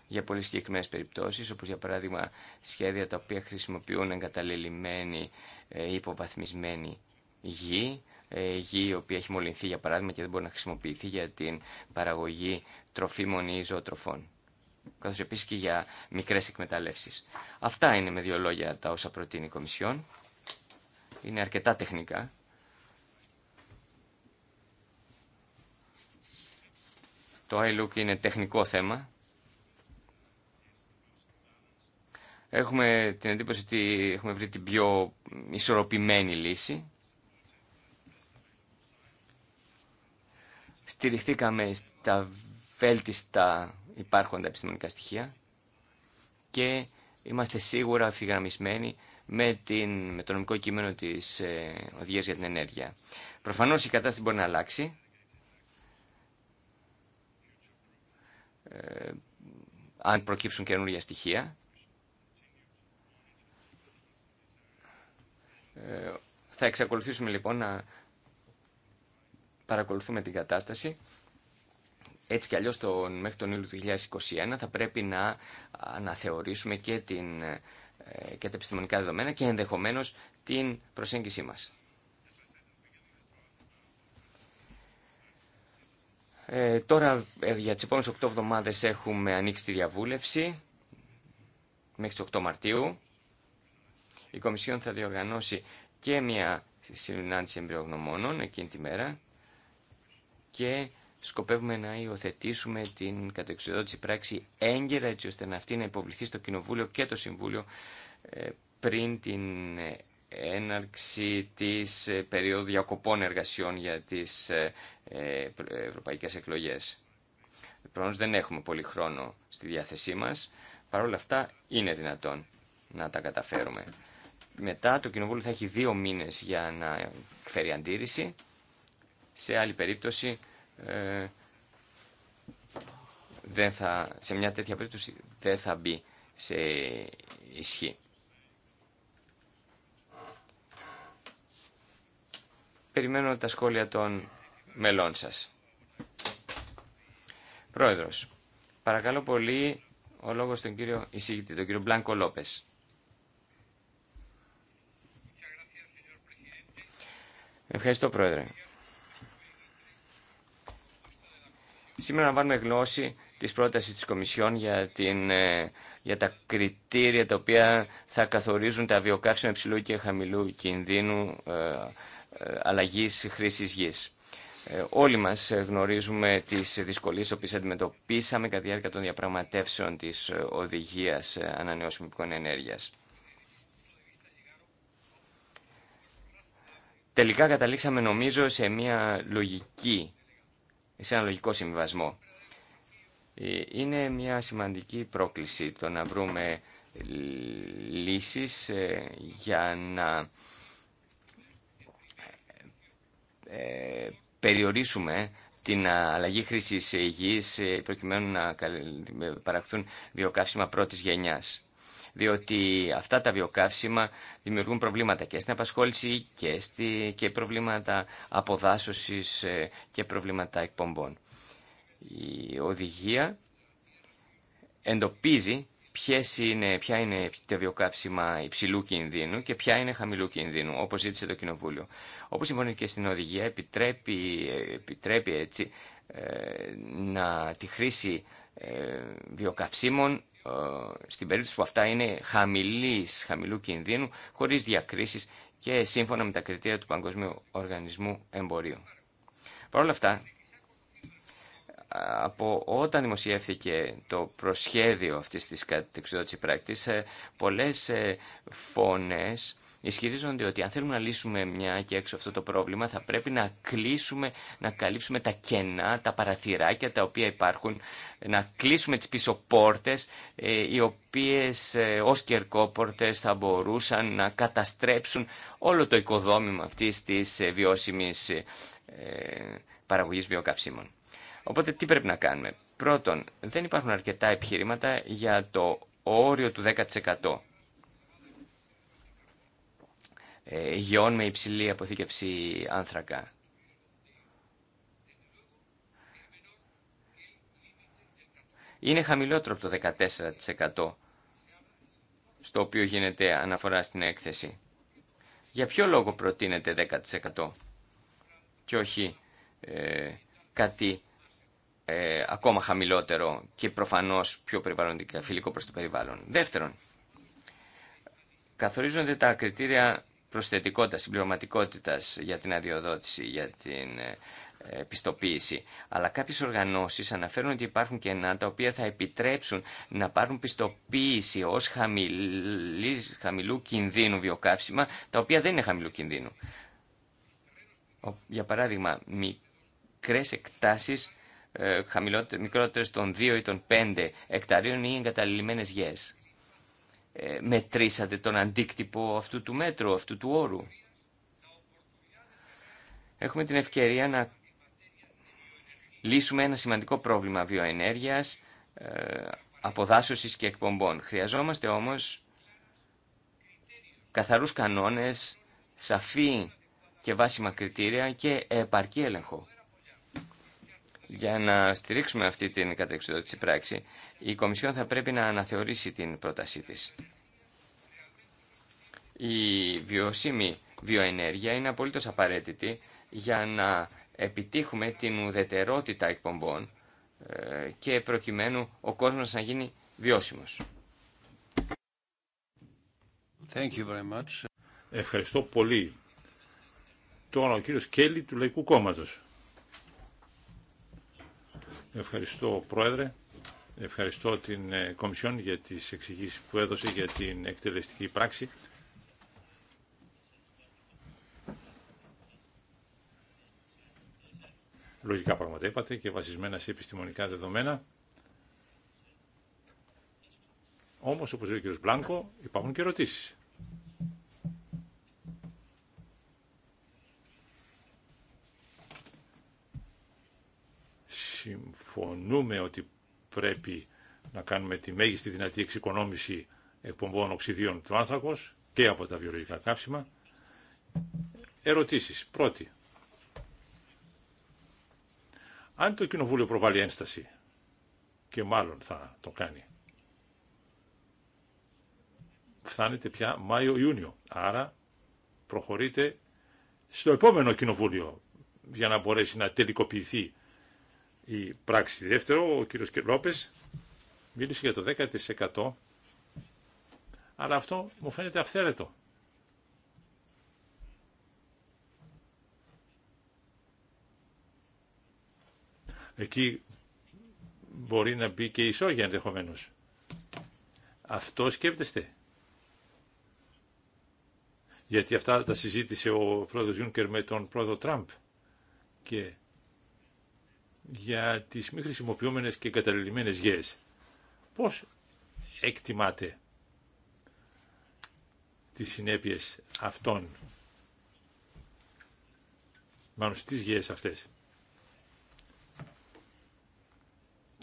για πολύ συγκεκριμένε περιπτώσεις, όπως για παράδειγμα σχέδια τα οποία χρησιμοποιούν εγκαταλελειμμένη ή ε, υποβαθμισμένη γη, ε, γη η οποία έχει μολυνθεί για παράδειγμα και δεν μπορεί να χρησιμοποιηθεί για την παραγωγή τροφίμων ή ζωοτροφών καθώς επίσης και για μικρές εκμεταλλεύσεις. Αυτά είναι με δύο λόγια τα όσα προτείνει η Κομισιόν. Είναι αρκετά τεχνικά. Το iLook είναι τεχνικό θέμα. Έχουμε την εντύπωση ότι έχουμε βρει την πιο ισορροπημένη λύση. Στηριχθήκαμε στα βέλτιστα υπάρχοντα επιστημονικά στοιχεία και είμαστε σίγουρα ευθυγραμμισμένοι με, την, με το νομικό κείμενο της ε, για την Ενέργεια. Προφανώς η κατάσταση μπορεί να αλλάξει. Ε, αν προκύψουν καινούργια στοιχεία. Ε, θα εξακολουθήσουμε λοιπόν να παρακολουθούμε την κατάσταση έτσι κι αλλιώς μέχρι τον Ιούλιο του 2021 θα πρέπει να αναθεωρήσουμε και, την, ε, και τα επιστημονικά δεδομένα και ενδεχομένως την προσέγγιση μας. Ε, τώρα ε, για τις επόμενες 8 εβδομάδες έχουμε ανοίξει τη διαβούλευση μέχρι τις 8 Μαρτίου. Η Κομισιόν θα διοργανώσει και μια συνάντηση εμπειρογνωμόνων εκείνη τη μέρα και σκοπεύουμε να υιοθετήσουμε την κατεξοδότηση πράξη έγκαιρα έτσι ώστε να αυτή να υποβληθεί στο Κοινοβούλιο και το Συμβούλιο ε, πριν την ε, έναρξη της ε, περίοδου διακοπών εργασιών για τις ευρωπαϊκές εκλογές. Προνώς δεν έχουμε πολύ χρόνο στη διάθεσή μας, παρόλα αυτά είναι δυνατόν να τα καταφέρουμε. Μετά το Κοινοβούλιο θα έχει δύο μήνες για να εκφέρει αντίρρηση. Σε άλλη περίπτωση ε, δεν θα, σε μια τέτοια περίπτωση δεν θα μπει σε ισχύ. Περιμένω τα σχόλια των μελών σας. Πρόεδρος, παρακαλώ πολύ ο λόγος στον κύριο εισηγητή, τον κύριο Μπλάνκο Λόπες. Ευχαριστώ, Πρόεδρε. Σήμερα βάλουμε γνώση της πρότασης της Κομισιόν για, την, ε, για τα κριτήρια τα οποία θα καθορίζουν τα βιοκαύσιμα υψηλού και χαμηλού κινδύνου ε, ε, αλλαγής χρήσης γης. Όλοι μας γνωρίζουμε τις δυσκολίες που αντιμετωπίσαμε κατά τη διάρκεια των διαπραγματεύσεων της οδηγίας ανανεώσιμων ενέργειας. Τελικά καταλήξαμε νομίζω σε μια λογική σε ένα λογικό συμβιβασμό. Ε, είναι μια σημαντική πρόκληση το να βρούμε λύσεις ε, για να ε, περιορίσουμε την αλλαγή χρήσης γης προκειμένου να παραχθούν βιοκαύσιμα πρώτης γενιάς διότι αυτά τα βιοκαύσιμα δημιουργούν προβλήματα και στην απασχόληση και, στη, και προβλήματα αποδάσωσης ε, και προβλήματα εκπομπών. Η οδηγία εντοπίζει ποιες είναι, ποια είναι τα βιοκαύσιμα υψηλού κινδύνου και ποια είναι χαμηλού κινδύνου, όπως ζήτησε το Κοινοβούλιο. Όπως και στην οδηγία, επιτρέπει, επιτρέπει έτσι ε, να τη χρήση ε, βιοκαυσίμων ε, στην περίπτωση που αυτά είναι χαμηλής, χαμηλού κινδύνου, χωρίς διακρίσεις και σύμφωνα με τα κριτήρια του Παγκοσμίου Οργανισμού Εμπορίου. Παρ' όλα αυτά, από όταν δημοσιεύθηκε το προσχέδιο αυτής της κατεξιδότησης πράκτης, ε, πολλές ε, φωνές ισχυρίζονται ότι αν θέλουμε να λύσουμε μια και έξω αυτό το πρόβλημα θα πρέπει να κλείσουμε, να καλύψουμε τα κενά, τα παραθυράκια τα οποία υπάρχουν, να κλείσουμε τις πίσω πόρτες ε, οι οποίες ε, ως κερκόπορτες θα μπορούσαν να καταστρέψουν όλο το οικοδόμημα αυτής της ε, βιώσιμης παραγωγής βιοκαυσίμων. Οπότε τι πρέπει να κάνουμε. Πρώτον, δεν υπάρχουν αρκετά επιχειρήματα για το όριο του 10%. Ε, γεών με υψηλή αποθήκευση άνθρακα. Είναι χαμηλότερο από το 14% στο οποίο γίνεται αναφορά στην έκθεση. Για ποιο λόγο προτείνεται 10% και όχι ε, κάτι ε, ακόμα χαμηλότερο και προφανώς πιο περιβαλλοντικά φιλικό προς το περιβάλλον. Δεύτερον, καθορίζονται τα κριτήρια Προσθετικότητα, συμπληρωματικότητα για την αδειοδότηση, για την ε, πιστοποίηση. Αλλά κάποιε οργανώσει αναφέρουν ότι υπάρχουν κενά τα οποία θα επιτρέψουν να πάρουν πιστοποίηση ω χαμηλού κινδύνου βιοκαύσιμα, τα οποία δεν είναι χαμηλού κινδύνου. Για παράδειγμα, μικρές εκτάσεις, ε, μικρότερες των 2 ή των 5 εκταρίων ή εγκαταλειμμένες Yes. Ε, μετρήσατε τον αντίκτυπο αυτού του μέτρου, αυτού του όρου. Έχουμε την ευκαιρία να λύσουμε ένα σημαντικό πρόβλημα βιοενέργειας, ε, αποδάσωσης και εκπομπών. Χρειαζόμαστε όμως καθαρούς κανόνες, σαφή και βάσιμα κριτήρια και επαρκή έλεγχο. Για να στηρίξουμε αυτή την κατεξοδότηση πράξη, η Κομισιόν θα πρέπει να αναθεωρήσει την πρότασή της. Η βιώσιμη βιοενέργεια είναι απολύτως απαραίτητη για να επιτύχουμε την ουδετερότητα εκπομπών ε, και προκειμένου ο κόσμος να γίνει βιώσιμος. Thank you Ευχαριστώ πολύ. Τώρα ο κύριος Κέλλη του Λαϊκού Κόμματος. Ευχαριστώ Πρόεδρε. Ευχαριστώ την ε, Κομισιόν για τις εξηγήσεις που έδωσε για την εκτελεστική πράξη. Λογικά πράγματα είπατε και βασισμένα σε επιστημονικά δεδομένα. Όμως, όπως λέει ο κ. Μπλάνκο, υπάρχουν και ερωτήσεις. συμφωνούμε ότι πρέπει να κάνουμε τη μέγιστη δυνατή εξοικονόμηση εκπομπών οξυδίων του άνθρακος και από τα βιολογικά καύσιμα. Ερωτήσεις. Πρώτη. Αν το Κοινοβούλιο προβάλλει ένσταση, και μάλλον θα το κάνει, φτάνεται πια Μάιο-Ιούνιο. Άρα προχωρείτε στο επόμενο Κοινοβούλιο για να μπορέσει να τελικοποιηθεί η πράξη. Δεύτερο, ο κύριος Λόπες μίλησε για το 10% αλλά αυτό μου φαίνεται αυθαίρετο. Εκεί μπορεί να μπει και η σόγια ενδεχομένω. Αυτό σκέπτεστε. Γιατί αυτά τα συζήτησε ο πρόεδρος Γιούνκερ με τον πρόεδρο Τραμπ. Και για τις μη χρησιμοποιούμενες και εγκαταλελειμμένες γέες. Πώς εκτιμάτε τις συνέπειες αυτών, μάλλον στις γέες αυτές.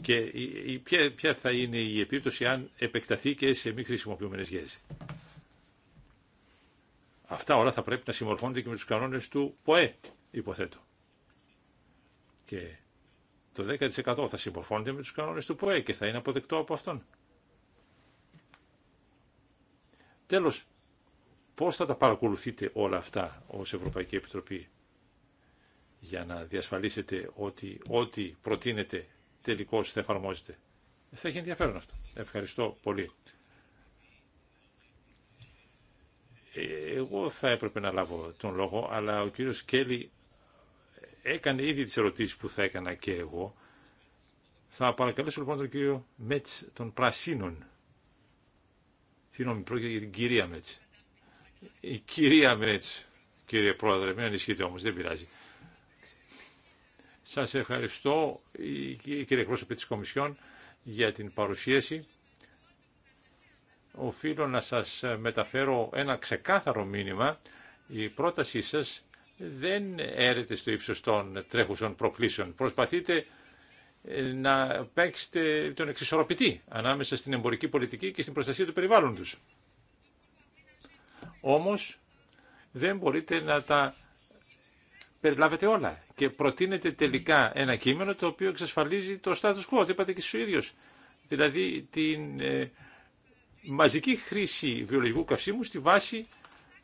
Και η, ποια, ποια θα είναι η επίπτωση αν επεκταθεί και σε μη χρησιμοποιούμενες γέες. Αυτά όλα θα πρέπει να συμμορφώνονται και με τους κανόνες του ΠΟΕ, υποθέτω. Και το 10% θα συμπορφώνεται με τους κανόνες του ΠΟΕ και θα είναι αποδεκτό από αυτόν. Τέλος, πώς θα τα παρακολουθείτε όλα αυτά ως Ευρωπαϊκή Επιτροπή για να διασφαλίσετε ότι ό,τι προτείνετε τελικώς θα εφαρμόζεται. Θα έχει ενδιαφέρον αυτό. Ευχαριστώ πολύ. Ε, εγώ θα έπρεπε να λάβω τον λόγο, αλλά ο κύριος Κέλλη έκανε ήδη τις ερωτήσεις που θα έκανα και εγώ. Θα παρακαλέσω λοιπόν τον κύριο Μέτς των Πρασίνων. Συγγνώμη, πρόκειται για την κυρία Μέτς. Η κυρία Μέτς, κύριε Πρόεδρε, μην ανησυχείτε όμως, δεν πειράζει. Σας ευχαριστώ, κύριε εκπρόσωπε της Κομισιόν, για την παρουσίαση. Οφείλω να σας μεταφέρω ένα ξεκάθαρο μήνυμα. Η πρότασή σας δεν έρετε στο ύψος των τρέχουσων προκλήσεων. Προσπαθείτε ε, να παίξετε τον εξισορροπητή ανάμεσα στην εμπορική πολιτική και στην προστασία του περιβάλλοντος. Όμως δεν μπορείτε να τα περιλάβετε όλα και προτείνετε τελικά ένα κείμενο το οποίο εξασφαλίζει το status quo, το είπατε και στους ίδιους. Δηλαδή την ε, μαζική χρήση βιολογικού καυσίμου στη βάση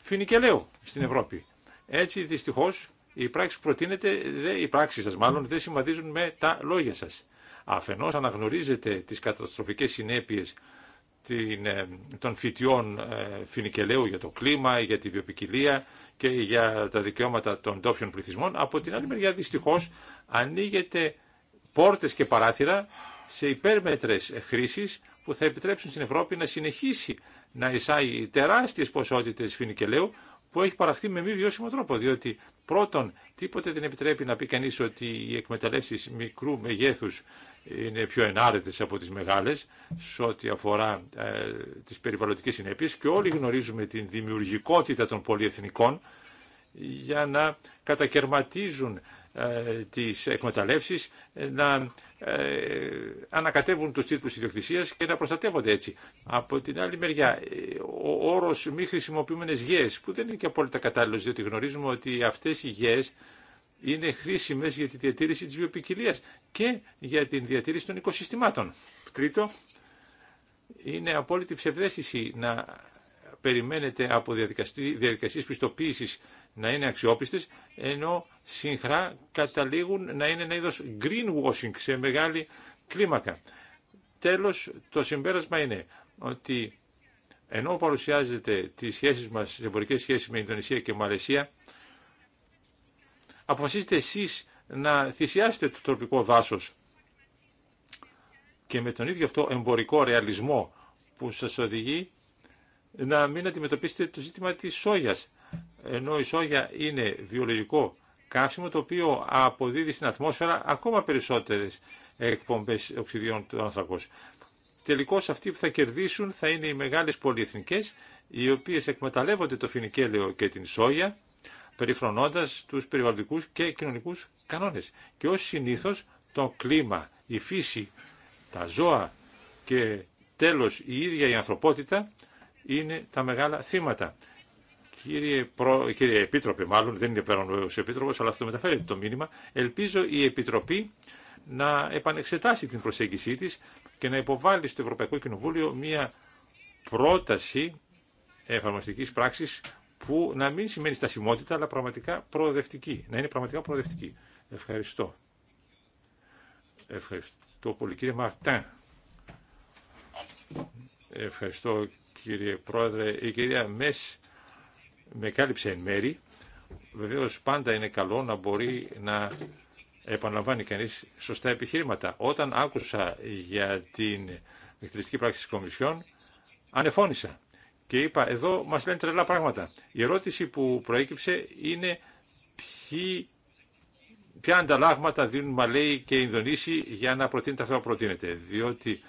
φινικελαίου στην Ευρώπη. Έτσι δυστυχώ, οι πράξεις, προτείνετε, οι πράξει σα μάλλον δεν συμβαδίζουν με τα λόγια σα. Αφενό αναγνωρίζετε τις καταστροφικές συνέπειες ε, των φυτιών ε, φινικελαίου για το κλίμα, για τη βιοπικιλία και για τα δικαιώματα των ντόπιων πληθυσμών. Από την άλλη μεριά δυστυχώς ανοίγετε πόρτες και παράθυρα σε υπέρμετρες χρήσεις που θα επιτρέψουν στην Ευρώπη να συνεχίσει να εισάγει τεράστιες ποσότητες φινικελαίου που έχει παραχθεί με μη βιώσιμο τρόπο. Διότι πρώτον, τίποτε δεν επιτρέπει να πει κανεί ότι οι εκμεταλλεύσει μικρού μεγέθου είναι πιο ενάρετε από τι μεγάλε σε ό,τι αφορά ε, τις περιβαλλοντικές συνέπειες και όλοι γνωρίζουμε την δημιουργικότητα των πολυεθνικών για να κατακαιρματίζουν ε, τις εκμεταλλεύσεις, να ε, ανακατεύουν τους τίτλους ιδιοκτησίας και να προστατεύονται έτσι. Από την άλλη μεριά, ε, ο όρος μη χρησιμοποιούμενες γέες, που δεν είναι και απόλυτα κατάλληλος, διότι γνωρίζουμε ότι αυτές οι γης είναι χρήσιμες για τη διατήρηση της βιοπικιλίας και για τη διατήρηση των οικοσυστημάτων. Τρίτο, είναι απόλυτη ψευδέστηση να περιμένετε από διαδικασίες πιστοποίησης να είναι αξιόπιστες, ενώ συχνά καταλήγουν να είναι ένα είδος greenwashing σε μεγάλη κλίμακα. Τέλος, το συμπέρασμα είναι ότι ενώ παρουσιάζεται τις σχέσεις μας, τις εμπορικές σχέσεις με Ινδονησία και Μαλαισία, αποφασίζετε εσείς να θυσιάσετε το τροπικό δάσος και με τον ίδιο αυτό εμπορικό ρεαλισμό που σας οδηγεί να μην αντιμετωπίσετε το ζήτημα της σόγιας ενώ η σόγια είναι βιολογικό καύσιμο το οποίο αποδίδει στην ατμόσφαιρα ακόμα περισσότερες εκπομπές οξυδιών του ανθρακός. Τελικώς αυτοί που θα κερδίσουν θα είναι οι μεγάλες πολυεθνικές οι οποίες εκμεταλλεύονται το φινικέλαιο και την σόγια περιφρονώντας τους περιβαλλοντικούς και κοινωνικούς κανόνες. Και ως συνήθως το κλίμα, η φύση, τα ζώα και τέλος η ίδια η ανθρωπότητα είναι τα μεγάλα θύματα. Κύριε, Προ... Επίτροπε, μάλλον δεν είναι πέραν ο Επίτροπο, αλλά αυτό μεταφέρεται το μήνυμα. Ελπίζω η Επιτροπή να επανεξετάσει την προσέγγισή της και να υποβάλει στο Ευρωπαϊκό Κοινοβούλιο μία πρόταση εφαρμοστικής πράξης που να μην σημαίνει στασιμότητα, αλλά πραγματικά προοδευτική. Να είναι πραγματικά προοδευτική. Ευχαριστώ. Ευχαριστώ πολύ. Κύριε Μαρτάν. Ευχαριστώ κύριε Πρόεδρε. Η κυρία Μέση με κάλυψε εν μέρη. Βεβαίως πάντα είναι καλό να μπορεί να επαναλαμβάνει κανεί σωστά επιχείρηματα. Όταν άκουσα για την εκτελεστική πράξη της Κομισιόν, ανεφώνησα και είπα εδώ μας λένε τρελά πράγματα. Η ερώτηση που προέκυψε είναι ποια ανταλλάγματα δίνουν Μαλέοι και Ινδονήσιοι για να προτείνετε αυτό που προτείνετε. Διότι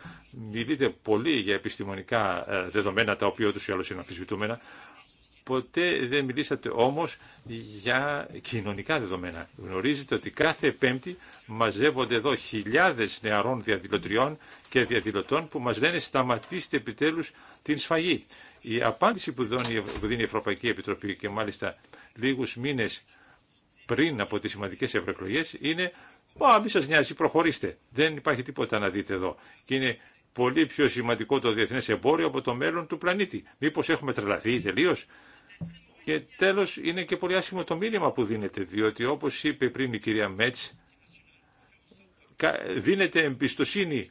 μιλείτε πολύ για επιστημονικά ε, δεδομένα, τα οποία ούτω ή άλλω είναι αμφισβητούμενα, Ποτέ δεν μιλήσατε όμως για κοινωνικά δεδομένα. Γνωρίζετε ότι κάθε Πέμπτη μαζεύονται εδώ χιλιάδες νεαρών διαδηλωτριών και διαδηλωτών που μας λένε σταματήστε επιτέλους την σφαγή. Η απάντηση που δίνει η Ευρωπαϊκή Επιτροπή και μάλιστα λίγους μήνες πριν από τις σημαντικές ευρωεκλογέ είναι «Μα μη σας νοιάζει, προχωρήστε, δεν υπάρχει τίποτα να δείτε εδώ». Και είναι πολύ πιο σημαντικό το διεθνές εμπόριο από το μέλλον του πλανήτη. Μήπως έχουμε τρελαθεί τελείως. Και τέλος είναι και πολύ άσχημο το μήνυμα που δίνεται, διότι όπως είπε πριν η κυρία Μέτς, δίνεται εμπιστοσύνη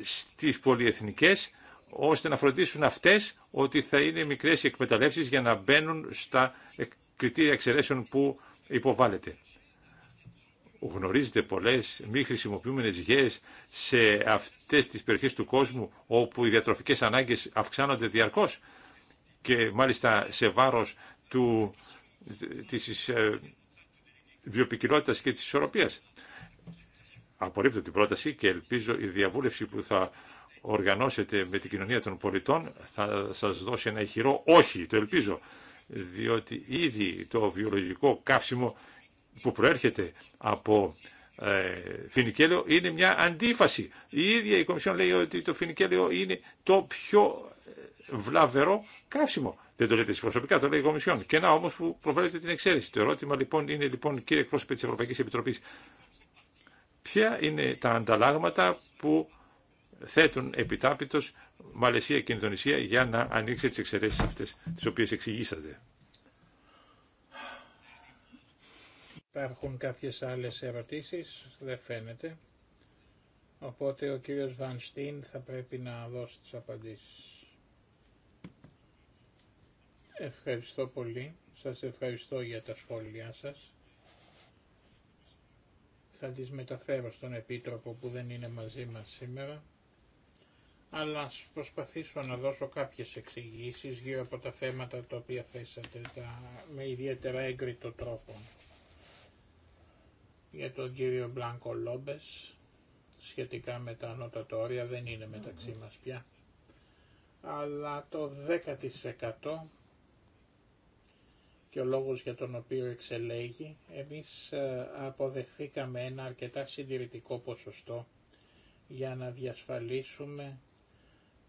στις πολυεθνικές ώστε να φροντίσουν αυτές ότι θα είναι μικρές οι εκμεταλλεύσεις για να μπαίνουν στα κριτήρια εξαιρέσεων που υποβάλλεται. Γνωρίζετε πολλές μη χρησιμοποιούμενες γέες σε αυτές τις περιοχές του κόσμου όπου οι διατροφικές ανάγκες αυξάνονται διαρκώς και μάλιστα σε βάρος του, της ε, βιοπικιλότητας και της ισορροπίας. Απορρίπτω την πρόταση και ελπίζω η διαβούλευση που θα οργανώσετε με την κοινωνία των πολιτών θα σας δώσει ένα ηχηρό όχι, το ελπίζω, διότι ήδη το βιολογικό καύσιμο που προέρχεται από ε, φινικέλαιο είναι μια αντίφαση. Η ίδια η Κομισιόν λέει ότι το φινικέλαιο είναι το πιο ε, βλαβερό καύσιμο. Δεν το λέτε εσεί προσωπικά, το λέει η Κομισιόν. Και να όμω που προβλέπετε την εξαίρεση. Το ερώτημα λοιπόν είναι, λοιπόν, κύριε εκπρόσωπε τη Ευρωπαϊκή Επιτροπή, ποια είναι τα ανταλλάγματα που θέτουν επιτάπητο Μαλαισία και Ινδονησία για να ανοίξει τι εξαιρέσει αυτέ τι οποίε εξηγήσατε. Υπάρχουν κάποιες άλλες ερωτήσεις, δεν φαίνεται. Οπότε ο κύριος Βανστίν θα πρέπει να δώσει τις απαντήσεις. Ευχαριστώ πολύ. Σας ευχαριστώ για τα σχόλιά σας. Θα τις μεταφέρω στον Επίτροπο που δεν είναι μαζί μας σήμερα. Αλλά ας προσπαθήσω να δώσω κάποιες εξηγήσει γύρω από τα θέματα τα οποία θέσατε τα, με ιδιαίτερα έγκριτο τρόπο. Για τον κύριο Μπλάνκο Λόμπες, σχετικά με τα ανώτατα δεν είναι μεταξύ μας πια. Αλλά το 10% και ο λόγος για τον οποίο εξελέγει, εμείς ε, αποδεχθήκαμε ένα αρκετά συντηρητικό ποσοστό για να διασφαλίσουμε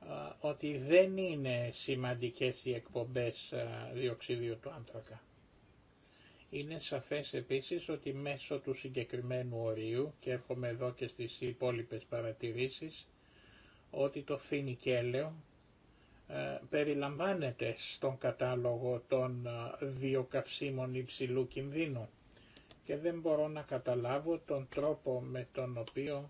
ε, ότι δεν είναι σημαντικές οι εκπομπές ε, διοξιδίου του άνθρακα. Είναι σαφές επίσης ότι μέσω του συγκεκριμένου ορίου, και έρχομαι εδώ και στις υπόλοιπες παρατηρήσεις, ότι το φινικέλαιο περιλαμβάνεται στον κατάλογο των βιοκαυσίμων υψηλού κινδύνου και δεν μπορώ να καταλάβω τον τρόπο με τον οποίο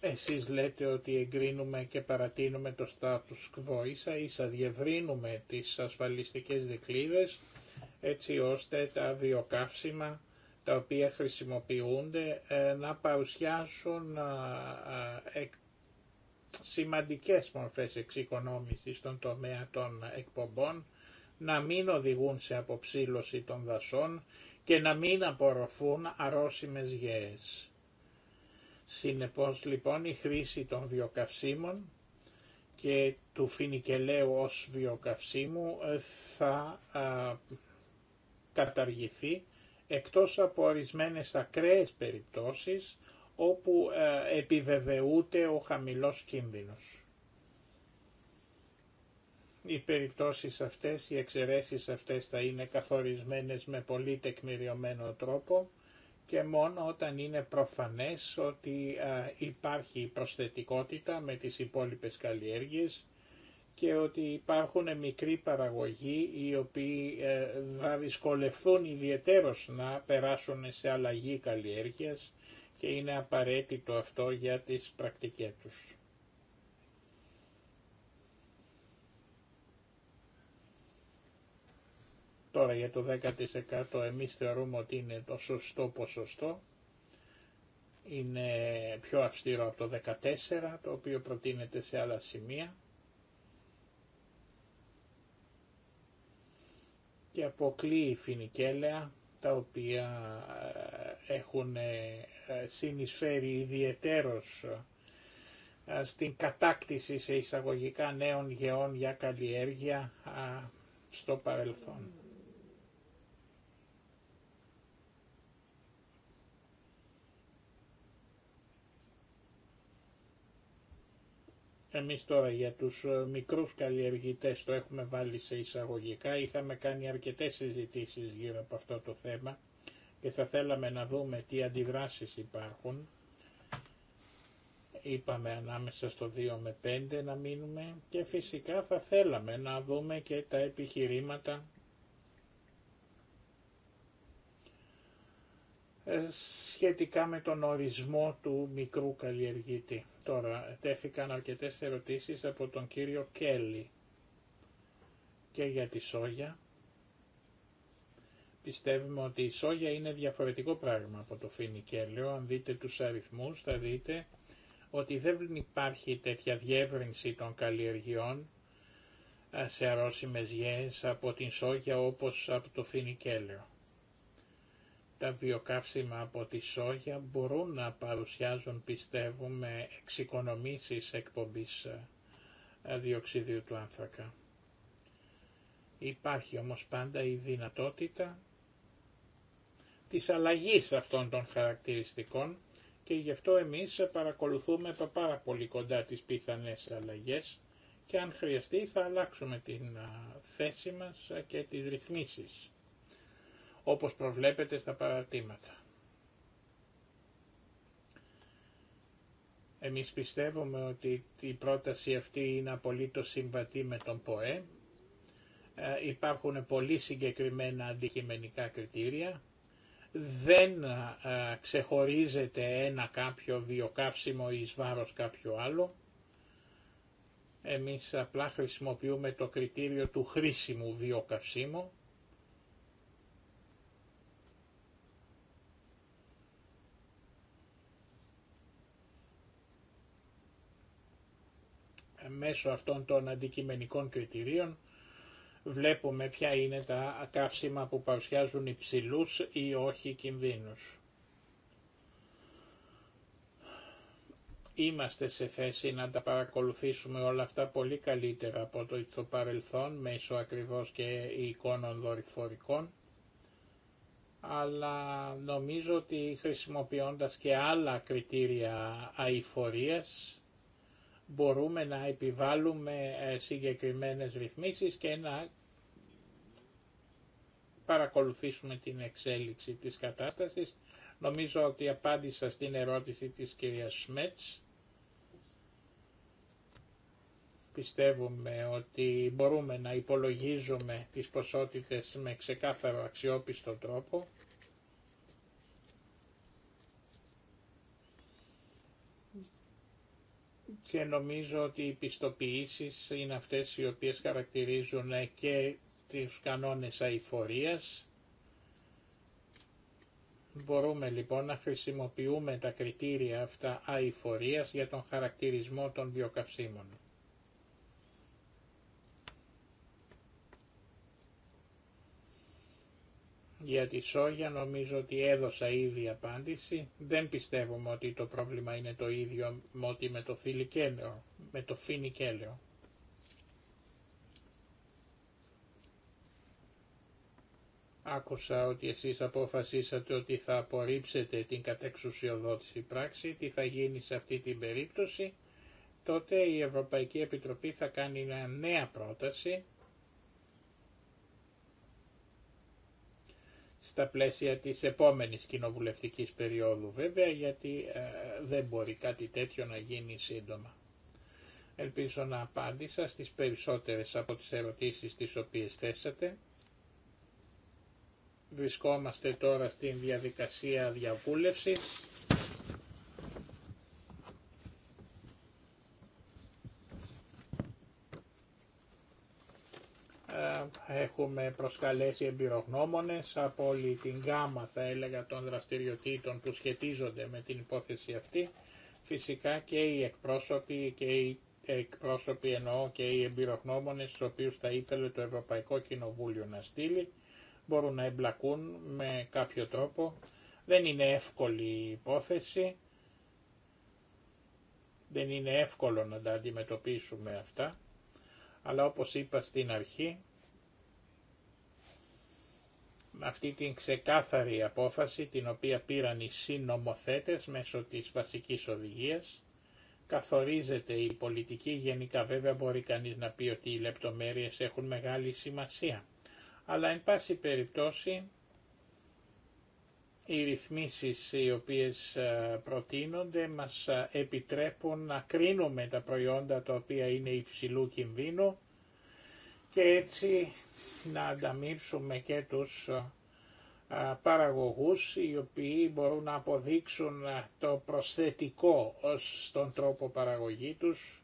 ε, εσείς λέτε ότι εγκρίνουμε και παρατείνουμε το status quo ίσα ίσα διευρύνουμε τις ασφαλιστικές δικλίδες έτσι ώστε τα βιοκαύσιμα τα οποία χρησιμοποιούνται ε, να παρουσιάσουν εκ σημαντικές μορφές εξοικονόμησης στον τομέα των εκπομπών, να μην οδηγούν σε αποψήλωση των δασών και να μην απορροφούν αρρώσιμες γέες. Συνεπώς λοιπόν η χρήση των βιοκαυσίμων και του φινικελαίου ως βιοκαυσίμου ε, θα καταργηθεί εκτός από ορισμένες ακραίες περιπτώσεις όπου ε, επιβεβαιούται ο χαμηλός κίνδυνος. Οι περιπτώσεις αυτές, οι εξαιρέσεις αυτές θα είναι καθορισμένες με πολύ τεκμηριωμένο τρόπο και μόνο όταν είναι προφανές ότι ε, υπάρχει προσθετικότητα με τις υπόλοιπες καλλιέργειες και ότι υπάρχουν μικροί παραγωγοί οι οποίοι ε, θα δυσκολευθούν ιδιαίτερως να περάσουν σε αλλαγή καλλιέργειας και είναι απαραίτητο αυτό για τις πρακτικές τους. Τώρα για το 10% εμείς θεωρούμε ότι είναι το σωστό ποσοστό. Είναι πιο αυστηρό από το 14% το οποίο προτείνεται σε άλλα σημεία. Και αποκλείει η Φινικέλεα τα οποία ε, έχουν ε, ε, συνεισφέρει ιδιαιτέρως στην κατάκτηση σε εισαγωγικά νέων γεών για καλλιέργεια στο παρελθόν. Εμείς τώρα για τους ε, μικρούς καλλιεργητές το έχουμε βάλει σε εισαγωγικά, είχαμε κάνει αρκετές συζητήσεις γύρω από αυτό το θέμα και θα θέλαμε να δούμε τι αντιδράσεις υπάρχουν. Είπαμε ανάμεσα στο 2 με 5 να μείνουμε και φυσικά θα θέλαμε να δούμε και τα επιχειρήματα ε, σχετικά με τον ορισμό του μικρού καλλιεργητή. Τώρα τέθηκαν αρκετές ερωτήσεις από τον κύριο Κέλλη και για τη σόγια. Πιστεύουμε ότι η σόγια είναι διαφορετικό πράγμα από το φινικέλαιο. Αν δείτε τους αριθμούς θα δείτε ότι δεν υπάρχει τέτοια διεύρυνση των καλλιεργειών ε, σε αρρώσιμες γέες από την σόγια όπως από το φινικέλαιο τα βιοκαύσιμα από τη σόγια μπορούν να παρουσιάζουν πιστεύουμε εξοικονομήσεις εκπομπής ε, διοξιδίου του άνθρακα. Υπάρχει όμως πάντα η δυνατότητα της αλλαγής αυτών των χαρακτηριστικών και γι' αυτό εμείς παρακολουθούμε πάρα πολύ κοντά τις πιθανές αλλαγές και αν χρειαστεί θα αλλάξουμε την ε, θέση μας και τις ρυθμίσεις όπως προβλέπεται στα παρατήματα. Εμείς πιστεύουμε ότι η πρόταση αυτή είναι απολύτως συμβατή με τον ΠΟΕ. Ε, υπάρχουν πολύ συγκεκριμένα αντικειμενικά κριτήρια. Δεν ε, ξεχωρίζεται ένα κάποιο βιοκαύσιμο ή βάρος κάποιο άλλο. Εμείς απλά χρησιμοποιούμε το κριτήριο του χρήσιμου βιοκαυσίμου μέσω αυτών των αντικειμενικών κριτηρίων βλέπουμε ποια είναι τα καύσιμα που παρουσιάζουν υψηλούς ή όχι κινδύνους. Είμαστε σε θέση να τα παρακολουθήσουμε όλα αυτά πολύ καλύτερα από το, το παρελθόν, μέσω ακριβώς και εικόνων δορυφορικών, αλλά νομίζω ότι χρησιμοποιώντας και άλλα κριτήρια αηφορίας, μπορούμε να επιβάλλουμε ε, συγκεκριμένες ρυθμίσεις και να παρακολουθήσουμε την εξέλιξη της κατάστασης. Νομίζω ότι απάντησα στην ερώτηση της κυρίας Σμέτς. Πιστεύουμε ότι μπορούμε να υπολογίζουμε τις ποσότητες με ξεκάθαρο αξιόπιστο τρόπο και νομίζω ότι οι πιστοποιήσεις είναι αυτές οι οποίες χαρακτηρίζουν και τους κανόνες αηφορίας. Μπορούμε λοιπόν να χρησιμοποιούμε τα κριτήρια αυτά αηφορίας για τον χαρακτηρισμό των βιοκαυσίμων. Για τη σόγια νομίζω ότι έδωσα ήδη απάντηση. Δεν πιστεύουμε ότι το πρόβλημα είναι το ίδιο με ότι με το φιλικέλαιο, με το φινικέλαιο. Άκουσα ότι εσείς αποφασίσατε ότι θα απορρίψετε την κατεξουσιοδότηση πράξη, τι θα γίνει σε αυτή την περίπτωση. Τότε η Ευρωπαϊκή Επιτροπή θα κάνει μια νέα πρόταση στα πλαίσια της επόμενης κοινοβουλευτικής περίοδου βέβαια, γιατί ε, δεν μπορεί κάτι τέτοιο να γίνει σύντομα. Ελπίζω να απάντησα στις περισσότερες από τις ερωτήσεις τις οποίες θέσατε. Βρισκόμαστε τώρα στην διαδικασία διαβούλευσης. Έχουμε προσκαλέσει εμπειρογνώμονες από όλη την γάμα θα έλεγα των δραστηριοτήτων που σχετίζονται με την υπόθεση αυτή. Φυσικά και οι εκπρόσωποι και οι εκπρόσωποι εννοώ και οι εμπειρογνώμονες στους οποίους θα ήθελε το Ευρωπαϊκό Κοινοβούλιο να στείλει μπορούν να εμπλακούν με κάποιο τρόπο. Δεν είναι εύκολη η υπόθεση. Δεν είναι εύκολο να τα αντιμετωπίσουμε αυτά. Αλλά όπως είπα στην αρχή αυτή την ξεκάθαρη απόφαση την οποία πήραν οι συνομοθέτες μέσω της βασικής οδηγίας. Καθορίζεται η πολιτική, γενικά βέβαια μπορεί κανείς να πει ότι οι λεπτομέρειες έχουν μεγάλη σημασία. Αλλά εν πάση περιπτώσει οι ρυθμίσεις οι οποίες ε, προτείνονται μας ε, επιτρέπουν να κρίνουμε τα προϊόντα τα οποία είναι υψηλού κινδύνου και έτσι να ανταμείψουμε και τους παραγωγούς οι οποίοι μπορούν να αποδείξουν το προσθετικό στον τρόπο παραγωγή τους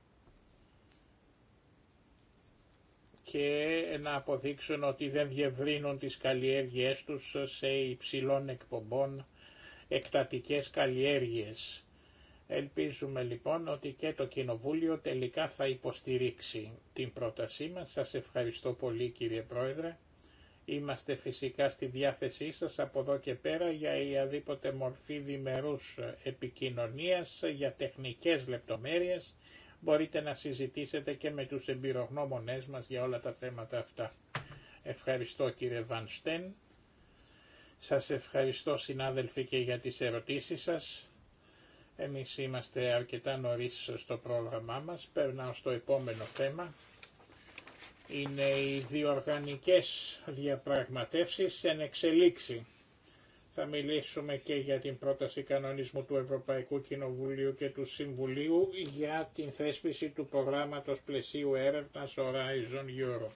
και να αποδείξουν ότι δεν διευρύνουν τις καλλιέργειές τους σε υψηλών εκπομπών εκτατικές καλλιέργειες. Ελπίζουμε λοιπόν ότι και το Κοινοβούλιο τελικά θα υποστηρίξει την πρότασή μας. Σας ευχαριστώ πολύ κύριε Πρόεδρε. Είμαστε φυσικά στη διάθεσή σας από εδώ και πέρα για οποιαδήποτε μορφή διμερούς επικοινωνίας, για τεχνικές λεπτομέρειες. Μπορείτε να συζητήσετε και με τους εμπειρογνώμονές μας για όλα τα θέματα αυτά. Ευχαριστώ κύριε Βανστέν. Σας ευχαριστώ συνάδελφοι και για τις ερωτήσεις σας. Εμείς είμαστε αρκετά νωρίς στο πρόγραμμά μας. Περνάω στο επόμενο θέμα. Είναι οι διοργανικές διαπραγματεύσεις εν εξελίξη. Θα μιλήσουμε και για την πρόταση κανονισμού του Ευρωπαϊκού Κοινοβουλίου και του Συμβουλίου για την θέσπιση του προγράμματος πλαισίου έρευνας Horizon Europe.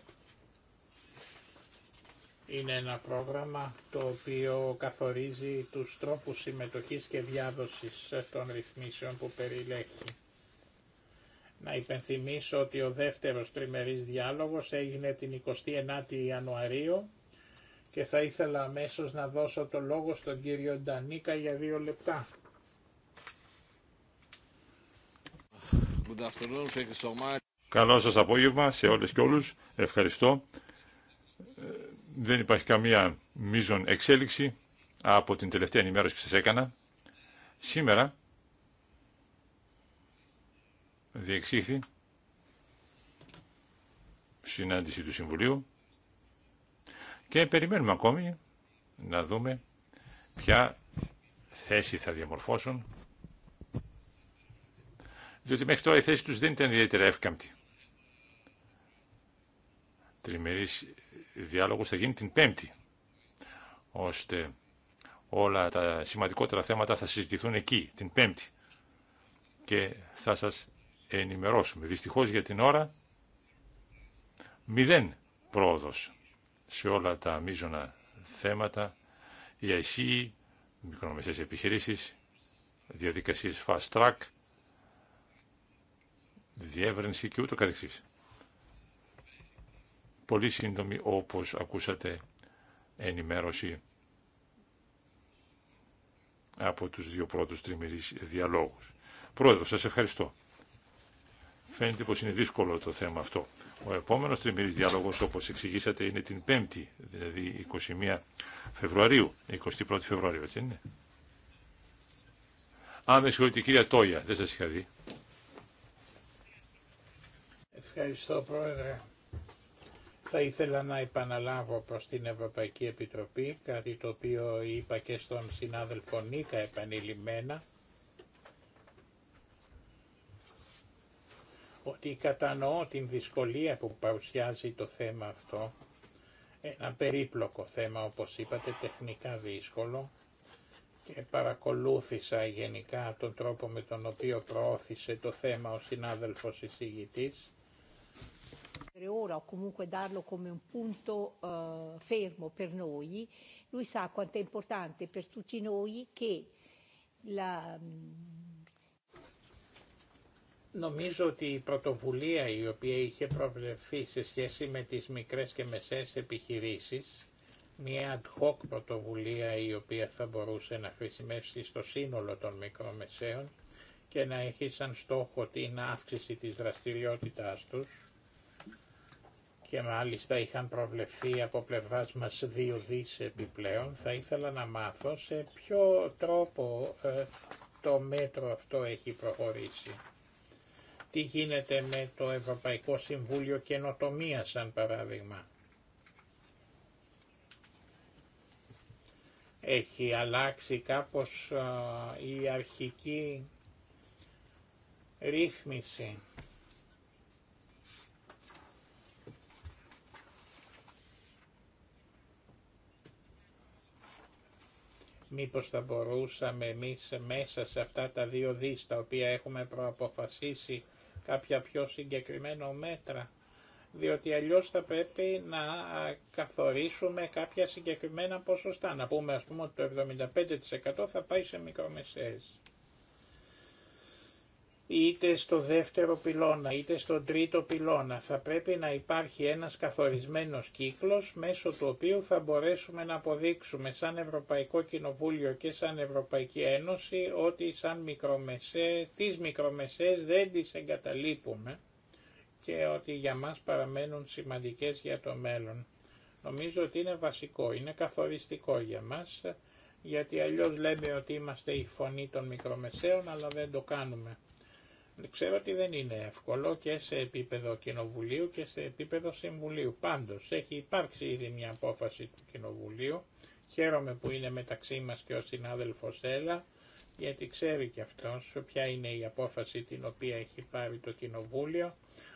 Είναι ένα πρόγραμμα το οποίο καθορίζει τους τρόπους συμμετοχής και διάδοσης των ρυθμίσεων που περιλέχει. Να υπενθυμίσω ότι ο δεύτερος τριμερής διάλογος έγινε την 29η Ιανουαρίου και θα ήθελα αμέσω να δώσω το λόγο στον κύριο Ντανίκα για δύο λεπτά. Καλό σας απόγευμα σε όλες και όλους. Ευχαριστώ. Ε, δεν υπάρχει καμία μείζον εξέλιξη από την τελευταία ενημέρωση που σας έκανα. Σήμερα διεξήχθη συνάντηση του Συμβουλίου και περιμένουμε ακόμη να δούμε ποια θέση θα διαμορφώσουν διότι μέχρι τώρα η θέση τους δεν ήταν ιδιαίτερα εύκαμπτη διάλογος θα γίνει την Πέμπτη, ώστε όλα τα σημαντικότερα θέματα θα συζητηθούν εκεί, την Πέμπτη. Και θα σας ενημερώσουμε. Δυστυχώς για την ώρα, μηδέν πρόοδος σε όλα τα μείζωνα θέματα, η ΑΕΣΥ, μικρομεσαίες επιχειρήσεις, διαδικασίες fast track, διεύρυνση και ούτω καθεξής πολύ σύντομη όπως ακούσατε ενημέρωση από τους δύο πρώτους τριμερείς διαλόγους. Πρόεδρο, σας ευχαριστώ. Φαίνεται πως είναι δύσκολο το θέμα αυτό. Ο επόμενος τριμερής διάλογος, όπως εξηγήσατε, είναι την 5η, δηλαδή 21 Φεβρουαρίου, 21 Φεβρουαρίου, έτσι είναι. Α, με συγχωρείτε, κυρία Τόγια, δεν σας είχα δει. Ευχαριστώ, Πρόεδρε. Θα ήθελα να επαναλάβω προς την Ευρωπαϊκή Επιτροπή, κάτι το οποίο είπα και στον συνάδελφο Νίκα επανειλημμένα, ότι κατανοώ την δυσκολία που παρουσιάζει το θέμα αυτό, ένα περίπλοκο θέμα όπως είπατε, τεχνικά δύσκολο και παρακολούθησα γενικά τον τρόπο με τον οποίο προώθησε το θέμα ο συνάδελφος εισηγητής ora o come un punto eh, noi, lui Νομίζω ότι η πρωτοβουλία η οποία είχε προβλεφθεί σε σχέση με τις μικρές και μεσαίες επιχειρήσεις, μια ad hoc πρωτοβουλία η οποία θα μπορούσε να χρησιμεύσει στο σύνολο των μικρομεσαίων και να έχει σαν στόχο την αύξηση της δραστηριότητάς τους, και μάλιστα είχαν προβλεφθεί από πλευράς μας δύο δις επιπλέον, θα ήθελα να μάθω σε ποιο τρόπο ε, το μέτρο αυτό έχει προχωρήσει. Τι γίνεται με το Ευρωπαϊκό Συμβούλιο Καινοτομία, σαν παράδειγμα. Έχει αλλάξει κάπως ε, η αρχική ρύθμιση. Μήπως θα μπορούσαμε εμείς μέσα σε αυτά τα δύο δις τα οποία έχουμε προαποφασίσει κάποια πιο συγκεκριμένα μέτρα διότι αλλιώς θα πρέπει να καθορίσουμε κάποια συγκεκριμένα ποσοστά. Να πούμε ας πούμε ότι το 75% θα πάει σε μικρομεσαίες είτε στο δεύτερο πυλώνα είτε στο τρίτο πυλώνα. Θα πρέπει να υπάρχει ένας καθορισμένος κύκλος μέσω του οποίου θα μπορέσουμε να αποδείξουμε σαν Ευρωπαϊκό Κοινοβούλιο και σαν Ευρωπαϊκή Ένωση ότι σαν μικρομεσές, τις μικρομεσαίες δεν τις εγκαταλείπουμε και ότι για μας παραμένουν σημαντικές για το μέλλον. Νομίζω ότι είναι βασικό, είναι καθοριστικό για μας, γιατί αλλιώς λέμε ότι είμαστε η φωνή των μικρομεσαίων, αλλά δεν το κάνουμε. Ξέρω ότι δεν είναι εύκολο και σε επίπεδο Κοινοβουλίου και σε επίπεδο Συμβουλίου. Πάντως, έχει υπάρξει ήδη μια απόφαση του Κοινοβουλίου. Χαίρομαι που είναι μεταξύ μας και ο συνάδελφος Έλα, γιατί ξέρει και αυτός ποια είναι η απόφαση την οποία έχει πάρει το Κοινοβούλιο,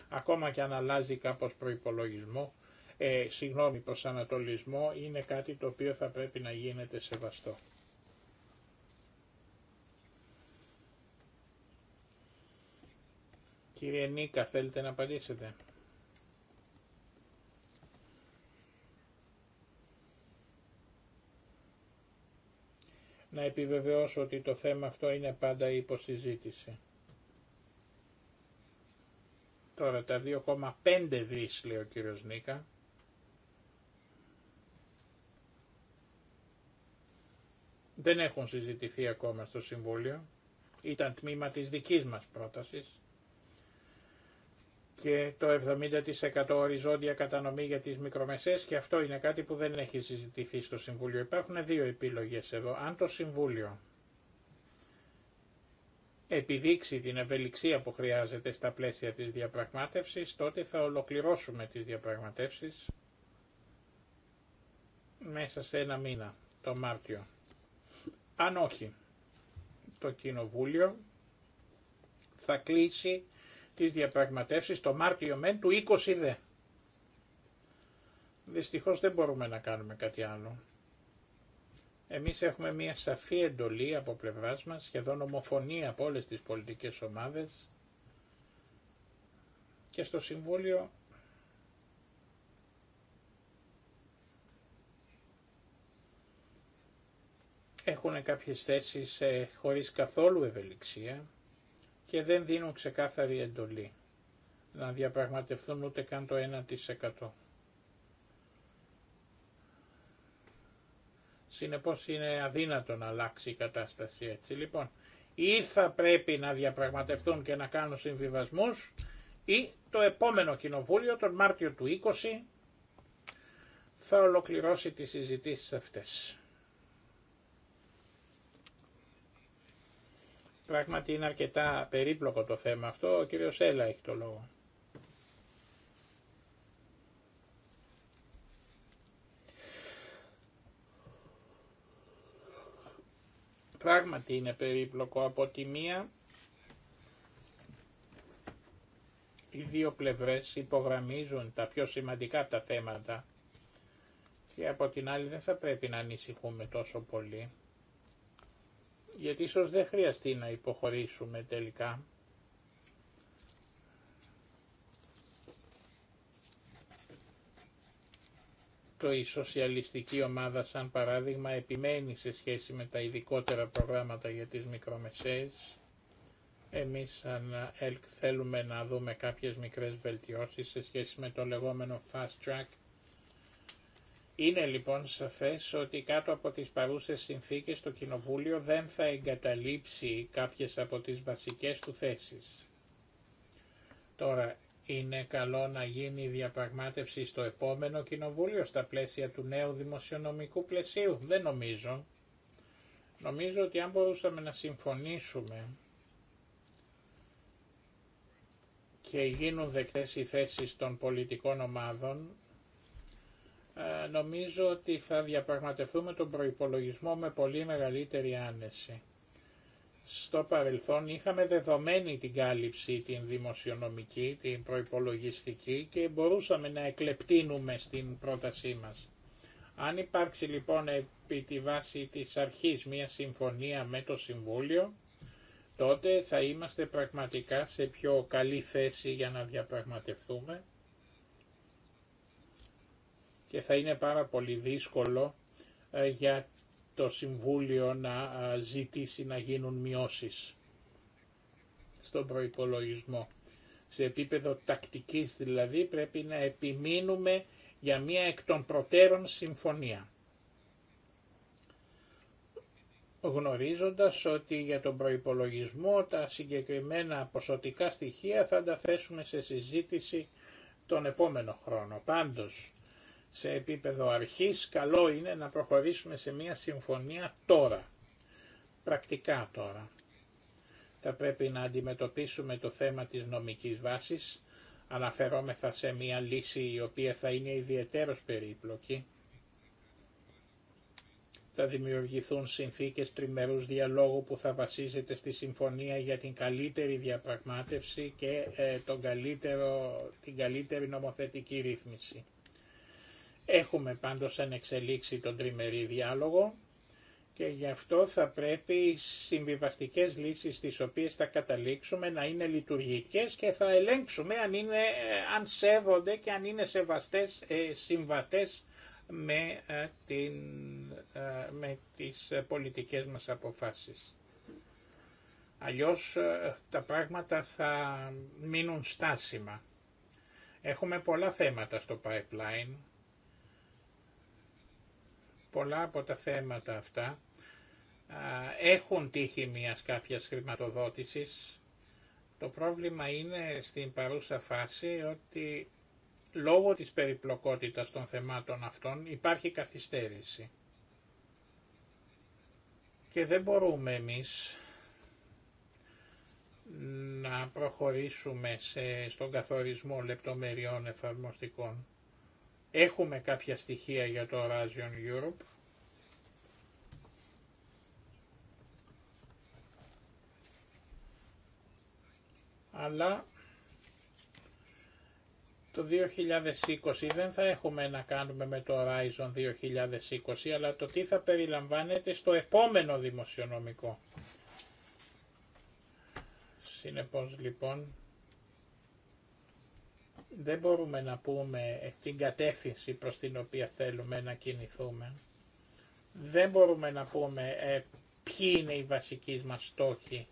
ακόμα και αν αλλάζει κάπως προϋπολογισμό, ε, συγγνώμη, προσανατολισμό, είναι κάτι το οποίο θα πρέπει να γίνεται σεβαστό. Κύριε Νίκα, θέλετε να απαντήσετε. Να επιβεβαιώσω ότι το θέμα αυτό είναι πάντα υποσυζήτηση. Τώρα τα 2,5 δις λέει ο κύριος Νίκα. Δεν έχουν συζητηθεί ακόμα στο Συμβούλιο. Ήταν τμήμα της δικής μας πρότασης και το 70% οριζόντια κατανομή για τις μικρομεσαίες και αυτό είναι κάτι που δεν έχει συζητηθεί στο Συμβούλιο. Υπάρχουν δύο επιλογές εδώ. Αν το Συμβούλιο επιδείξει την ευελιξία που χρειάζεται στα πλαίσια της διαπραγμάτευσης, τότε θα ολοκληρώσουμε τις διαπραγματεύσεις μέσα σε ένα μήνα, το Μάρτιο. Αν όχι, το Κοινοβούλιο θα κλείσει τις διαπραγματεύσεις το Μάρτιο μεν του 20 δε. Δυστυχώς δεν μπορούμε να κάνουμε κάτι άλλο. Εμείς έχουμε μια σαφή εντολή από πλευράς μας, σχεδόν ομοφωνία από όλες τις πολιτικές ομάδες και στο Συμβούλιο έχουν κάποιες θέσεις ε, χωρίς καθόλου ευελιξία και δεν δίνουν ξεκάθαρη εντολή να διαπραγματευτούν ούτε καν το 1%. Συνεπώς είναι αδύνατο να αλλάξει η κατάσταση έτσι. Λοιπόν, ή θα πρέπει να διαπραγματευτούν και να κάνουν συμβιβασμούς ή το επόμενο κοινοβούλιο, τον Μάρτιο του 20, θα ολοκληρώσει τις συζητήσεις αυτές. Πράγματι είναι αρκετά περίπλοκο το θέμα αυτό. Ο κύριος Έλα έχει το λόγο. Πράγματι είναι περίπλοκο από τη μία οι δύο πλευρές υπογραμμίζουν τα πιο σημαντικά τα θέματα και από την άλλη δεν θα πρέπει να ανησυχούμε τόσο πολύ γιατί ίσως δεν χρειαστεί να υποχωρήσουμε τελικά. Το η σοσιαλιστική ομάδα σαν παράδειγμα επιμένει σε σχέση με τα ειδικότερα προγράμματα για τις μικρομεσαίες. Εμείς σαν ΕΛΚ θέλουμε να δούμε κάποιες μικρές βελτιώσεις σε σχέση με το λεγόμενο fast track είναι λοιπόν σαφές ότι κάτω από τις παρούσες συνθήκες το Κοινοβούλιο δεν θα εγκαταλείψει κάποιες από τις βασικές του θέσεις. Τώρα, είναι καλό να γίνει η διαπραγμάτευση στο επόμενο Κοινοβούλιο στα πλαίσια του νέου δημοσιονομικού πλαισίου. Δεν νομίζω. Νομίζω ότι αν μπορούσαμε να συμφωνήσουμε και γίνουν δεκτές οι θέσεις των πολιτικών ομάδων, ε, νομίζω ότι θα διαπραγματευτούμε τον προϋπολογισμό με πολύ μεγαλύτερη άνεση. Στο παρελθόν είχαμε δεδομένη την κάλυψη, την δημοσιονομική, την προϋπολογιστική και μπορούσαμε να εκλεπτύνουμε στην πρότασή μας. Αν υπάρξει λοιπόν επί τη βάση της αρχής μια συμφωνία με το Συμβούλιο, τότε θα είμαστε πραγματικά σε πιο καλή θέση για να διαπραγματευτούμε και θα είναι πάρα πολύ δύσκολο ε, για το Συμβούλιο να ε, ζητήσει να γίνουν μειώσεις στον προϋπολογισμό. Σε επίπεδο τακτικής δηλαδή πρέπει να επιμείνουμε για μία εκ των προτέρων συμφωνία. Γνωρίζοντας ότι για τον προϋπολογισμό τα συγκεκριμένα ποσοτικά στοιχεία θα τα θέσουμε σε συζήτηση τον επόμενο χρόνο. Πάντως, σε επίπεδο αρχής, καλό είναι να προχωρήσουμε σε μια συμφωνία τώρα, πρακτικά τώρα. Θα πρέπει να αντιμετωπίσουμε το θέμα της νομικής βάσης, αναφερόμεθα σε μια λύση η οποία θα είναι ιδιαίτερος περίπλοκη. Θα δημιουργηθούν συνθήκες τριμερούς διαλόγου που θα βασίζεται στη συμφωνία για την καλύτερη διαπραγμάτευση και ε, την καλύτερη νομοθετική ρύθμιση. Έχουμε πάντως εξελίξει τον τριμερή διάλογο και γι' αυτό θα πρέπει οι συμβιβαστικές λύσεις τις οποίες θα καταλήξουμε να είναι λειτουργικές και θα ελέγξουμε αν, είναι, αν σέβονται και αν είναι σεβαστές, ε, συμβατές με, ε, την, ε, με τις πολιτικές μας αποφάσεις. Αλλιώς τα πράγματα θα μείνουν στάσιμα. Έχουμε πολλά θέματα στο pipeline πολλά από τα θέματα αυτά έχουν τύχει μιας κάποιας χρηματοδότησης. Το πρόβλημα είναι στην παρούσα φάση ότι λόγω της περιπλοκότητας των θεμάτων αυτών υπάρχει καθυστέρηση. Και δεν μπορούμε εμείς να προχωρήσουμε σε, στον καθορισμό λεπτομεριών εφαρμοστικών Έχουμε κάποια στοιχεία για το Horizon Europe. Αλλά το 2020 δεν θα έχουμε να κάνουμε με το Horizon 2020, αλλά το τι θα περιλαμβάνεται στο επόμενο δημοσιονομικό. Συνεπώς λοιπόν δεν μπορούμε να πούμε την κατεύθυνση προς την οποία θέλουμε να κινηθούμε. Δεν μπορούμε να πούμε ε, ποιοι είναι οι βασικοί μας στόχοι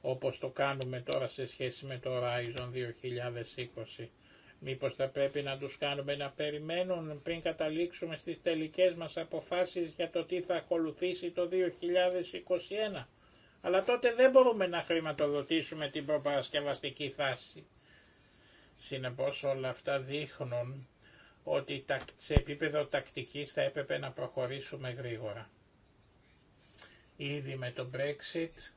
όπως το κάνουμε τώρα σε σχέση με το Horizon 2020. Μήπως θα πρέπει να τους κάνουμε να περιμένουν πριν καταλήξουμε στις τελικές μας αποφάσεις για το τι θα ακολουθήσει το 2021. Αλλά τότε δεν μπορούμε να χρηματοδοτήσουμε την προπαρασκευαστική θάση. Συνεπώς όλα αυτά δείχνουν ότι σε επίπεδο τακτικής θα έπρεπε να προχωρήσουμε γρήγορα. Ήδη με το Brexit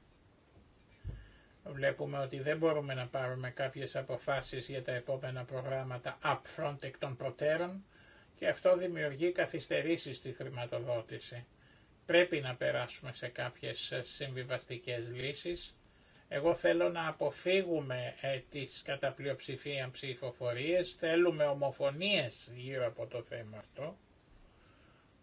βλέπουμε ότι δεν μπορούμε να πάρουμε κάποιες αποφάσεις για τα επόμενα προγράμματα upfront εκ των προτέρων και αυτό δημιουργεί καθυστερήσεις στη χρηματοδότηση. Πρέπει να περάσουμε σε κάποιες συμβιβαστικές λύσεις εγώ θέλω να αποφύγουμε ε, τις κατά πλειοψηφία θέλουμε ομοφωνίες γύρω από το θέμα αυτό.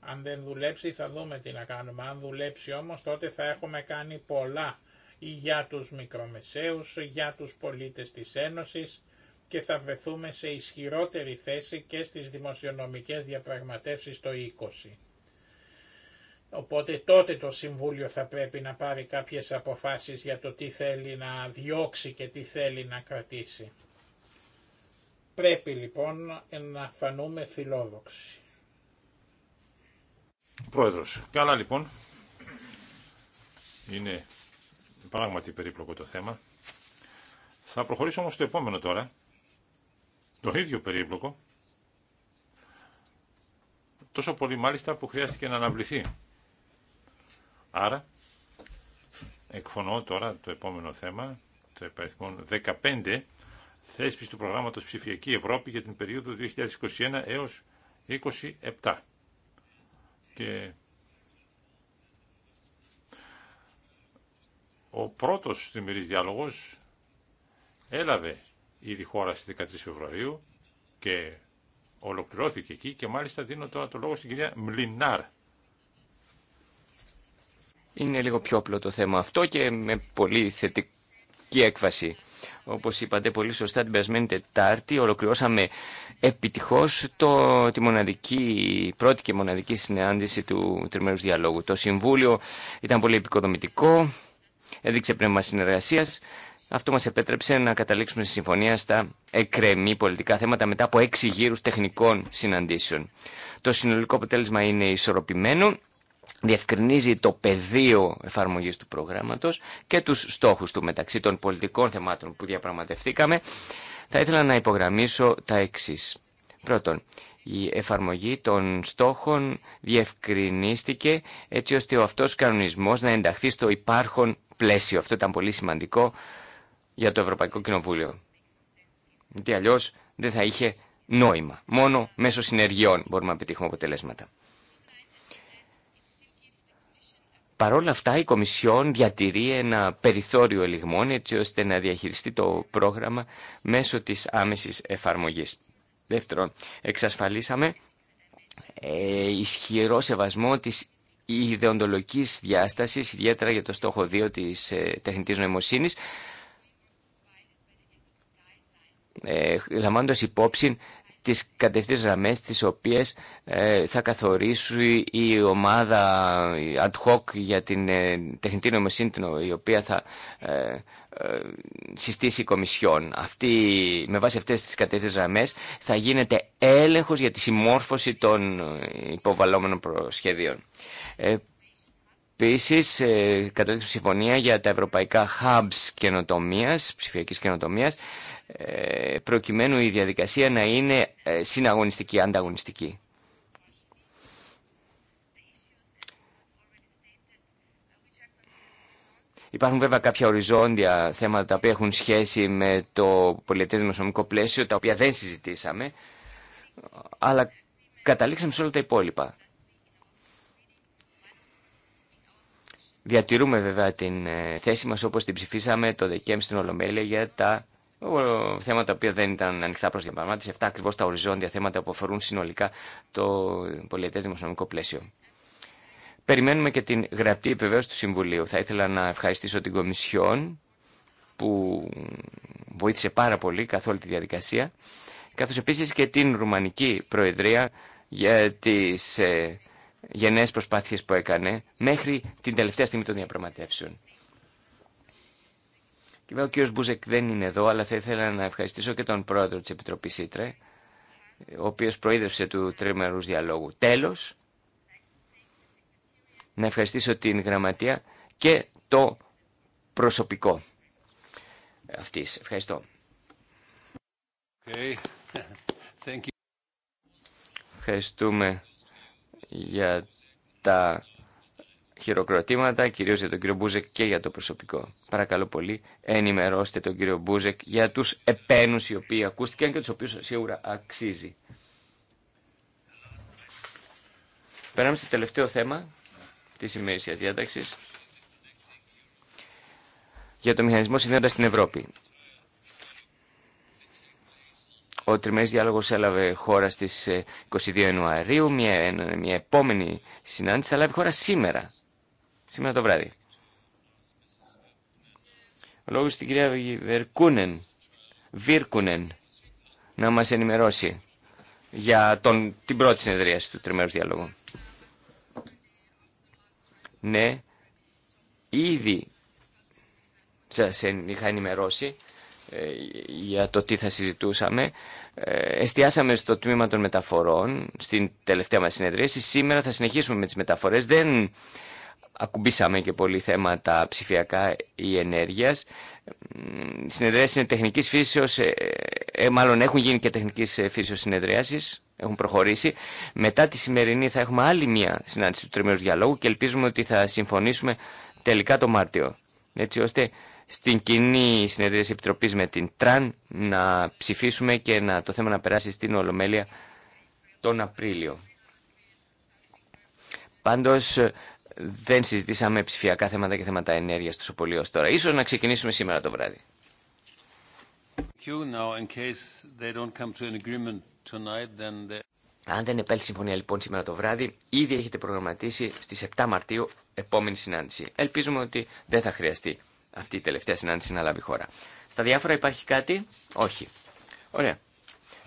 Αν δεν δουλέψει θα δούμε τι να κάνουμε. Αν δουλέψει όμως τότε θα έχουμε κάνει πολλά για τους μικρομεσαίους, για τους πολίτες της Ένωσης και θα βρεθούμε σε ισχυρότερη θέση και στις δημοσιονομικές διαπραγματεύσεις το 20. Οπότε τότε το Συμβούλιο θα πρέπει να πάρει κάποιες αποφάσεις για το τι θέλει να διώξει και τι θέλει να κρατήσει. Πρέπει λοιπόν να φανούμε φιλόδοξοι. Πρόεδρος, καλά λοιπόν. Είναι πράγματι περίπλοκο το θέμα. Θα προχωρήσω όμως στο επόμενο τώρα. Το ίδιο περίπλοκο. Τόσο πολύ μάλιστα που χρειάστηκε να αναβληθεί. Άρα, εκφωνώ τώρα το επόμενο θέμα, το επαριθμό 15, θέσπιση του προγράμματος Ψηφιακή Ευρώπη για την περίοδο 2021 έως 27. Και ο πρώτος τριμερής διάλογος έλαβε ήδη χώρα στις 13 Φεβρουαρίου και ολοκληρώθηκε εκεί και μάλιστα δίνω τώρα το λόγο στην κυρία Μλινάρ είναι λίγο πιο απλό το θέμα αυτό και με πολύ θετική έκβαση. Όπως είπατε πολύ σωστά την περασμένη Τετάρτη ολοκληρώσαμε επιτυχώς το, τη μοναδική, πρώτη και μοναδική συνάντηση του τριμερούς διαλόγου. Το Συμβούλιο ήταν πολύ επικοδομητικό, έδειξε πνεύμα συνεργασία. Αυτό μας επέτρεψε να καταλήξουμε στη συμφωνία στα εκρεμή πολιτικά θέματα μετά από έξι γύρους τεχνικών συναντήσεων. Το συνολικό αποτέλεσμα είναι ισορροπημένο διευκρινίζει το πεδίο εφαρμογής του προγράμματος και τους στόχους του μεταξύ των πολιτικών θεμάτων που διαπραγματευτήκαμε, θα ήθελα να υπογραμμίσω τα εξής. Πρώτον, η εφαρμογή των στόχων διευκρινίστηκε έτσι ώστε ο αυτός κανονισμός να ενταχθεί στο υπάρχον πλαίσιο. Αυτό ήταν πολύ σημαντικό για το Ευρωπαϊκό Κοινοβούλιο. Γιατί αλλιώς δεν θα είχε νόημα. Μόνο μέσω συνεργειών μπορούμε να πετύχουμε αποτελέσματα. Παρ' όλα αυτά η Κομισιόν διατηρεί ένα περιθώριο ελιγμών έτσι ώστε να διαχειριστεί το πρόγραμμα μέσω της άμεσης εφαρμογής. Δεύτερον, εξασφαλίσαμε ε, ισχυρό σεβασμό της ιδεοντολογικής διάστασης, ιδιαίτερα για το στόχο 2 της ε, τεχνητής νοημοσύνης, ε, υπόψη τις κατευθύνσεις γραμμές τις οποίες ε, θα καθορίσει η ομάδα ad hoc για την ε, τεχνητή νομοσύνη η οποία θα ε, ε, συστήσει η Κομισιόν. Αυτή, με βάση αυτές τις κατευθύνσεις γραμμές θα γίνεται έλεγχος για τη συμμόρφωση των υποβαλλόμενων προσχεδίων. Επίση, ε, τη συμφωνία για τα ευρωπαϊκά hubs καινοτομία, ψηφιακή καινοτομία, ε, προκειμένου η διαδικασία να είναι ε, συναγωνιστική, ανταγωνιστική. Υπάρχουν βέβαια κάποια οριζόντια θέματα τα οποία έχουν σχέση με το πολιτές πλαίσιο, τα οποία δεν συζητήσαμε, αλλά καταλήξαμε σε όλα τα υπόλοιπα. Διατηρούμε βέβαια την ε, θέση μας όπως την ψηφίσαμε το Δεκέμβρη στην Ολομέλεια για τα θέματα που δεν ήταν ανοιχτά προ διαπραγμάτευση, 7 ακριβώ τα οριζόντια θέματα που αφορούν συνολικά το πολιετέ δημοσιονομικό πλαίσιο. Περιμένουμε και την γραπτή επιβεβαίωση του Συμβουλίου. Θα ήθελα να ευχαριστήσω την Κομισιόν που βοήθησε πάρα πολύ καθ' όλη τη διαδικασία, καθώς επίσης και την Ρουμανική Προεδρία για τις ε, γενναίες προσπάθειες που έκανε μέχρι την τελευταία στιγμή των διαπραγματεύσεων. Και βέβαια ο κύριος Μπούζεκ δεν είναι εδώ, αλλά θα ήθελα να ευχαριστήσω και τον πρόεδρο της Επιτροπής Ήτρε, ο οποίος προείδευσε του τριμερούς διαλόγου. Τέλος, να ευχαριστήσω την γραμματεία και το προσωπικό αυτής. Ευχαριστώ. Ευχαριστούμε για τα χειροκροτήματα, κυρίως για τον κύριο Μπούζεκ και για το προσωπικό. Παρακαλώ πολύ, ενημερώστε τον κύριο Μπούζεκ για τους επένους οι οποίοι ακούστηκαν και τους οποίους σίγουρα αξίζει. Περάμε στο τελευταίο θέμα της ημερήσιας διάταξης για το μηχανισμό συνδέοντας στην Ευρώπη. Ο τριμερής διάλογος έλαβε χώρα στις 22 ε, Ιανουαρίου. Μια, μια επόμενη συνάντηση θα λάβει χώρα σήμερα σήμερα το βράδυ. Ο λόγος στην κυρία Βερκούνεν, Βίρκουνεν να μας ενημερώσει για τον, την πρώτη συνεδρία του τριμέρου διάλογου. Ναι, ήδη σας είχα ενημερώσει ε, για το τι θα συζητούσαμε. Ε, εστιάσαμε στο τμήμα των μεταφορών στην τελευταία μας συνεδρίαση. Σήμερα θα συνεχίσουμε με τις μεταφορές. Δεν ακουμπήσαμε και πολύ θέματα ψηφιακά ή ενέργειας. Συνεδριάσεις είναι τεχνικής φύσεως, ε, ε, μάλλον έχουν γίνει και τεχνικής ε, φύσεως συνεδριάσεις, έχουν προχωρήσει. Μετά τη σημερινή θα έχουμε άλλη μία συνάντηση του τριμερούς διαλόγου και ελπίζουμε ότι θα συμφωνήσουμε τελικά το Μάρτιο, έτσι ώστε στην κοινή συνεδρίαση επιτροπής με την ΤΡΑΝ να ψηφίσουμε και να, το θέμα να περάσει στην Ολομέλεια τον Απρίλιο. Πάντως δεν συζητήσαμε ψηφιακά θέματα και θέματα ενέργεια του Σοπολίω ως τώρα. Ίσως να ξεκινήσουμε σήμερα το βράδυ. Αν δεν επέλθει συμφωνία λοιπόν σήμερα το βράδυ, ήδη έχετε προγραμματίσει στις 7 Μαρτίου επόμενη συνάντηση. Ελπίζουμε ότι δεν θα χρειαστεί αυτή η τελευταία συνάντηση να λάβει χώρα. Στα διάφορα υπάρχει κάτι? Όχι. Ωραία.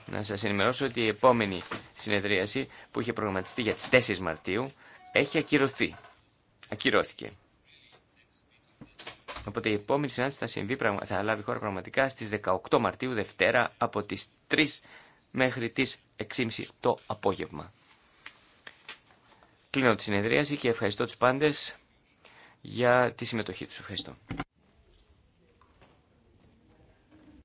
Να σας ενημερώσω ότι η επόμενη συνεδρίαση που είχε προγραμματιστεί για τις 4 Μαρτίου έχει ακυρωθεί ακυρώθηκε. Οπότε η επόμενη συνάντηση θα, συμβεί, θα λάβει χώρα πραγματικά στις 18 Μαρτίου Δευτέρα από τις 3 μέχρι τις 6.30 το απόγευμα. Κλείνω τη συνεδρίαση και ευχαριστώ τους πάντες για τη συμμετοχή τους. Ευχαριστώ.